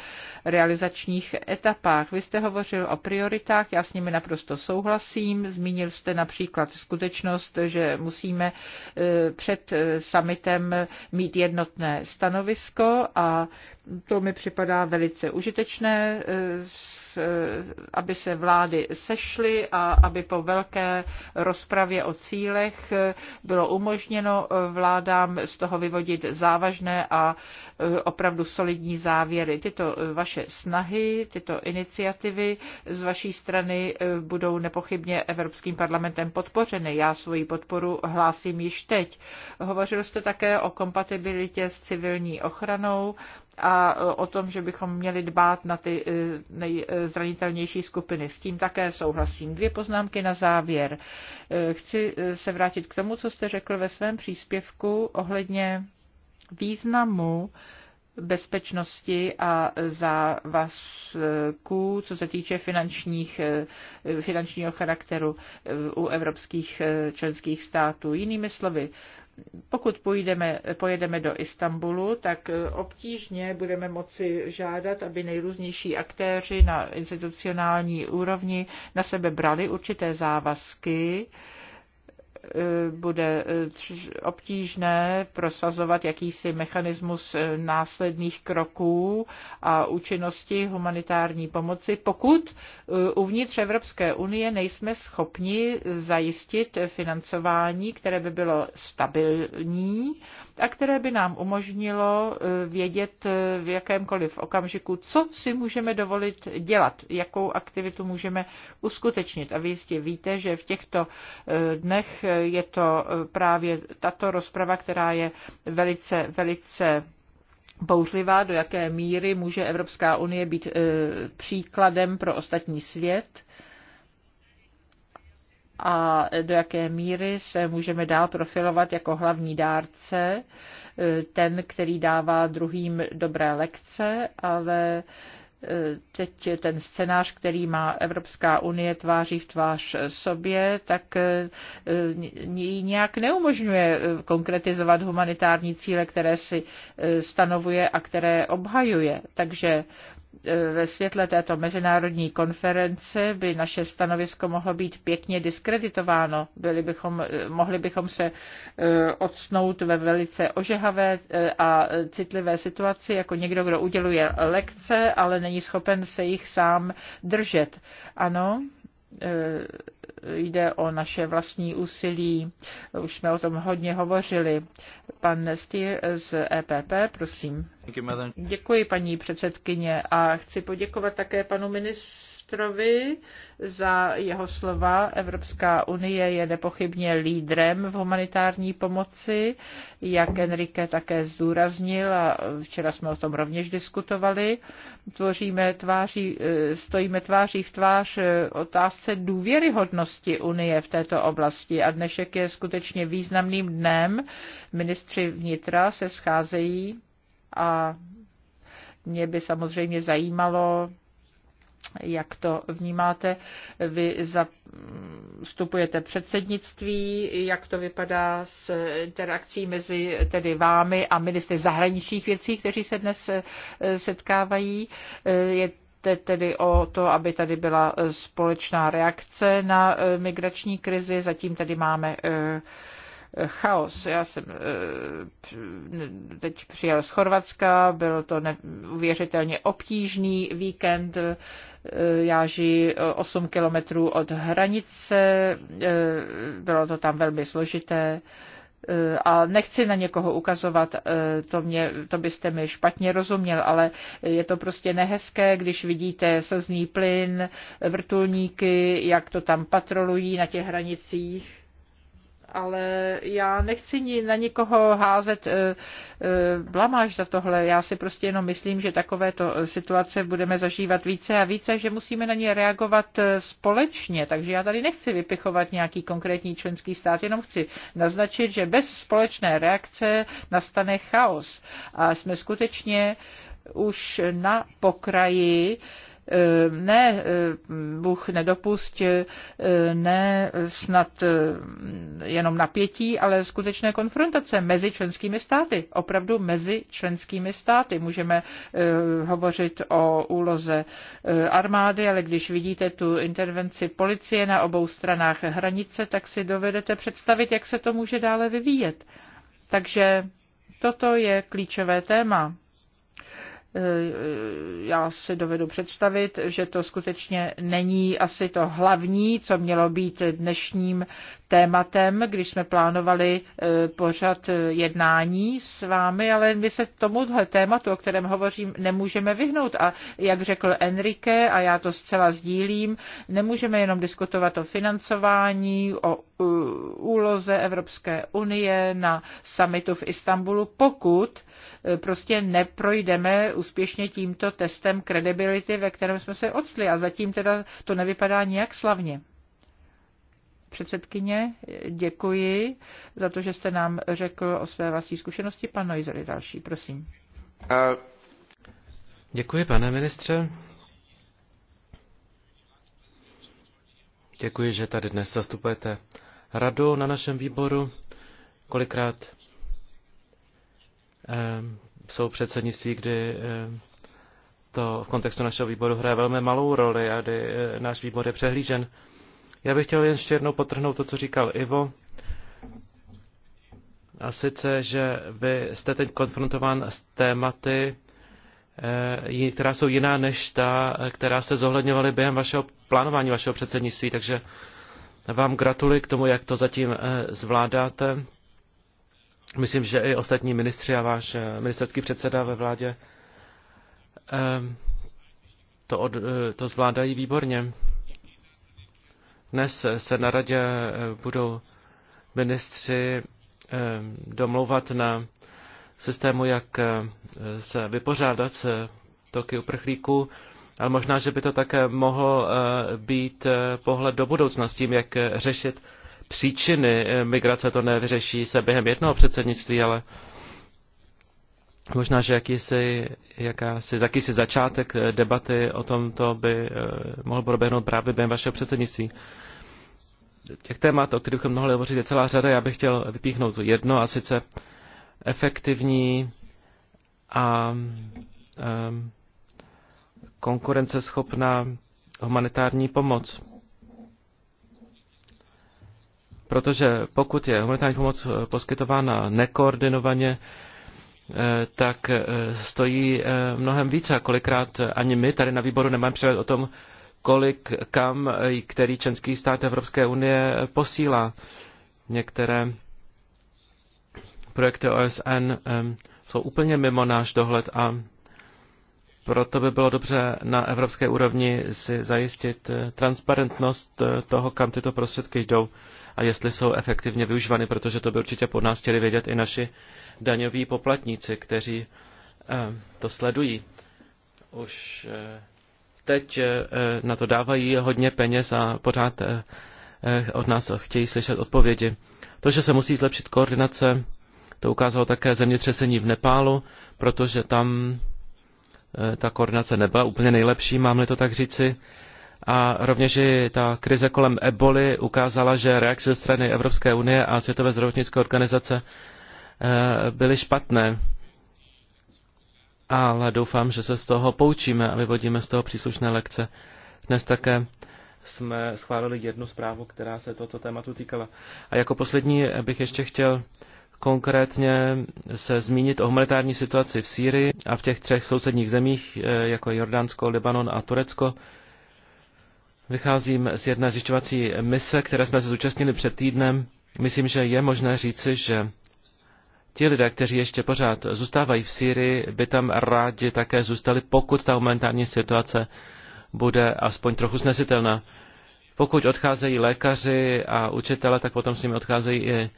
realizačních etapách. Vy jste hovořil o prioritách, já s nimi naprosto souhlasím. Zmínil jste například skutečnost, že musíme před summitem mít jednotné stanovisko a to mi připadá velice užitečné, eh, eh, aby se vlády sešly a aby po velké rozpravě o cílech eh, bylo umožněno vládám z toho vyvodit závažné a opravdu solidní závěry. Tyto vaše snahy, tyto iniciativy z vaší strany budou nepochybně Evropským parlamentem podpořeny. Já svoji podporu hlásím již teď. Hovořil jste také o kompatibilitě s civilní ochranou a e, o tom, že bychom měli dbát na ty e, nejzranitelnější skupiny. S tím také souhlasím. Dvě poznámky na závěr. E, chci se vrátit k tomu, co jste řekl ve svém příspěvku ohledně významu bezpečnosti a závazků, co se týče finančních, finančního charakteru u evropských členských států. Jinými slovy, pokud pojedeme, pojedeme do Istanbulu, tak obtížně budeme moci žádat, aby nejrůznější aktéři na institucionální úrovni na sebe brali určité závazky, E, bude e, obtížné prosazovat jakýsi mechanismus e, následných kroků a účinnosti humanitární pomoci, pokud uvnitř Evropské unie nejsme schopni zajistit financování, které by bylo stabilní a které by nám umožnilo vědět v jakémkoliv okamžiku, co si můžeme dovolit dělat, jakou aktivitu můžeme uskutečnit. A vy jistě víte, že v těchto dnech je to eh, právě tato rozprava, která je velice, velice bouřlivá, do jaké míry může Evropská unie být eh, příkladem pro ostatní svět a do jaké míry se můžeme dál profilovat jako hlavní dárce, eh, ten, který dává druhým dobré lekce, ale teď ten scénář, který má Evropská unie tváří v tvář sobě, tak eh, ji nějak neumožňuje eh, konkretizovat humanitární cíle, které si eh, stanovuje a které obhajuje. Takže ve světle této mezinárodní konference by naše stanovisko mohlo být pěkně diskreditováno. Byli bychom, eh, mohli bychom se eh, odsnout ve velice ožehavé eh, a citlivé situaci, jako někdo, kdo uděluje lekce, ale není schopen se jich sám držet. Ano? Eh, jde o naše vlastní úsilí. Už jsme o tom hodně hovořili. Pan Stier z EPP, prosím. Děkuji, paní předsedkyně, a chci poděkovat také panu ministru ministrovi za jeho slova. Evropská unie je nepochybně lídrem v humanitární pomoci, jak Enrique také zdůraznil a včera jsme o tom rovněž diskutovali. Tvoříme tváří, stojíme tváří v tvář otázce důvěryhodnosti unie v této oblasti a dnešek je skutečně významným dnem. Ministři vnitra se scházejí a mě by samozřejmě zajímalo, jak to vnímáte. Vy vstupujete předsednictví, jak to vypadá s interakcí mezi tedy vámi a ministry zahraničních věcí, kteří se dnes eh, setkávají. Eh, je tedy o to, aby tady byla eh, společná reakce na migrační krizi. Zatím tady máme chaos. Já jsem eh, teď přijel z Chorvatska, byl to neuvěřitelně obtížný víkend. Eh, já žiji 8 eh, kilometrů od hranice, bylo to tam velmi složité a nechci na někoho ukazovat, to, mě, to byste mi špatně rozuměl, ale je to prostě nehezké, když vidíte slzný plyn, vrtulníky, jak to tam patrolují na těch hranicích ale já nechci na nikoho házet eh, eh, blamáž za tohle. Já si prostě jenom myslím, že takovéto situace budeme zažívat více a více, že musíme na ně reagovat eh, společně. Takže já tady nechci vypichovat nějaký konkrétní členský stát, jenom chci naznačit, že bez společné reakce nastane chaos. A jsme skutečně už na pokraji Eh, ne eh, Bůh nedopust, eh, ne snad jenom napětí, ale skutečné konfrontace mezi členskými státy. Opravdu mezi členskými státy. Můžeme hovořit o úloze armády, ale když vidíte tu intervenci policie na obou stranách hranice, tak si dovedete představit, jak se to může dále vyvíjet. Takže toto je klíčové téma já si dovedu představit, že to skutečně není asi to hlavní, co mělo být dnešním tématem, když jsme plánovali eh, pořad eh, jednání s vámi, ale my se tomuhle tématu, o kterém hovořím, nemůžeme vyhnout. A jak řekl Enrique, a já to zcela sdílím, nemůžeme jenom diskutovat o financování, o eh, úloze Evropské unie na summitu v Istanbulu, pokud prostě neprojdeme úspěšně tímto testem kredibility, ve kterém jsme se odstli a zatím teda to nevypadá nijak slavně. Předsedkyně, děkuji za to, že jste nám řekl o své vlastní zkušenosti. Pan Noizer je další, prosím. Uh. Děkuji, pane ministře. Děkuji, že tady dnes zastupujete radu na našem výboru. Kolikrát eh, jsou předsednictví, kdy eh, to v kontextu našeho výboru hraje velmi malou roli a kdy eh, náš výbor je přehlížen. Já bych chtěl jen ještě jednou potrhnout to, co říkal Ivo. A sice, že vy jste teď konfrontován s tématy, eh, která jsou jiná než ta, která se zohledňovaly během vašeho plánování, vašeho předsednictví. Takže vám gratuluji k tomu, jak to zatím zvládáte. Myslím, že i ostatní ministři a váš eh, ministerský předseda ve vládě ehm, to, od, eh, to zvládají výborně. Dnes eh, se na radě budou ministři ehm, domlouvat na systému, jak se vypořádat se toky uprchlíků, ale možná, že by to také mohl být pohled do budoucna s tím, jak řešit příčiny eh, migrace, to nevyřeší se během jednoho předsednictví, ale možná, že jakýsi, jakási, jakýsi začátek eh, debaty o tomto by eh, mohl proběhnout právě během vašeho předsednictví. Těch témat, o kterých bychom mohli hovořit, je celá řada. Já bych chtěl vypíchnout jedno, a sice efektivní a konkurenceschopná humanitární pomoc protože pokud je humanitární pomoc eh, poskytována nekoordinovaně, eh, tak eh, stojí mnohem více a kolikrát ani my tady na výboru nemáme přehled o tom, kolik kam který členský stát Evropské unie posílá. Některé projekty OSN jsou úplně mimo náš dohled a proto by bylo dobře na evropské úrovni si zajistit transparentnost toho, kam tyto prostředky jdou a jestli jsou efektivně využívány, protože to by určitě pod nás chtěli vědět i naši daňoví poplatníci, kteří eh, to sledují. Už eh, teď eh, na to dávají hodně peněz a pořád od nás chtějí slyšet odpovědi. To, že se musí zlepšit koordinace, to ukázalo také zemětřesení v Nepálu, protože tam ta koordinace nebyla úplně nejlepší, mám-li to tak říci. A rovněž i ta krize kolem eboli ukázala, že reakce ze strany Evropské unie a Světové zdravotnické organizace eh, byly špatné. Ale doufám, že se z toho poučíme a vyvodíme z toho příslušné lekce. Dnes také jsme schválili jednu zprávu, která se toto tématu týkala. A jako poslední bych ještě chtěl konkrétně se zmínit o humanitární situaci v Sýrii a v těch třech sousedních zemích, eh, jako Jordánsko, Libanon a Turecko. Vycházím z jedné zjišťovací mise, které jsme se zúčastnili před týdnem. Myslím, že je možné říci, že ti lidé, kteří ještě pořád zůstávají v Sýrii, by tam rádi také zůstali, pokud ta momentální situace bude aspoň trochu snesitelná. Pokud odcházejí lékaři a učitele, tak potom s nimi odcházejí i e,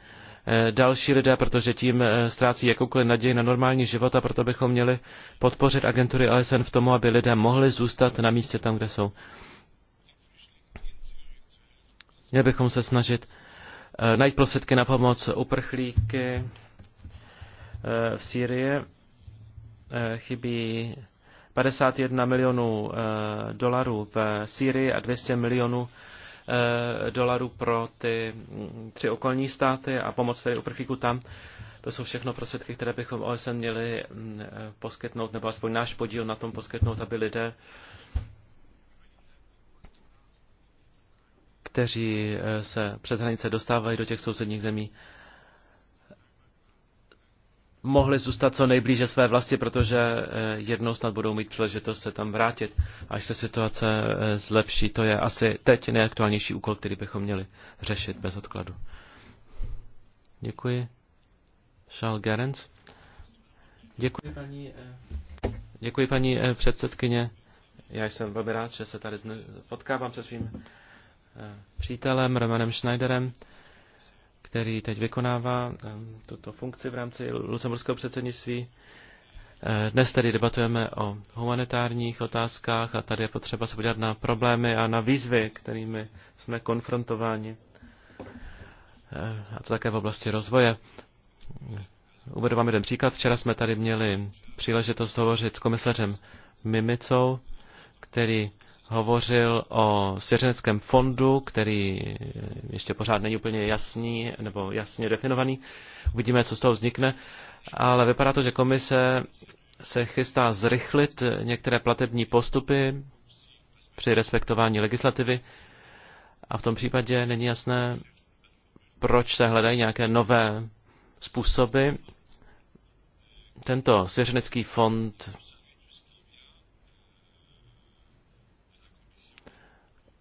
další lidé, protože tím e, ztrácí jakoukoliv naději na normální život a proto bychom měli podpořit agentury LSN v tomu, aby lidé mohli zůstat na místě tam, kde jsou. Měli bychom se snažit eh, najít prostředky na pomoc uprchlíky eh, v Sýrii. Eh, chybí 51 milionů dolarů v Sýrii a 200 milionů dolarů pro ty mm, tři okolní státy a pomoc tady uprchlíků tam. To jsou všechno prostředky, které bychom OSN měli mm, poskytnout, nebo aspoň náš podíl na tom poskytnout, aby lidé kteří eh, se přes hranice dostávají do těch sousedních zemí, mohli zůstat co nejblíže své vlasti, protože eh, jednou snad budou mít příležitost se tam vrátit, až se situace eh, zlepší. To je asi teď nejaktuálnější úkol, který bychom měli řešit bez odkladu. Děkuji. Charles Gerenc. Děkuji paní, děkuji paní předsedkyně. Já jsem velmi rád, že se tady potkávám se svým přítelem Romanem Schneiderem, který teď vykonává ehm, tuto funkci v rámci lucemburského předsednictví. Eh, dnes tedy debatujeme o humanitárních otázkách a tady je potřeba se podívat na problémy a na výzvy, kterými jsme konfrontováni. Eh, a to také v oblasti rozvoje. Uvedu vám jeden příklad. Včera jsme tady měli příležitost hovořit s komisařem Mimicou, který hovořil o svěřeneckém fondu, který ještě pořád není úplně jasný nebo jasně definovaný. Uvidíme, co z toho vznikne. Ale vypadá to, že komise se chystá zrychlit některé platební postupy při respektování legislativy a v tom případě není jasné, proč se hledají nějaké nové způsoby. Tento svěřenecký fond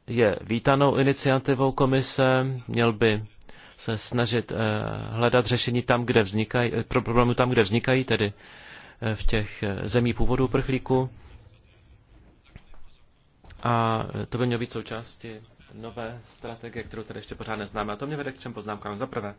je vítanou iniciativou komise, měl by se snažit eh, hledat řešení tam, kde vznikají, eh, problémy, tam, kde vznikají, tedy eh, v těch zemí původu prchlíků. A to by mělo být součástí nové strategie, kterou tady ještě pořád neznáme. A to mě vede k třem poznámkám. Za prvé,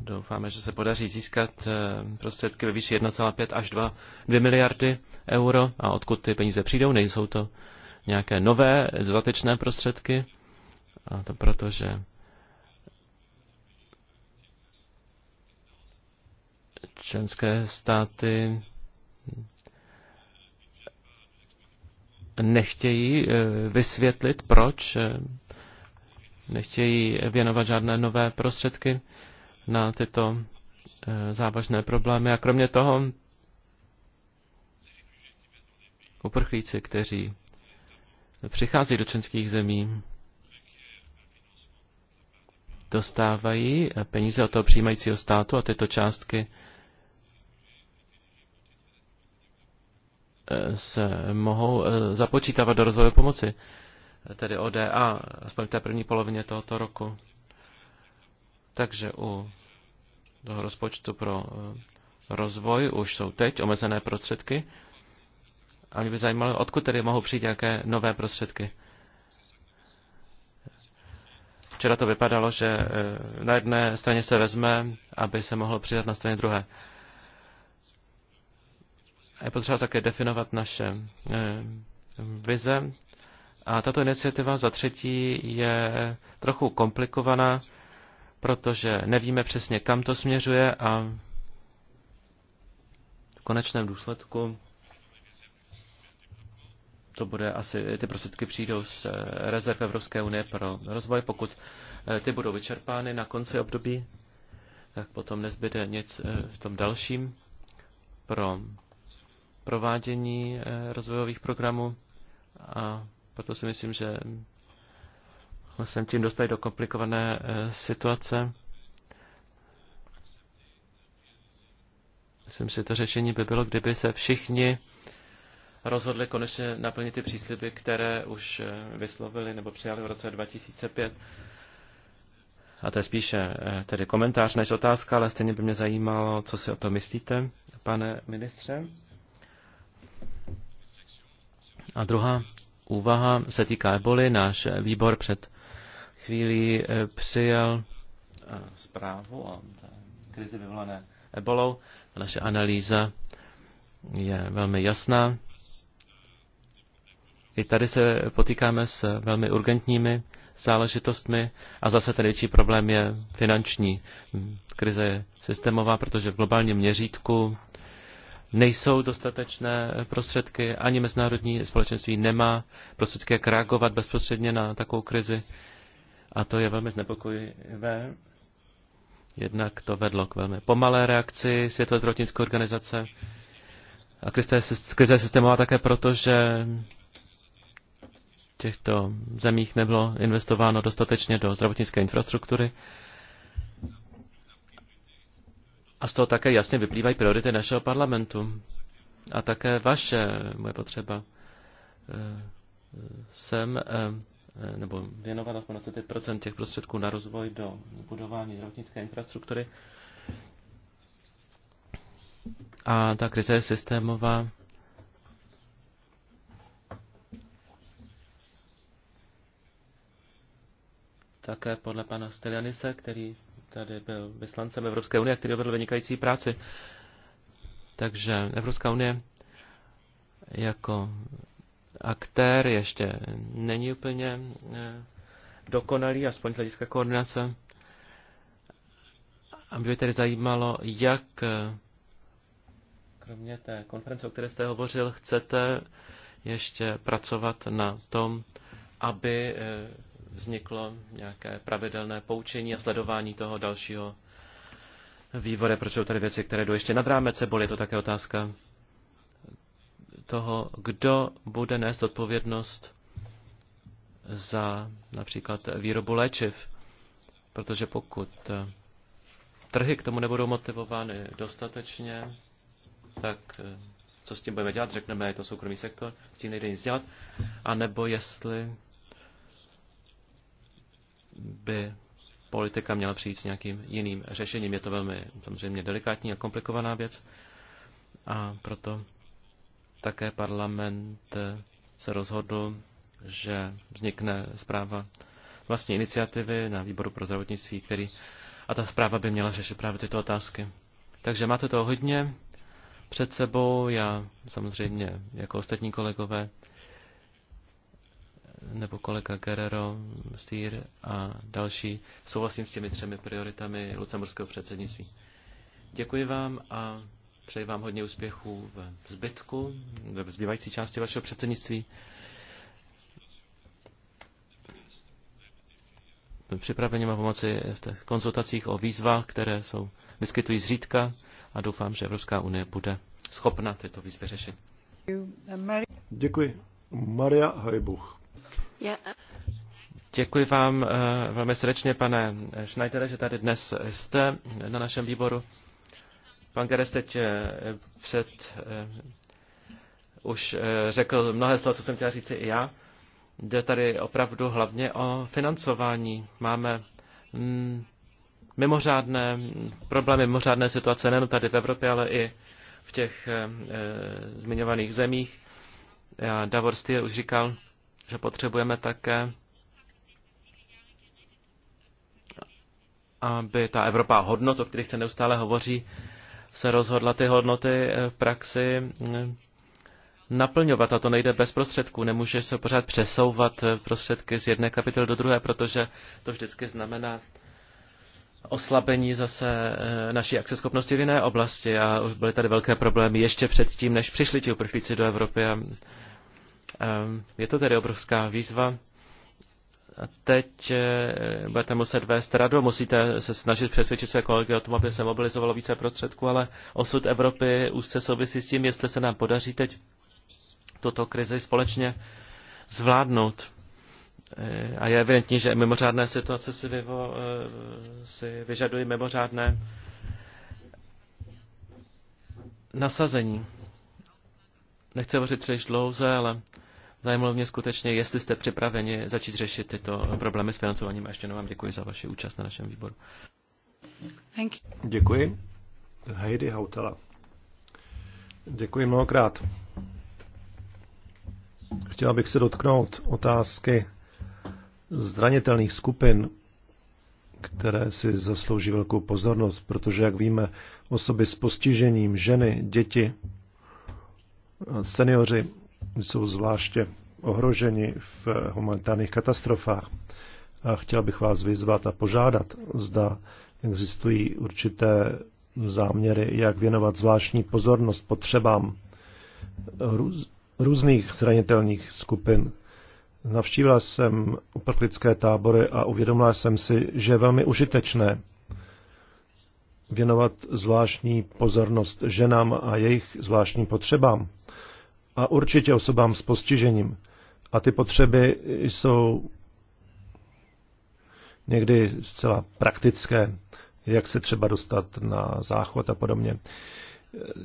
Doufáme, že se podaří získat eh, prostředky ve výši 1,5 až 2, 2 miliardy euro. A odkud ty peníze přijdou, nejsou to nějaké nové dodatečné prostředky. A to proto, že členské státy nechtějí eh, vysvětlit, proč eh, nechtějí věnovat žádné nové prostředky na tyto eh, závažné problémy. A kromě toho uprchlíci, kteří přichází do členských zemí, dostávají eh, peníze od toho přijímajícího státu a tyto částky eh, se mohou započítávat do rozvoje pomoci, tedy ODA, aspoň v té první polovině tohoto roku. Takže u toho rozpočtu pro e, rozvoj už jsou teď omezené prostředky. A mě by zajímalo, odkud tedy mohou přijít nějaké nové prostředky. Včera to vypadalo, že e, na jedné straně se vezme, aby se mohlo přidat na straně druhé. A je potřeba také definovat naše e, vize. A tato iniciativa za třetí je trochu komplikovaná protože nevíme přesně, kam to směřuje a v konečném důsledku to bude asi, ty prostředky přijdou z eh, rezerv Evropské unie pro rozvoj. Pokud eh, ty budou vyčerpány na konci období, tak potom nezbyde nic eh, v tom dalším pro provádění rozvojových programů a proto si myslím, že jsem tím dostat do komplikované eh, situace. Myslím si, to řešení by bylo, kdyby se všichni rozhodli konečně naplnit ty přísliby, které už eh, vyslovili nebo přijali v roce 2005. A to je spíše eh, tedy komentář než otázka, ale stejně by mě zajímalo, co si o to myslíte, pane ministře. A druhá úvaha se týká eboli. Náš výbor před Chvíli eh, přijal eh, zprávu o krizi vyvolané ebolou. Naše analýza je velmi jasná. I tady se potýkáme s velmi urgentními záležitostmi a zase ten větší problém je finanční. Krize je systémová, protože v globálním měřítku nejsou dostatečné prostředky, ani mezinárodní společenství nemá prostředky, jak reagovat bezprostředně na takovou krizi. A to je velmi znepokojivé. Jednak to vedlo k velmi pomalé reakci Světové zdravotnické organizace. A krize je systémová také proto, že v těchto zemích nebylo investováno dostatečně do zdravotnické infrastruktury. A z toho také jasně vyplývají priority našeho parlamentu. A také vaše, moje potřeba. Jsem eh, eh, Eh, nebo věnovat aspoň 25 těch prostředků na rozvoj do budování zdravotnické infrastruktury. A ta krize je systémová. Také podle pana Stelianise, který tady byl vyslancem Evropské unie, který odvedl vynikající práci. Takže Evropská unie jako aktér ještě není úplně eh, dokonalý, aspoň z hlediska koordinace. A mě by tedy zajímalo, jak eh, kromě té konference, o které jste hovořil, chcete ještě pracovat na tom, aby eh, vzniklo nějaké pravidelné poučení a sledování toho dalšího vývoje, proč jsou tady věci, které jdou ještě nad rámec je to také otázka toho, kdo bude nést odpovědnost za například výrobu léčiv. Protože pokud eh, trhy k tomu nebudou motivovány dostatečně, tak eh, co s tím budeme dělat? Řekneme, je to soukromý sektor, s tím nejde nic dělat. A nebo jestli by politika měla přijít s nějakým jiným řešením. Je to velmi samozřejmě delikátní a komplikovaná věc. A proto také parlament eh, se rozhodl, že vznikne zpráva vlastní iniciativy na výboru pro zdravotnictví, který a ta zpráva by měla řešit právě tyto otázky. Takže máte toho hodně před sebou, já samozřejmě jako ostatní kolegové nebo kolega Guerrero, Stýr a další souhlasím s těmi třemi prioritami lucemburského předsednictví. Děkuji vám a Přeji vám hodně úspěchů v zbytku, ve zbývající části vašeho předsednictví. Připraveni vám pomoci v těch konzultacích o výzvách, které jsou vyskytují zřídka a doufám, že Evropská unie bude schopna tyto výzvy řešit. Děkuji. Maria Hajbuch. Děkuji vám eh, velmi srdečně, pane Schneidere, že tady dnes jste na našem výboru. Pan Geres teď eh, před eh, už eh, řekl mnohé z toho, co jsem chtěl říct i já. Jde tady opravdu hlavně o financování. Máme mm, mimořádné problémy, mimořádné situace nejen tady v Evropě, ale i v těch zmiňovaných zemích. Já Davor Stier už říkal, že potřebujeme také, aby ta Evropa hodnot, o kterých se neustále hovoří, se rozhodla ty hodnoty eh, v praxi eh, naplňovat a to nejde bez prostředků. Nemůže se pořád přesouvat eh, prostředky z jedné kapitoly do druhé, protože to vždycky znamená oslabení zase naší akceschopnosti v jiné oblasti a už byly tady velké problémy ještě předtím, než přišli ti uprchlíci do Evropy. A je to tedy obrovská výzva teď eh, budete muset vést radu, musíte se snažit přesvědčit své kolegy o tom, aby se mobilizovalo více prostředků, ale osud Evropy úzce souvisí s tím, jestli se nám podaří teď tuto krizi společně zvládnout. Eh, a je evidentní, že mimořádné situace si, vyvo, eh, si vyžadují mimořádné nasazení. Nechci hovořit příliš dlouze, ale Zajímalo mě skutečně, jestli jste připraveni začít řešit tyto problémy s financováním. A ještě jednou vám děkuji za vaši účast na našem výboru. Thank you. Děkuji. Heidi Hautala. Děkuji mnohokrát. Chtěla bych se dotknout otázky zranitelných skupin, které si zaslouží velkou pozornost, protože, jak víme, osoby s postižením, ženy, děti, seniori jsou zvláště ohroženi v humanitárních katastrofách. A chtěl bych vás vyzvat a požádat, zda existují určité záměry, jak věnovat zvláštní pozornost potřebám růz, různých zranitelných skupin. Navštívila jsem uprchlické tábory a uvědomila jsem si, že je velmi užitečné věnovat zvláštní pozornost ženám a jejich zvláštním potřebám a určitě osobám s postižením. A ty potřeby jsou někdy zcela praktické, jak se třeba dostat na záchod a podobně.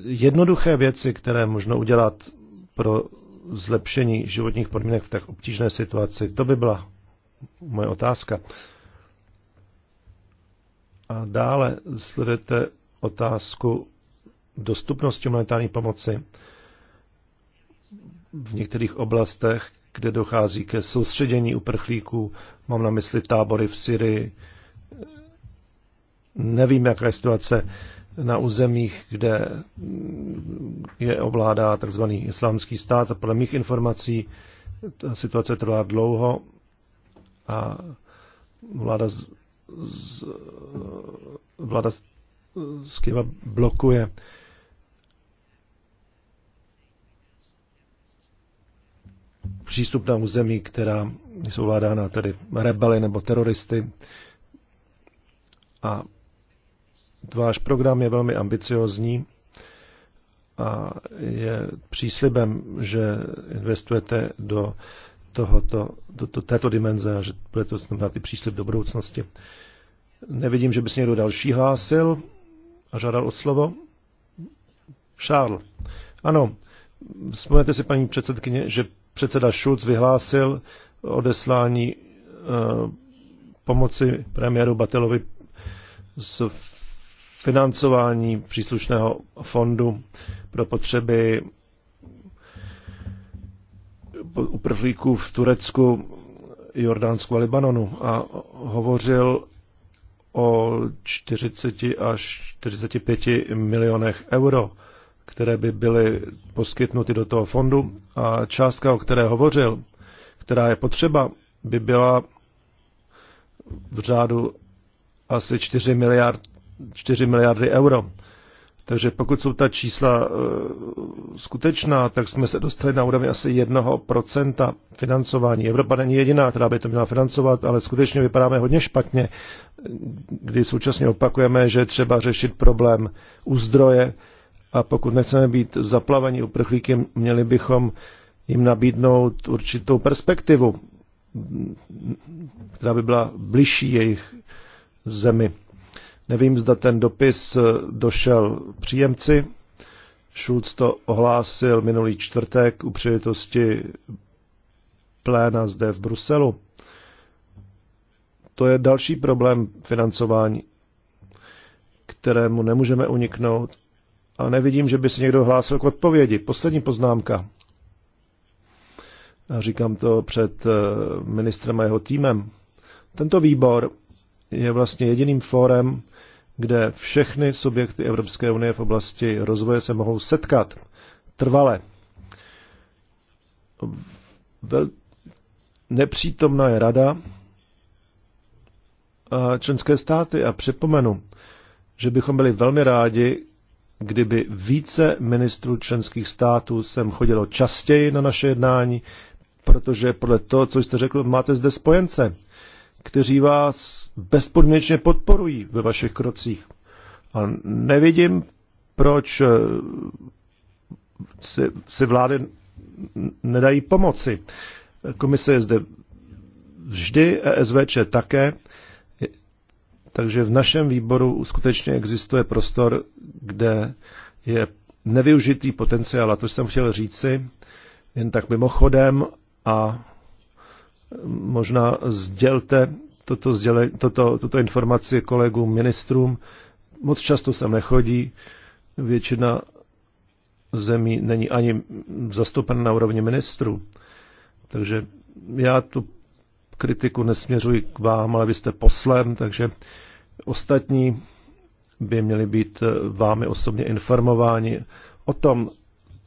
Jednoduché věci, které možno udělat pro zlepšení životních podmínek v tak obtížné situaci, to by byla moje otázka. A dále sledujete otázku dostupnosti humanitární pomoci v některých oblastech, kde dochází ke soustředění uprchlíků, mám na mysli tábory v Syrii. Nevím, jaká je situace na územích, kde je ovládá tzv. islámský stát. A podle mých informací ta situace trvá dlouho a vláda, z, z, vláda z Kiva blokuje přístup na území, která jsou ovládána tedy rebely nebo teroristy. A váš program je velmi ambiciozní a je příslibem, že investujete do, tohoto, do, do této dimenze a že bude to znamenat i příslib do budoucnosti. Nevidím, že by se někdo další hlásil a žádal o slovo. Charles. Ano, vzpomněte si, paní předsedkyně, že předseda Schulz vyhlásil odeslání eh, pomoci premiéru Batelovi s financování příslušného fondu pro potřeby uprchlíků v Turecku, Jordánsku a Libanonu a hovořil o 40 až 45 milionech euro které by byly poskytnuty do toho fondu a částka, o které hovořil, která je potřeba, by byla v řádu asi 4, miliard, 4 miliardy euro. Takže pokud jsou ta čísla uh, skutečná, tak jsme se dostali na úroveň asi 1% financování. Evropa není jediná, která by to měla financovat, ale skutečně vypadáme hodně špatně, kdy současně opakujeme, že třeba řešit problém u zdroje, a pokud nechceme být zaplavení uprchlíky, měli bychom jim nabídnout určitou perspektivu, která by byla bližší jejich zemi. Nevím, zda ten dopis došel příjemci. Schulz to ohlásil minulý čtvrtek u příležitosti pléna zde v Bruselu. To je další problém financování, kterému nemůžeme uniknout a nevidím, že by se někdo hlásil k odpovědi. Poslední poznámka. Já říkám to před eh, ministrem a jeho týmem. Tento výbor je vlastně jediným fórem, kde všechny subjekty Evropské unie v oblasti rozvoje se mohou setkat trvale. Vel... Nepřítomná je rada a členské státy a připomenu, že bychom byli velmi rádi, kdyby více ministrů členských států sem chodilo častěji na naše jednání, protože podle toho, co jste řekl, máte zde spojence, kteří vás bezpodmínečně podporují ve vašich krocích. A nevidím, proč eh, si, si vlády nedají pomoci. Komise je zde vždy, ESVČ také takže v našem výboru skutečně existuje prostor, kde je nevyužitý potenciál, a to jsem chtěl říci, jen tak mimochodem a možná sdělte toto, sděle, toto, tuto informaci kolegům ministrům. Moc často sem nechodí, většina zemí není ani zastoupena na úrovni ministrů. Takže já tu kritiku nesměřuji k vám, ale vy jste poslem, takže ostatní by měli být eh, vámi osobně informováni o tom,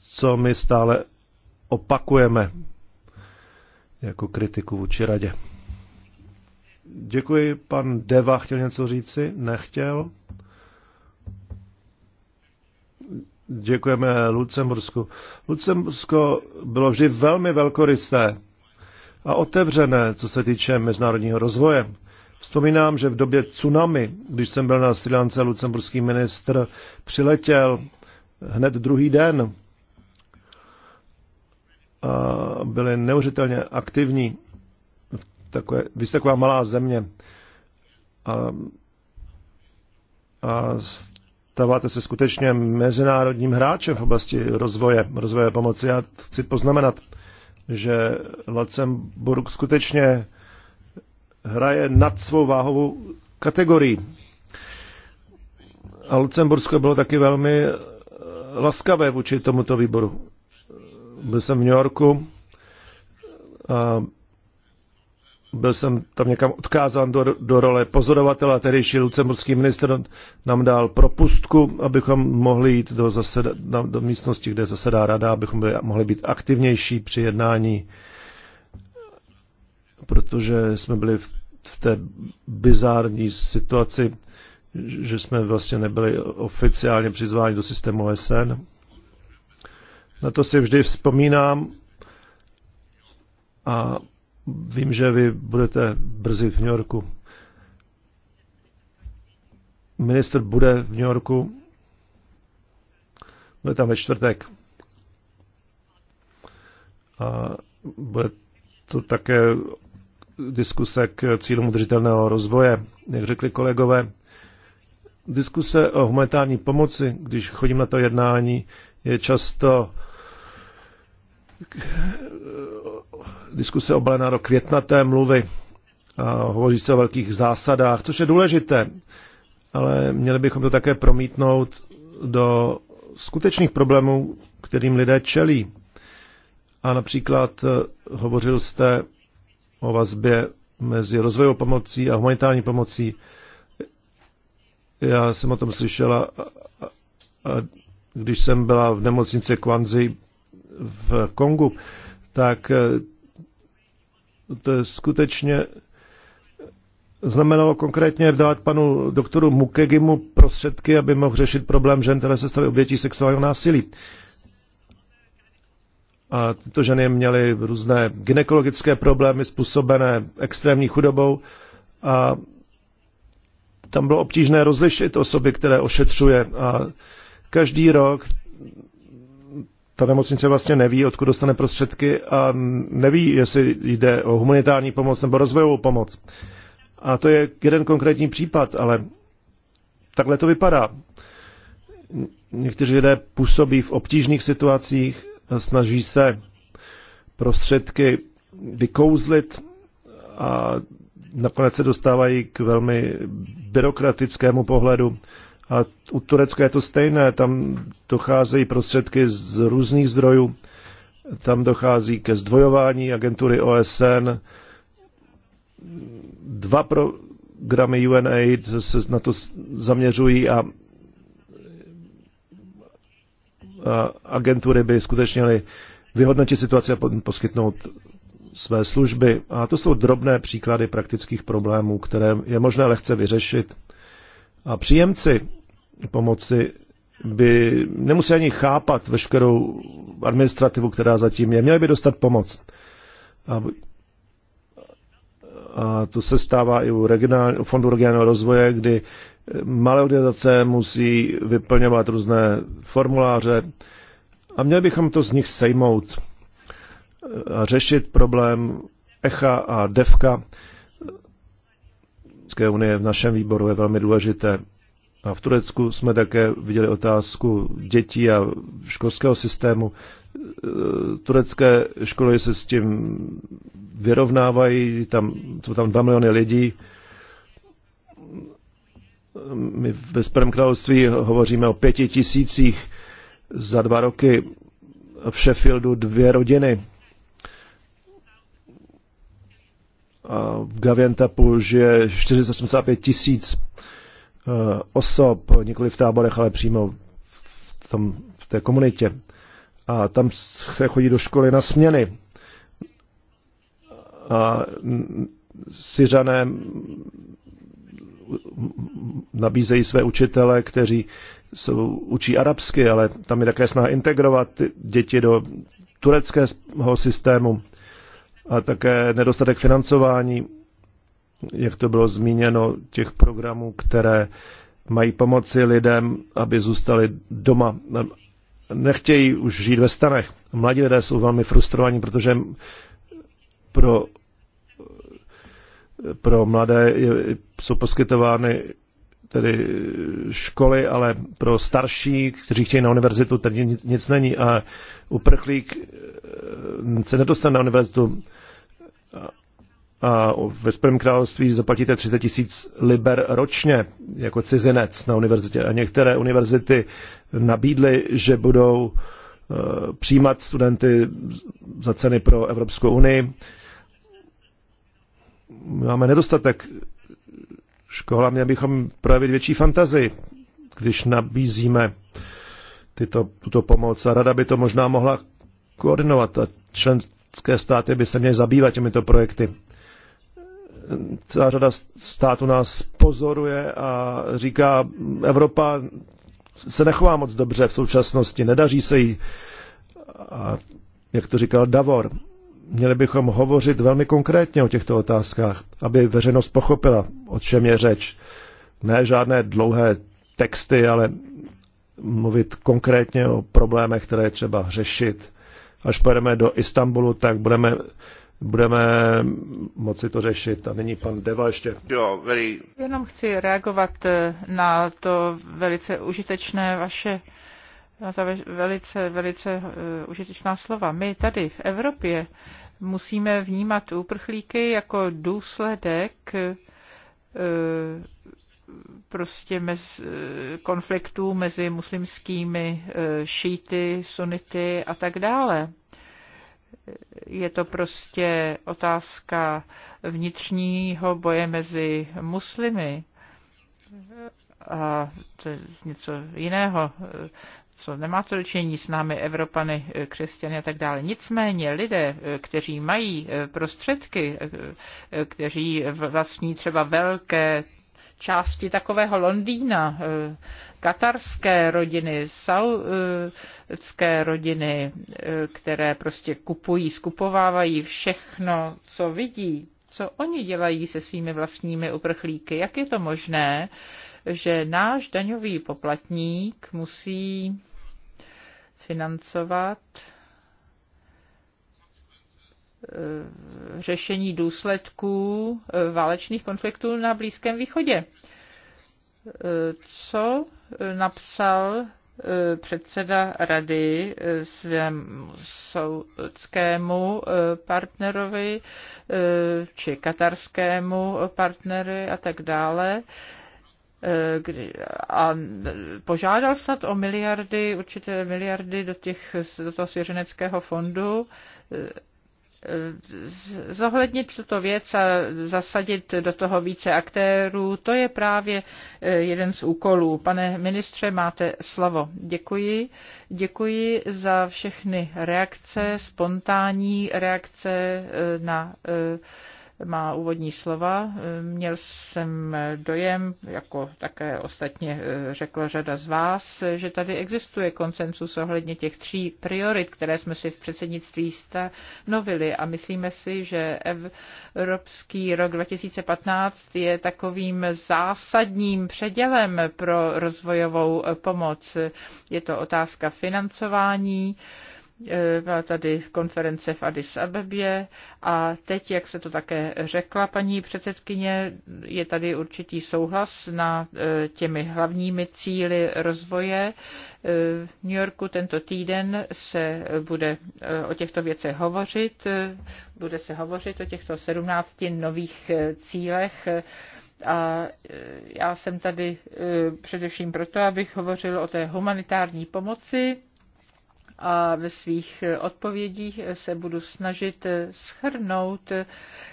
co my stále opakujeme jako kritiku vůči radě. Děkuji, pan Deva chtěl něco říci? Nechtěl. Děkujeme Lucembursku. Lucembursko bylo vždy velmi velkorysé a otevřené, co se týče mezinárodního rozvoje. Vzpomínám, že v době tsunami, když jsem byl na Sri Lance, lucemburský ministr přiletěl hned druhý den a byli neuvěřitelně aktivní. Takové, vy jste taková malá země a, a stáváte se skutečně mezinárodním hráčem v oblasti rozvoje, rozvoje pomoci. Já chci poznamenat, že Lacemburg skutečně hraje nad svou váhovou kategorii. A Lucembursko bylo taky velmi eh, laskavé vůči tomuto výboru. Byl jsem v New Yorku a byl jsem tam někam odkázán do, do role pozorovatele, tehdejší lucemburský minister nám dal propustku, abychom mohli jít do, zaseda, do místnosti, kde zasedá rada, abychom byli, mohli být aktivnější při jednání, protože jsme byli v, v té bizární situaci, že jsme vlastně nebyli oficiálně přizváni do systému OSN. Na to si vždy vzpomínám a Vím, že vy budete brzy v New Yorku. Ministr bude v New Yorku. Bude tam ve čtvrtek. A bude to také diskuse k cílům udržitelného rozvoje. Jak řekli kolegové, diskuse o humanitární pomoci, když chodím na to jednání, je často diskuse obalená do květnaté mluvy. A hovoří se o velkých zásadách, což je důležité, ale měli bychom to také promítnout do skutečných problémů, kterým lidé čelí. A například eh, hovořil jste o vazbě mezi rozvojovou pomocí a humanitární pomocí. Já jsem o tom slyšela, a, a když jsem byla v nemocnici Kwanzi v Kongu, tak eh, to je skutečně znamenalo konkrétně dát panu doktoru Mukegimu prostředky, aby mohl řešit problém žen, které se staly obětí sexuálního násilí. A tyto ženy měly různé gynekologické problémy způsobené extrémní chudobou a tam bylo obtížné rozlišit osoby, které ošetřuje. A každý rok ta nemocnice vlastně neví, odkud dostane prostředky a neví, jestli jde o humanitární pomoc nebo rozvojovou pomoc. A to je jeden konkrétní případ, ale takhle to vypadá. Někteří lidé působí v obtížných situacích, snaží se prostředky vykouzlit a nakonec se dostávají k velmi byrokratickému pohledu a u Turecka je to stejné, tam docházejí prostředky z různých zdrojů, tam dochází ke zdvojování agentury OSN, dva programy UNAID se na to zaměřují a, a agentury by skutečně měly vyhodnotit situaci a poskytnout své služby. A to jsou drobné příklady praktických problémů, které je možné lehce vyřešit. A příjemci pomoci by nemuseli ani chápat veškerou administrativu, která zatím je. Měli by dostat pomoc. A, a to se stává i u, regionál, u Fondu regionálního rozvoje, kdy malé organizace musí vyplňovat různé formuláře a měli bychom to z nich sejmout a řešit problém ECHA a DEVKA. Unie v našem výboru je velmi důležité a v Turecku jsme také viděli otázku dětí a školského systému. E, turecké školy se s tím vyrovnávají, tam, jsou tam dva miliony lidí. My ve Sperm království hovoříme o pěti tisících za dva roky v Sheffieldu dvě rodiny. A v Gaviantapu žije 485 tisíc Eh, osob, nikoli v táborech, ale přímo v, tom, v té komunitě. A tam se chodí do školy na směny. A Syřané nabízejí své učitele, kteří jsou, učí arabsky, ale tam je také snaha integrovat děti do tureckého systému a také nedostatek financování jak to bylo zmíněno, těch programů, které mají pomoci lidem, aby zůstali doma. Nechtějí už žít ve stanech. Mladí lidé jsou velmi frustrovaní, protože pro, pro mladé jsou poskytovány tedy školy, ale pro starší, kteří chtějí na univerzitu, tady nic není. A uprchlík se nedostane na univerzitu a ve Spojeném království zaplatíte 30 tisíc liber ročně jako cizinec na univerzitě. A některé univerzity nabídly, že budou e, přijímat studenty za ceny pro Evropskou unii. Máme nedostatek škol a měli bychom projevit větší fantazii, když nabízíme tyto, tuto pomoc. A rada by to možná mohla koordinovat a členské státy by se měly zabývat těmito projekty celá řada států nás pozoruje a říká, Evropa se nechová moc dobře v současnosti, nedaří se jí. A jak to říkal Davor, měli bychom hovořit velmi konkrétně o těchto otázkách, aby veřejnost pochopila, o čem je řeč. Ne žádné dlouhé texty, ale mluvit konkrétně o problémech, které je třeba řešit. Až pojedeme do Istanbulu, tak budeme budeme moci to řešit. A nyní pan Deva ještě. Jo, very... Jenom chci reagovat eh, na to velice užitečné vaše na ta velice, velice uh, užitečná slova. My tady v Evropě musíme vnímat uprchlíky jako důsledek uh, prostě mez, konfliktů mezi muslimskými šíty, sunity a tak dále je to prostě otázka vnitřního boje mezi muslimy a to je něco jiného, co nemá to dočení s námi, Evropany, křesťany a tak dále. Nicméně lidé, kteří mají prostředky, kteří vlastní třeba velké části takového Londýna, eh, katarské rodiny, saudské rodiny, eh, které prostě kupují, skupovávají všechno, co vidí, co oni dělají se svými vlastními uprchlíky, jak je to možné, že náš daňový poplatník musí financovat Eh, řešení důsledků eh, válečných konfliktů na Blízkém východě. Eh, co napsal předseda rady svému soudskému partnerovi či katarskému partnery a tak dále a požádal snad o miliardy, určité miliardy do, těch, do toho svěřeneckého fondu Eh, zohlednit tuto věc a zasadit do toho více aktérů, to je právě eh, jeden z úkolů. Pane ministře, máte slovo. Děkuji. Děkuji za všechny reakce, spontánní reakce eh, na má úvodní slova. Měl jsem dojem, jako také ostatně eh, řekla řada z vás, že tady existuje konsensus ohledně těch tří priorit, které jsme si v předsednictví stanovili a myslíme si, že Evropský rok 2015 je takovým zásadním předělem pro rozvojovou pomoc. Je to otázka financování, byla tady konference v Addis Abebě a teď, jak se to také řekla paní předsedkyně, je tady určitý souhlas na e, těmi hlavními cíly rozvoje. E, v New Yorku tento týden se bude e, o těchto věcech hovořit, bude se hovořit o těchto 17 nových cílech a já jsem tady především proto, abych hovořil o té humanitární pomoci a ve svých odpovědích se budu snažit schrnout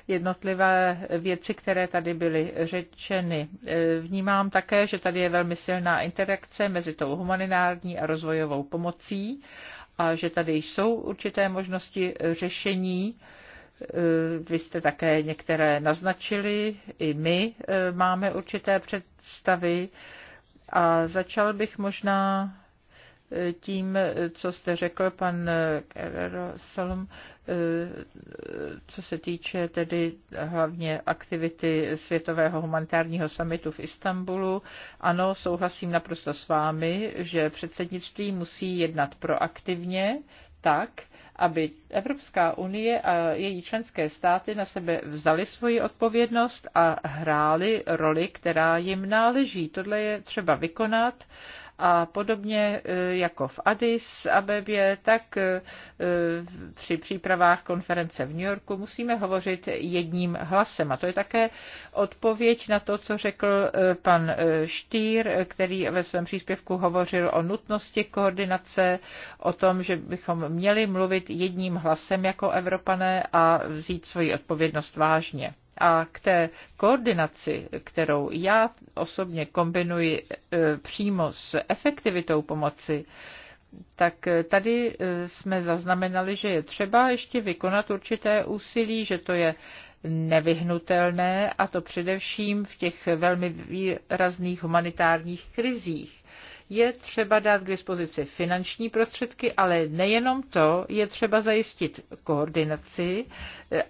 jednotlivé věci, které tady byly řečeny. Vnímám také, že tady je velmi silná interakce mezi tou humanitární a rozvojovou pomocí a že tady jsou určité možnosti řešení. Vy jste také některé naznačili, i my eh, máme určité představy a začal bych možná tím, co jste řekl, pan Salom, co se týče tedy hlavně aktivity Světového humanitárního samitu v Istanbulu. Ano, souhlasím naprosto s vámi, že předsednictví musí jednat proaktivně, tak, aby Evropská unie a její členské státy na sebe vzali svoji odpovědnost a hráli roli, která jim náleží. Tohle je třeba vykonat a podobně e, jako v Addis Abebě, tak e, při přípravách konference v New Yorku musíme hovořit jedním hlasem. A to je také odpověď na to, co řekl e, pan Štýr, který ve svém příspěvku hovořil o nutnosti koordinace, o tom, že bychom měli mluvit jedním hlasem jako Evropané a vzít svoji odpovědnost vážně. A k té koordinaci, kterou já osobně kombinuji e, přímo s efektivitou pomoci, tak e, tady e, jsme zaznamenali, že je třeba ještě vykonat určité úsilí, že to je nevyhnutelné, a to především v těch velmi výrazných humanitárních krizích. Je třeba dát k dispozici finanční prostředky, ale nejenom to, je třeba zajistit koordinaci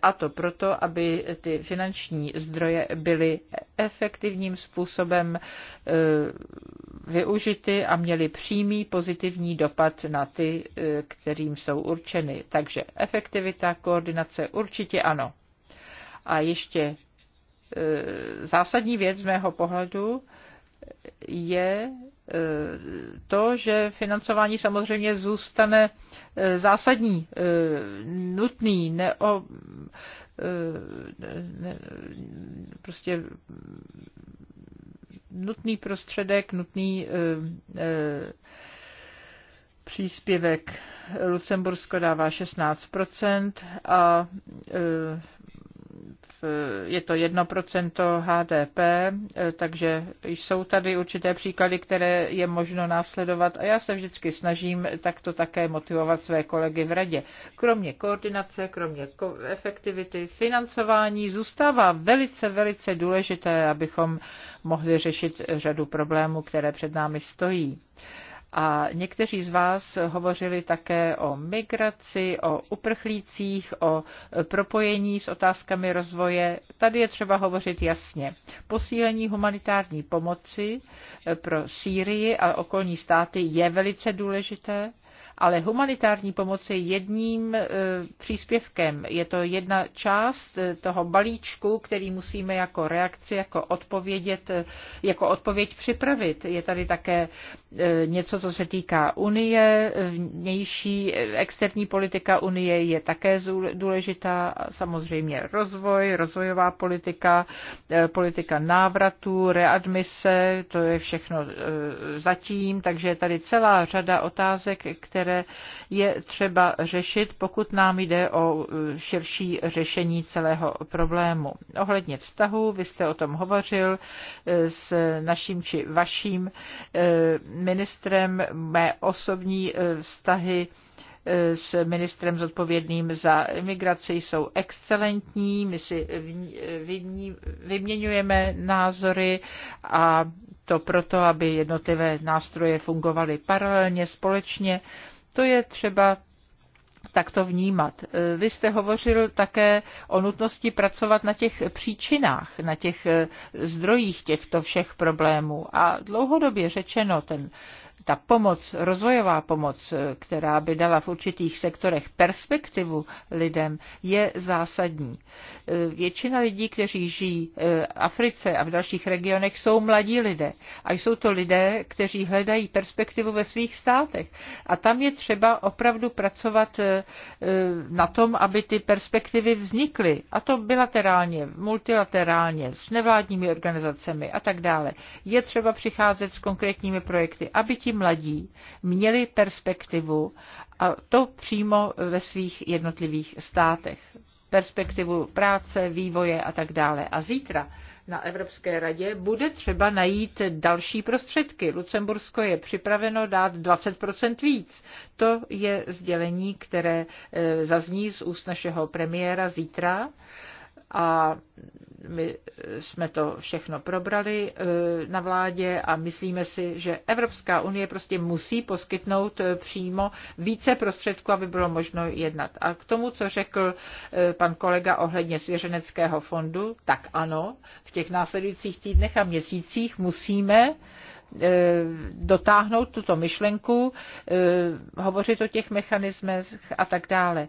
a to proto, aby ty finanční zdroje byly efektivním způsobem e, využity a měly přímý pozitivní dopad na ty, e, kterým jsou určeny. Takže efektivita, koordinace určitě ano. A ještě e, zásadní věc z mého pohledu je to, že financování samozřejmě zůstane e, zásadní, e, nutný, neo, e, ne, prostě nutný prostředek, nutný příspěvek. Lucembursko dává 16% a Eh, je to 1% HDP, eh, takže jsou tady určité příklady, které je možno následovat a já se vždycky snažím takto také motivovat své kolegy v radě. Kromě koordinace, kromě efektivity, financování zůstává velice, velice důležité, abychom mohli řešit řadu problémů, které před námi stojí. A někteří z vás hovořili také o migraci, o uprchlících, o propojení s otázkami rozvoje. Tady je třeba hovořit jasně. Posílení humanitární pomoci pro Sýrii a okolní státy je velice důležité ale humanitární pomoc je jedním e, příspěvkem. Je to jedna část e, toho balíčku, který musíme jako reakci, jako, odpovědět, e, jako odpověď připravit. Je tady také něco, co se týká Unie, vnější externí politika Unie je také důležitá, samozřejmě rozvoj, rozvojová politika, politika návratu, readmise, to je všechno zatím, takže je tady celá řada otázek, které které je třeba řešit, pokud nám jde o uh, širší řešení celého problému. Ohledně vztahu, vy jste o tom hovořil uh, s naším či vaším uh, ministrem, mé osobní vztahy s ministrem zodpovědným za imigraci jsou excelentní, my si vyměňujeme názory a to proto, aby jednotlivé nástroje fungovaly paralelně, společně. To je třeba tak to vnímat. E, vy jste hovořil také o nutnosti pracovat na těch příčinách, na těch e, zdrojích těchto všech problémů. A dlouhodobě řečeno, ten ta pomoc, rozvojová pomoc, eh, která by dala v určitých sektorech perspektivu lidem, je zásadní. Eh, většina lidí, kteří žijí eh, v Africe a v dalších regionech, jsou mladí lidé. A jsou to lidé, kteří hledají perspektivu ve svých státech. A tam je třeba opravdu pracovat na tom, aby ty perspektivy vznikly. A to bilaterálně, multilaterálně, s nevládními organizacemi a tak dále. Je třeba přicházet s konkrétními projekty, aby ti mladí měli perspektivu a to přímo ve svých jednotlivých státech perspektivu práce, vývoje a tak dále. A zítra na Evropské radě bude třeba najít další prostředky. Lucembursko je připraveno dát 20% víc. To je sdělení, které eh, zazní z úst našeho premiéra zítra a my jsme to všechno probrali eh, na vládě a myslíme si, že Evropská unie prostě musí poskytnout eh, přímo více prostředků, aby bylo možno jednat. A k tomu, co řekl eh, pan kolega ohledně svěřeneckého fondu, tak ano, v těch následujících týdnech a měsících musíme E, dotáhnout tuto myšlenku, e, hovořit o těch mechanismech a tak dále.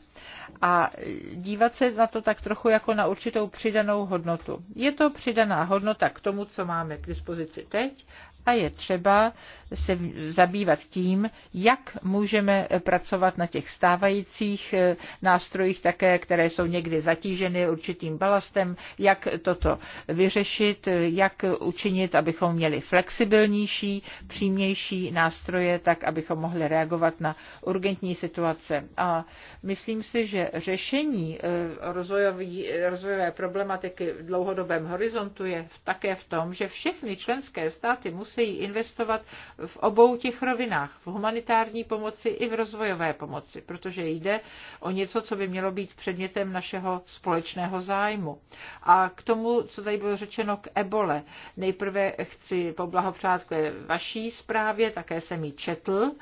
A dívat se na to tak trochu jako na určitou přidanou hodnotu. Je to přidaná hodnota k tomu, co máme k dispozici teď a je třeba se zabývat tím, jak můžeme pracovat na těch stávajících eh, nástrojích také, které jsou někdy zatíženy určitým balastem, jak toto vyřešit, eh, jak učinit, abychom měli flexibilnější, přímější nástroje, tak abychom mohli reagovat na urgentní situace. A myslím si, že řešení eh, rozvojový, rozvojové problematiky v dlouhodobém horizontu je také v tom, že všechny členské státy musí musí investovat v obou těch rovinách, v humanitární pomoci i v rozvojové pomoci, protože jde o něco, co by mělo být předmětem našeho společného zájmu. A k tomu, co tady bylo řečeno k ebole, nejprve chci poblahopřát k vaší zprávě, také jsem ji četl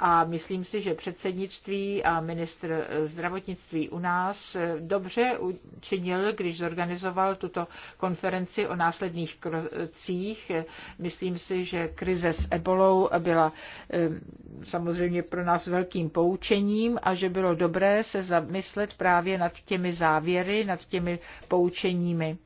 a myslím si, že předsednictví a ministr zdravotnictví u nás dobře učinil, když zorganizoval tuto konferenci o následných krocích. Myslím si, že krize s ebolou byla samozřejmě pro nás velkým poučením a že bylo dobré se zamyslet právě nad těmi závěry, nad těmi poučeními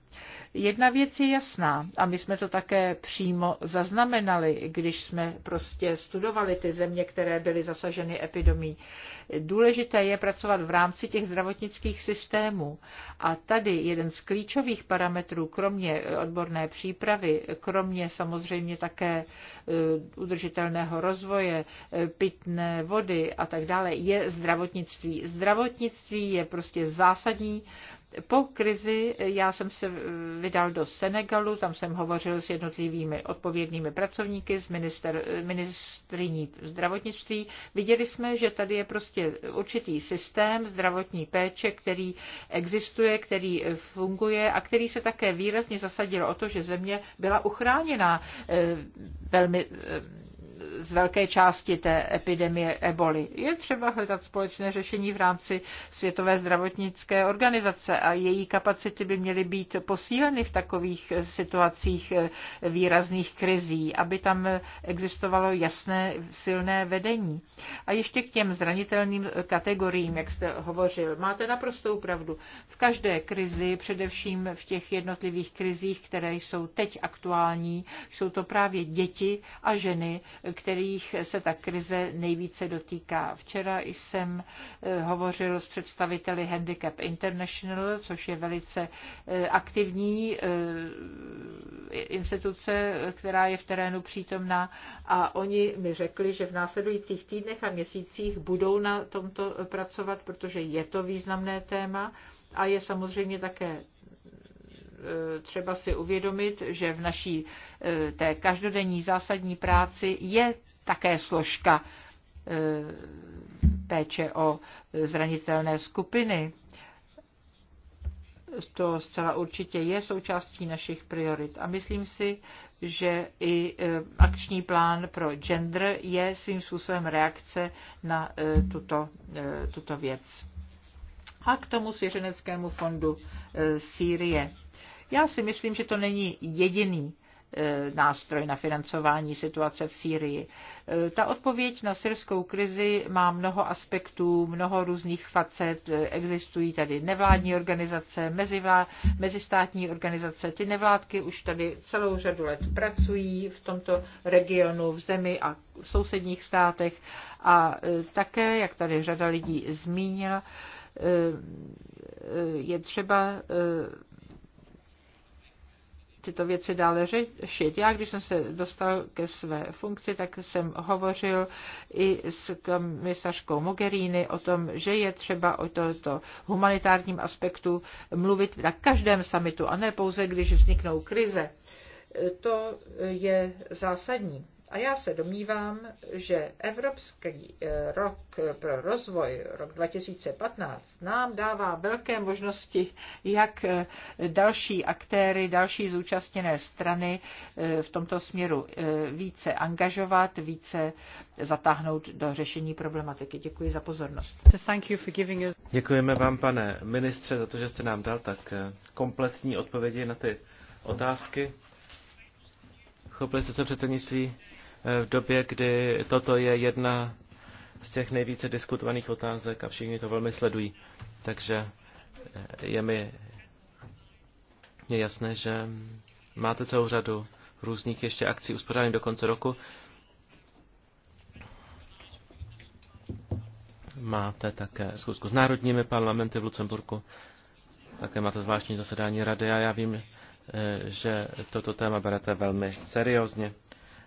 Jedna věc je jasná a my jsme to také přímo zaznamenali, když jsme prostě studovali ty země, které byly zasaženy epidemí. Důležité je pracovat v rámci těch zdravotnických systémů. A tady jeden z klíčových parametrů, kromě odborné přípravy, kromě samozřejmě také e, udržitelného rozvoje, e, pitné vody a tak dále, je zdravotnictví. Zdravotnictví je prostě zásadní po krizi já jsem se vydal do Senegalu, tam jsem hovořil s jednotlivými odpovědnými pracovníky, s minister, ministriní zdravotnictví. Viděli jsme, že tady je prostě určitý systém zdravotní péče, který existuje, který funguje a který se také výrazně zasadil o to, že země byla uchráněna eh, velmi eh, z velké části té epidemie eboli. Je třeba hledat společné řešení v rámci Světové zdravotnické organizace a její kapacity by měly být posíleny v takových situacích eh, výrazných krizí, aby tam existovalo jasné, silné vedení. A ještě k těm zranitelným kategoriím, jak jste hovořil. Máte naprostou pravdu. V každé krizi, především v těch jednotlivých krizích, které jsou teď aktuální, jsou to právě děti a ženy, kterých se ta krize nejvíce dotýká. Včera jsem eh, hovořil s představiteli Handicap International, což je velice eh, aktivní eh, instituce, která je v terénu přítomná a oni mi řekli, že v následujících týdnech a měsících budou na tomto pracovat, protože je to významné téma a je samozřejmě také Eh, třeba si uvědomit, že v naší eh, té každodenní zásadní práci je také složka eh, péče o zranitelné skupiny. To zcela určitě je součástí našich priorit. A myslím si, že i akční plán pro gender je svým způsobem reakce na tuto, tuto věc a k tomu svěřeneckému fondu e, Sýrie. Já si myslím, že to není jediný e, nástroj na financování situace v Sýrii. E, ta odpověď na syrskou krizi má mnoho aspektů, mnoho různých facet. Existují tady nevládní organizace, mezivlá, mezistátní organizace. Ty nevládky už tady celou řadu let pracují v tomto regionu, v zemi a v sousedních státech. A také, jak tady řada lidí zmínila, Eh, eh, je třeba eh, tyto věci dále řešit. Já, když jsem se dostal ke své funkci, tak jsem hovořil i s komisařkou Mogherini o tom, že je třeba o toto humanitárním aspektu mluvit na každém samitu a ne pouze, když vzniknou krize. To je zásadní. A já se domnívám, že Evropský eh, rok pro rozvoj, rok 2015, nám dává velké možnosti, jak eh, další aktéry, další zúčastněné strany eh, v tomto směru více angažovat, více zatáhnout do řešení problematiky. Děkuji za pozornost. Děkujeme vám, pane ministře, za to, že jste nám dal tak kompletní odpovědi na ty otázky. Chopili jste se předsednictví v době, kdy toto je jedna z těch nejvíce diskutovaných otázek a všichni to velmi sledují. Takže eh, je mi je jasné, že máte celou řadu různých ještě akcí uspořádaných do konce roku. Máte také schůzku s národními parlamenty v Lucemburku, také máte zvláštní zasedání rady a já vím, eh, že toto téma berete velmi seriózně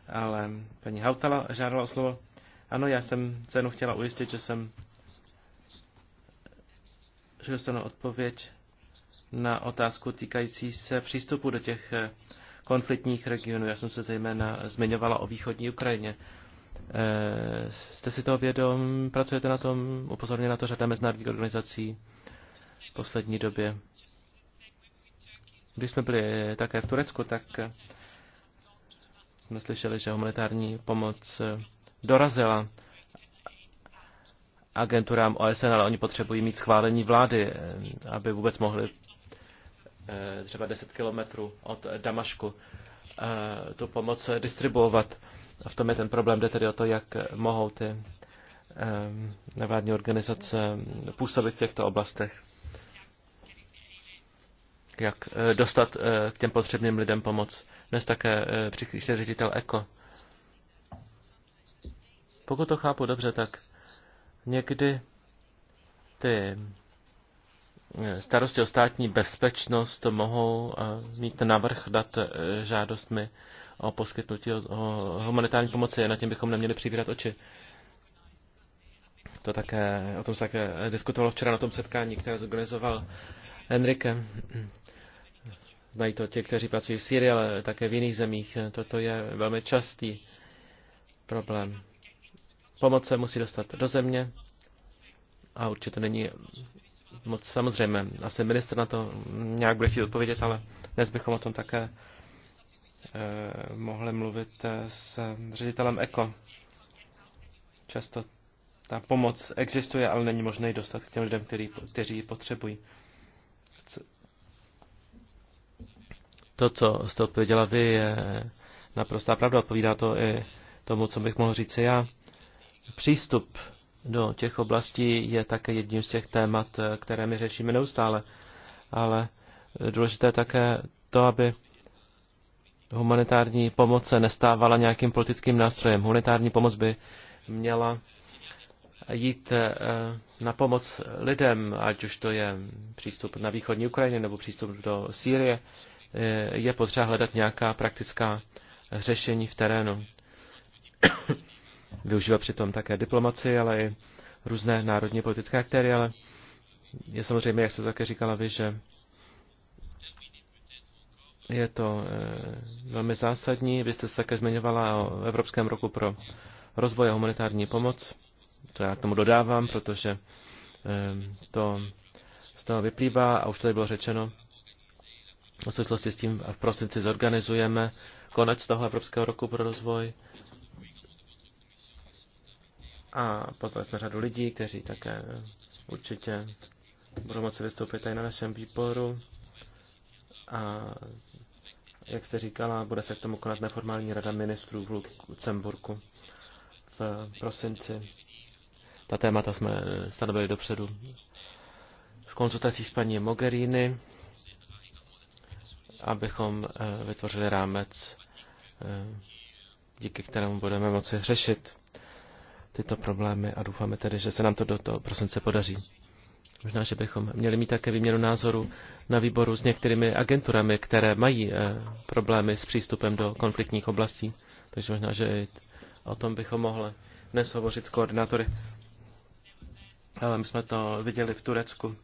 ale paní Hautala žádala o slovo. Ano, já jsem cenu chtěla ujistit, že jsem že dostanu odpověď na otázku týkající se přístupu do těch eh, konfliktních regionů. Já jsem se zejména zmiňovala o východní Ukrajině. E, jste si toho vědom, pracujete na tom, upozorně na to řada mezinárodních organizací v poslední době. Když jsme byli eh, také v Turecku, tak jsme slyšeli, že humanitární pomoc eh, dorazila agenturám OSN, ale oni potřebují mít schválení vlády, eh, aby vůbec mohli eh, třeba 10 kilometrů od Damašku tu pomoc distribuovat. A v tom je ten problém, jde tedy o to, jak mohou ty nevládní organizace působit v těchto oblastech. Jak dostat k těm potřebným lidem pomoc dnes také příslušný eh, ředitel ECO. Pokud to chápu dobře, tak někdy ty eh, starosti o státní bezpečnost mohou eh, mít navrh dát žádostmi o poskytnutí o humanitární pomoci na tím bychom neměli přivírat oči. To také, o tom se také diskutovalo včera na tom setkání, které zorganizoval Enrique. Znají to ti, kteří pracují v Syrii, ale také v jiných zemích. Toto je velmi častý problém. Pomoc se musí dostat do země a určitě to není moc samozřejmé. Asi minister na to nějak bude chtít odpovědět, ale dnes bychom o tom také eh, mohli mluvit eh, s ředitelem ECO. Často ta pomoc existuje, ale není možné ji dostat k těm lidem, který, kteří ji potřebují. To, co jste odpověděla vy, je naprostá pravda. Odpovídá to i tomu, co bych mohl říct já. Přístup do těch oblastí je také jedním z těch témat, které my řešíme neustále. Ale důležité také to, aby humanitární pomoc se nestávala nějakým politickým nástrojem. Humanitární pomoc by měla jít eh, na pomoc lidem, ať už to je přístup na východní Ukrajině nebo přístup do Sýrie je potřeba hledat nějaká praktická řešení v terénu. Využívat přitom také diplomaci, ale i různé národní politické aktéry, ale je samozřejmě, jak jste také říkala vy, že je to eh, velmi zásadní. Vy jste se také zmiňovala o Evropském roku pro rozvoj a humanitární pomoc. To já k tomu dodávám, protože eh, to z toho vyplývá a už tady bylo řečeno, v souvislosti s tím v prosinci zorganizujeme konec toho Evropského roku pro rozvoj. A pozvali jsme řadu lidí, kteří také určitě budou moci vystoupit tady na našem výboru. A jak jste říkala, bude se k tomu konat neformální rada ministrů v Lucemburku v prosinci. Ta témata jsme stanovili dopředu v konzultacích s paní Mogherini abychom eh, vytvořili rámec, eh, díky kterému budeme moci řešit tyto problémy a doufáme tedy, že se nám to do toho prosince podaří. Možná, že bychom měli mít také výměnu názoru na výboru s některými agenturami, které mají eh, problémy s přístupem do konfliktních oblastí. Takže možná, že i o tom bychom mohli dnes hovořit s koordinátory. Ale my jsme to viděli v Turecku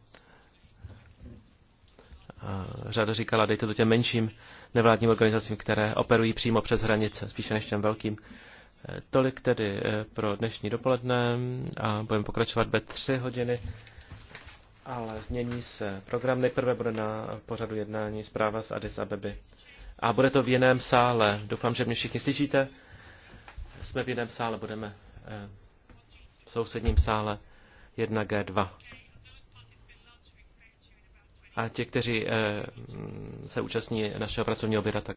řada říkala, dejte to těm menším nevládním organizacím, které operují přímo přes hranice, spíše než těm velkým. Eh, tolik tedy eh, pro dnešní dopoledne a budeme pokračovat ve tři hodiny, ale změní se program. Nejprve bude na pořadu jednání zpráva z Addis Abeby. A bude to v jiném sále. Doufám, že mě všichni slyšíte. Jsme v jiném sále, budeme eh, v sousedním sále 1G2 a ti, kteří eh, se účastní našeho pracovního oběda, tak